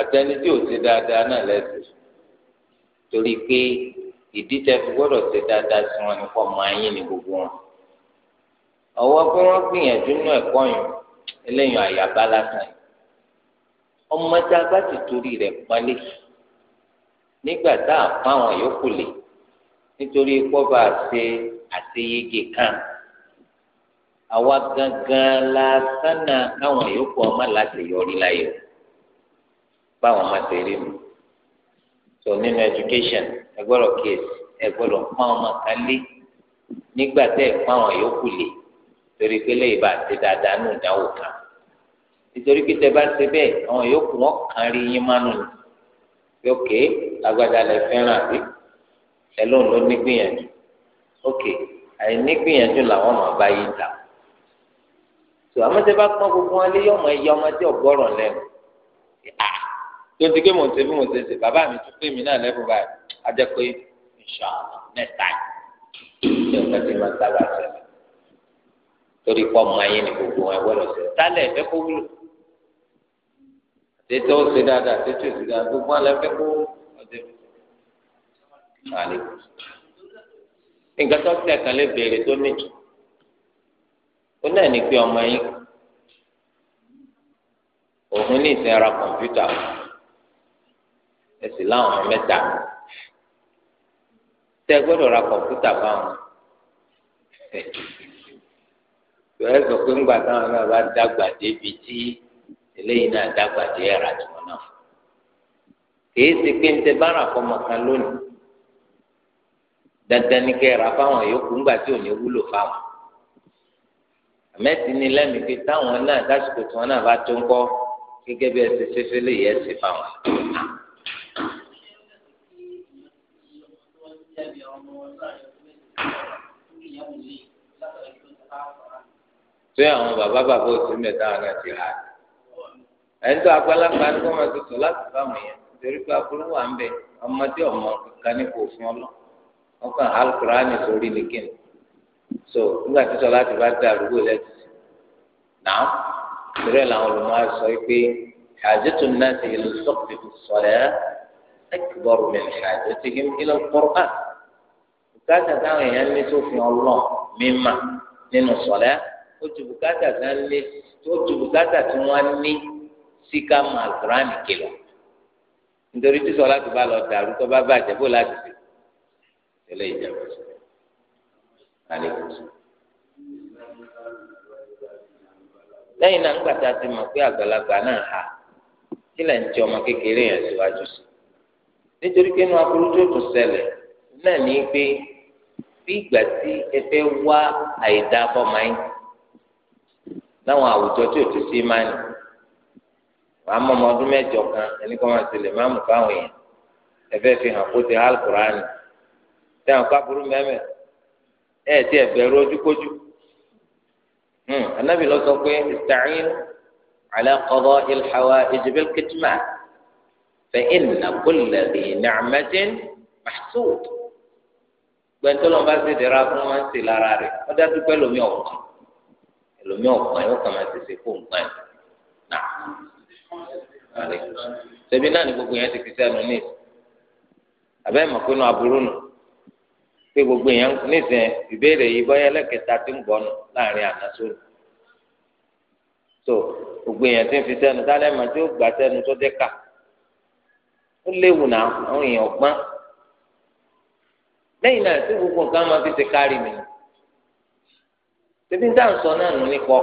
àtẹni tí ò ṣe dáadáa náà lẹ́sìn torí pé ìdí tẹ fi gbọ́dọ̀ ṣe dáadáa sí wọn nípa ọmọ ayé ni gbogbo wọn ọwọ́ pé wọ́n gbìyànjú nínú ẹ̀kọ́ yìí eléyìí àyàbá lásán ọmọ tí a bá ti torí rẹ̀ pálí nígbà tá a fáwọn yòókù lè nítorí pọ́ba ṣe àṣeyege kan àwa gangan la sánà káwọn yòókù ọmọ láti yọrí láyò báwọn máa ṣe rí mi so nínú education ẹ gbọ́dọ̀ kíyèsí ẹ gbọ́dọ̀ pọ́n ọmọ kan lé nígbà tẹ́ ẹ pọ́n àwọn yòókù lé torí pé lè bá ti dáadáa nù ìdáwó kan nítorí pé tẹ́ bá ṣe bẹ́ẹ̀ àwọn yòókù wọn kàn rí yín mánu ni ókè agbada lẹ fẹ́ràn àbí ẹ lóun ló nígbìyànjú ókè àìnígbìyànjú làwọn máa bá yín dà tó àwọn tẹ bá pọn gbogbo wọn lé yọmọ ẹyẹ ọmọ tí ọgbọràn lẹnu à tó ti gé mọ̀tẹ́ bí mọ̀tẹ́ ṣe bàbá mi tún pé mi náà lẹ́bùn báyìí á jẹ́ pé ìṣà mẹ́ta yìí ní ọ̀gá tí máa sábà ṣẹlẹ̀ torí pọ́ mọ ayé ni gbogbo wọn ẹgbẹ́ lọ́sẹ̀ tálẹ̀ ẹ̀fẹ́ kó wúlò tètè ó ṣe dáadáa tètè ó ṣe dáadáa gbogbo wọn lẹ́fẹ́ kó ọdẹ nǹkan tó tẹ̀ kan lè ó náà ní pé ọmọ yín òun ní ìsìn ara kọ̀ǹpútà ẹ̀sìn láwọn ọmọ mẹ́ta tẹ gbọ́dọ̀ ra kọ̀ǹpútà fáwọn ẹ sọ pé ńgbà táwọn náà bá dàgbà débi tí eléyìí náà dàgbà dé ẹ̀rà tiwọn náà kìí ṣe pé ń tẹ bára fọmọ kan lónìí dandan ni kẹ́ ẹ̀rà fáwọn yòókù ńgbà tí ò ní wúlò fáwọn àmẹ́tì ní lẹ́mìí pé táwọn náà dásìkò tí wọ́n náà bá tó ń kọ́ gẹ́gẹ́ bí ẹsẹ̀ ṣẹṣẹ lè yẹ ẹsẹ̀ fáwọn. tí àwọn bàbá bàbá òsì mẹ́ta wọn náà ti hà á ẹni tó agbálagbá ni wọ́n máa ti sọ láti fáwọn yẹn nítorí pé aburú wà ń bẹ ọmọdé ọmọ kankan ní kò fún ọ lọ wọ́n kàn alukurani sórí nìkéni so nígbà tí sọlá ti bá dá àdúgbò lẹ́tì náà ìrẹ́ làwọn olùmọ̀ sọ pé àjẹtù náà ti ìlú sọ́ọ̀tì sọ̀rẹ́ ẹ̀kúbọ̀rù mi àjẹtù kí ilé kọ́rọ́ à bùkátà táwọn èèyàn ní sófin ọlọ́ mímà nínú sọ̀rẹ́ ó ju bùkátà tí wọ́n ní ó ju bùkátà tí wọ́n ní síkà màgúránì kìlọ̀ nítorí tí sọlá ti bá lọ dàrú tó bá bàjẹ́ bó láti fi tẹ́lẹ̀ ìjàmbá sọ̀rọ̀. àlékún na lẹ́yìn náà ńgbà tá a ti mọ̀ pé àgbàlagbà náà hà kílẹ̀ ń ti ọmọ kékeré yẹn síwájú sí nítorí pé inú aburú tó tún ṣẹlẹ̀ náà ní pé bí ìgbà tí ẹ fẹ́ wá àìdá fọmọ yín láwọn àwùjọ tí ò ti sí máa nì wàá mọ ọmọ ọdún kan ẹni kan máa máa mú fáwọn ẹ fẹ́ fi ẹ ti ẹbẹrù ojúkójú anabi hmm, lọ sọ pé ista'in ala qada'i al-hawa'ij bil-kitman fa inna kulla dhi ni'matin mahsud gbẹntọlọmọ bá ti dẹra fún wọn ti lára rẹ̀ wọn dájú pé lomi ọkàn lomi ọkàn yóò kàn máa ti ṣe fún nǹkan náà sẹbi náà ni gbogbo yẹn ti fi sẹnu ní abẹ́ mọ̀ pé aburú nù. pé gbogbo èèyàn nísìnyẹn ìbéèrè yìí bọ́yá ti ń gbọ́nu láàrin so gbogbo èèyàn ti ń fi sẹ́nu dálẹ́ mà tí ó gbà sẹ́nu tó dé kà ó léwu náà àwọn èèyàn gbọ́n lẹ́yìn náà tí gbogbo nǹkan máa fi nsọ náà nù nípa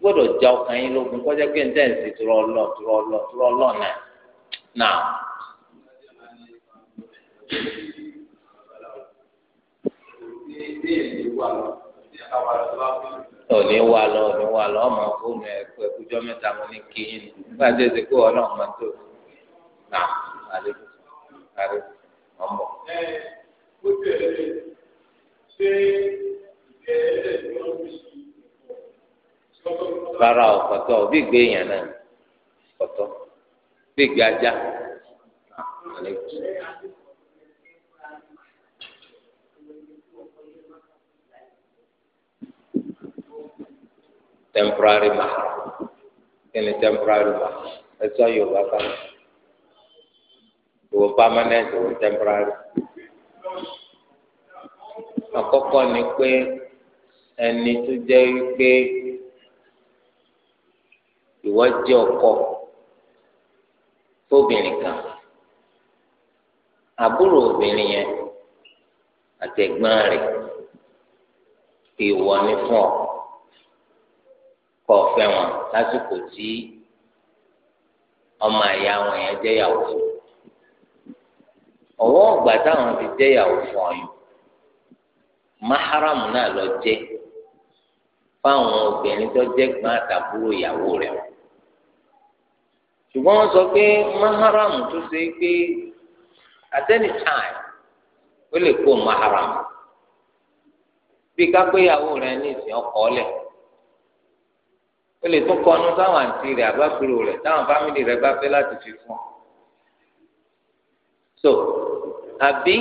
gbọ́dọ̀ já ọkàn yín lógun kọjá pé ń òní wà lọ òní wà lọ ọmọ fóònù ẹkọ ẹkújọ mẹ́ta mo ní kí yín nígbà tí èsì kó Ọlọ́run máa tó nà àlè àlè ọmọ. rárá o o bí gbé yàn náà bí gbé ajá àlè temporary mahar kíni temporary mahar ẹsọ yorùbá kan ìwò permanent ìwò temporary àkọ́kọ́ ni pé ẹni tó jẹ́ wípé ìwọ jẹ́ ọkọ fóbìnrin kan àbúrò obìnrin yẹn àtẹ̀gbọ́n rẹ̀ ìwọ ni fún ọ. kọ ọfẹ wọn lásìkò tí ọmọ aya wọn yẹn jẹ fún ọwọ́ ọgbà táwọn ti maharam náà lọ jẹ fáwọn obìnrin tó jẹ gbọn àtàbúrò ìyàwó rẹ̀ wọn ṣùgbọ́n sọ pé maharam tó ṣe pé at any time ó maharam bí kápẹ́yàwó ní ìsìn ọkọ̀ o lè tún kọnu táwọn àǹtí rẹ̀ àbáfúrò rẹ̀ táwọn fámìlì rẹ̀ bá fẹ́ láti fi fún ọ. so àbí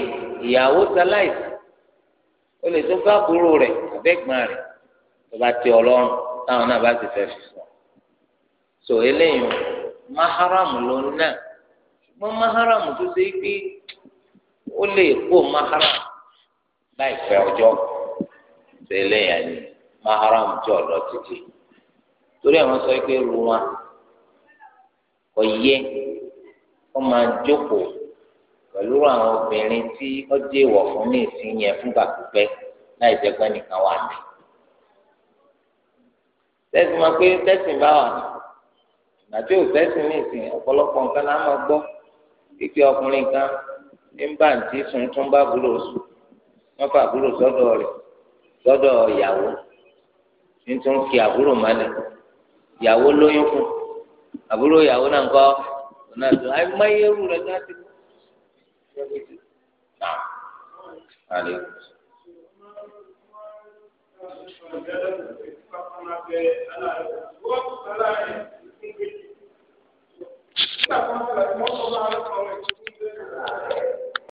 ìyàwó sáláìsì o lè tún fábúrò rẹ̀ àbẹ́gbọ́n rẹ̀ tó bá ti ọlọ́run táwọn náà bá ti fẹ́ fi fún ọ. so eléyìí maharamu ló ń náà ṣùgbọ́n maharamu tó ṣe é pé ó lè kó maharamu láìpẹ́ ọjọ́ ṣe eléyìí àní maharamu tí ọ̀dọ́ ti di torí àwọn sọ pé ru wọn kò yẹ kó máa jókòó pẹ̀lú àwọn obìnrin tí ó dé ìwọ̀ fún ní ìsìn yẹn fúngbà pípẹ́ láì jẹ́ pé nìkan wà mí. tẹ́sí máa pé tẹ́sí bá wà nàbí ò tẹ́sí ní ìsìn ọ̀pọ̀lọpọ̀ nǹkan náà máa gbọ́ pípé ọkùnrin kan ní bàǹtí sùn bá búrò sùn wọ́n fà búrò sọ́dọ̀ rẹ̀ sọ́dọ̀ ìyàwó ní kí àbúrò mọ́lẹ̀. ìyàwó lóyún fún àbúrò ìyàwó náà na ọ̀nà tó ayé máyé rú rẹ̀ láti Thank you.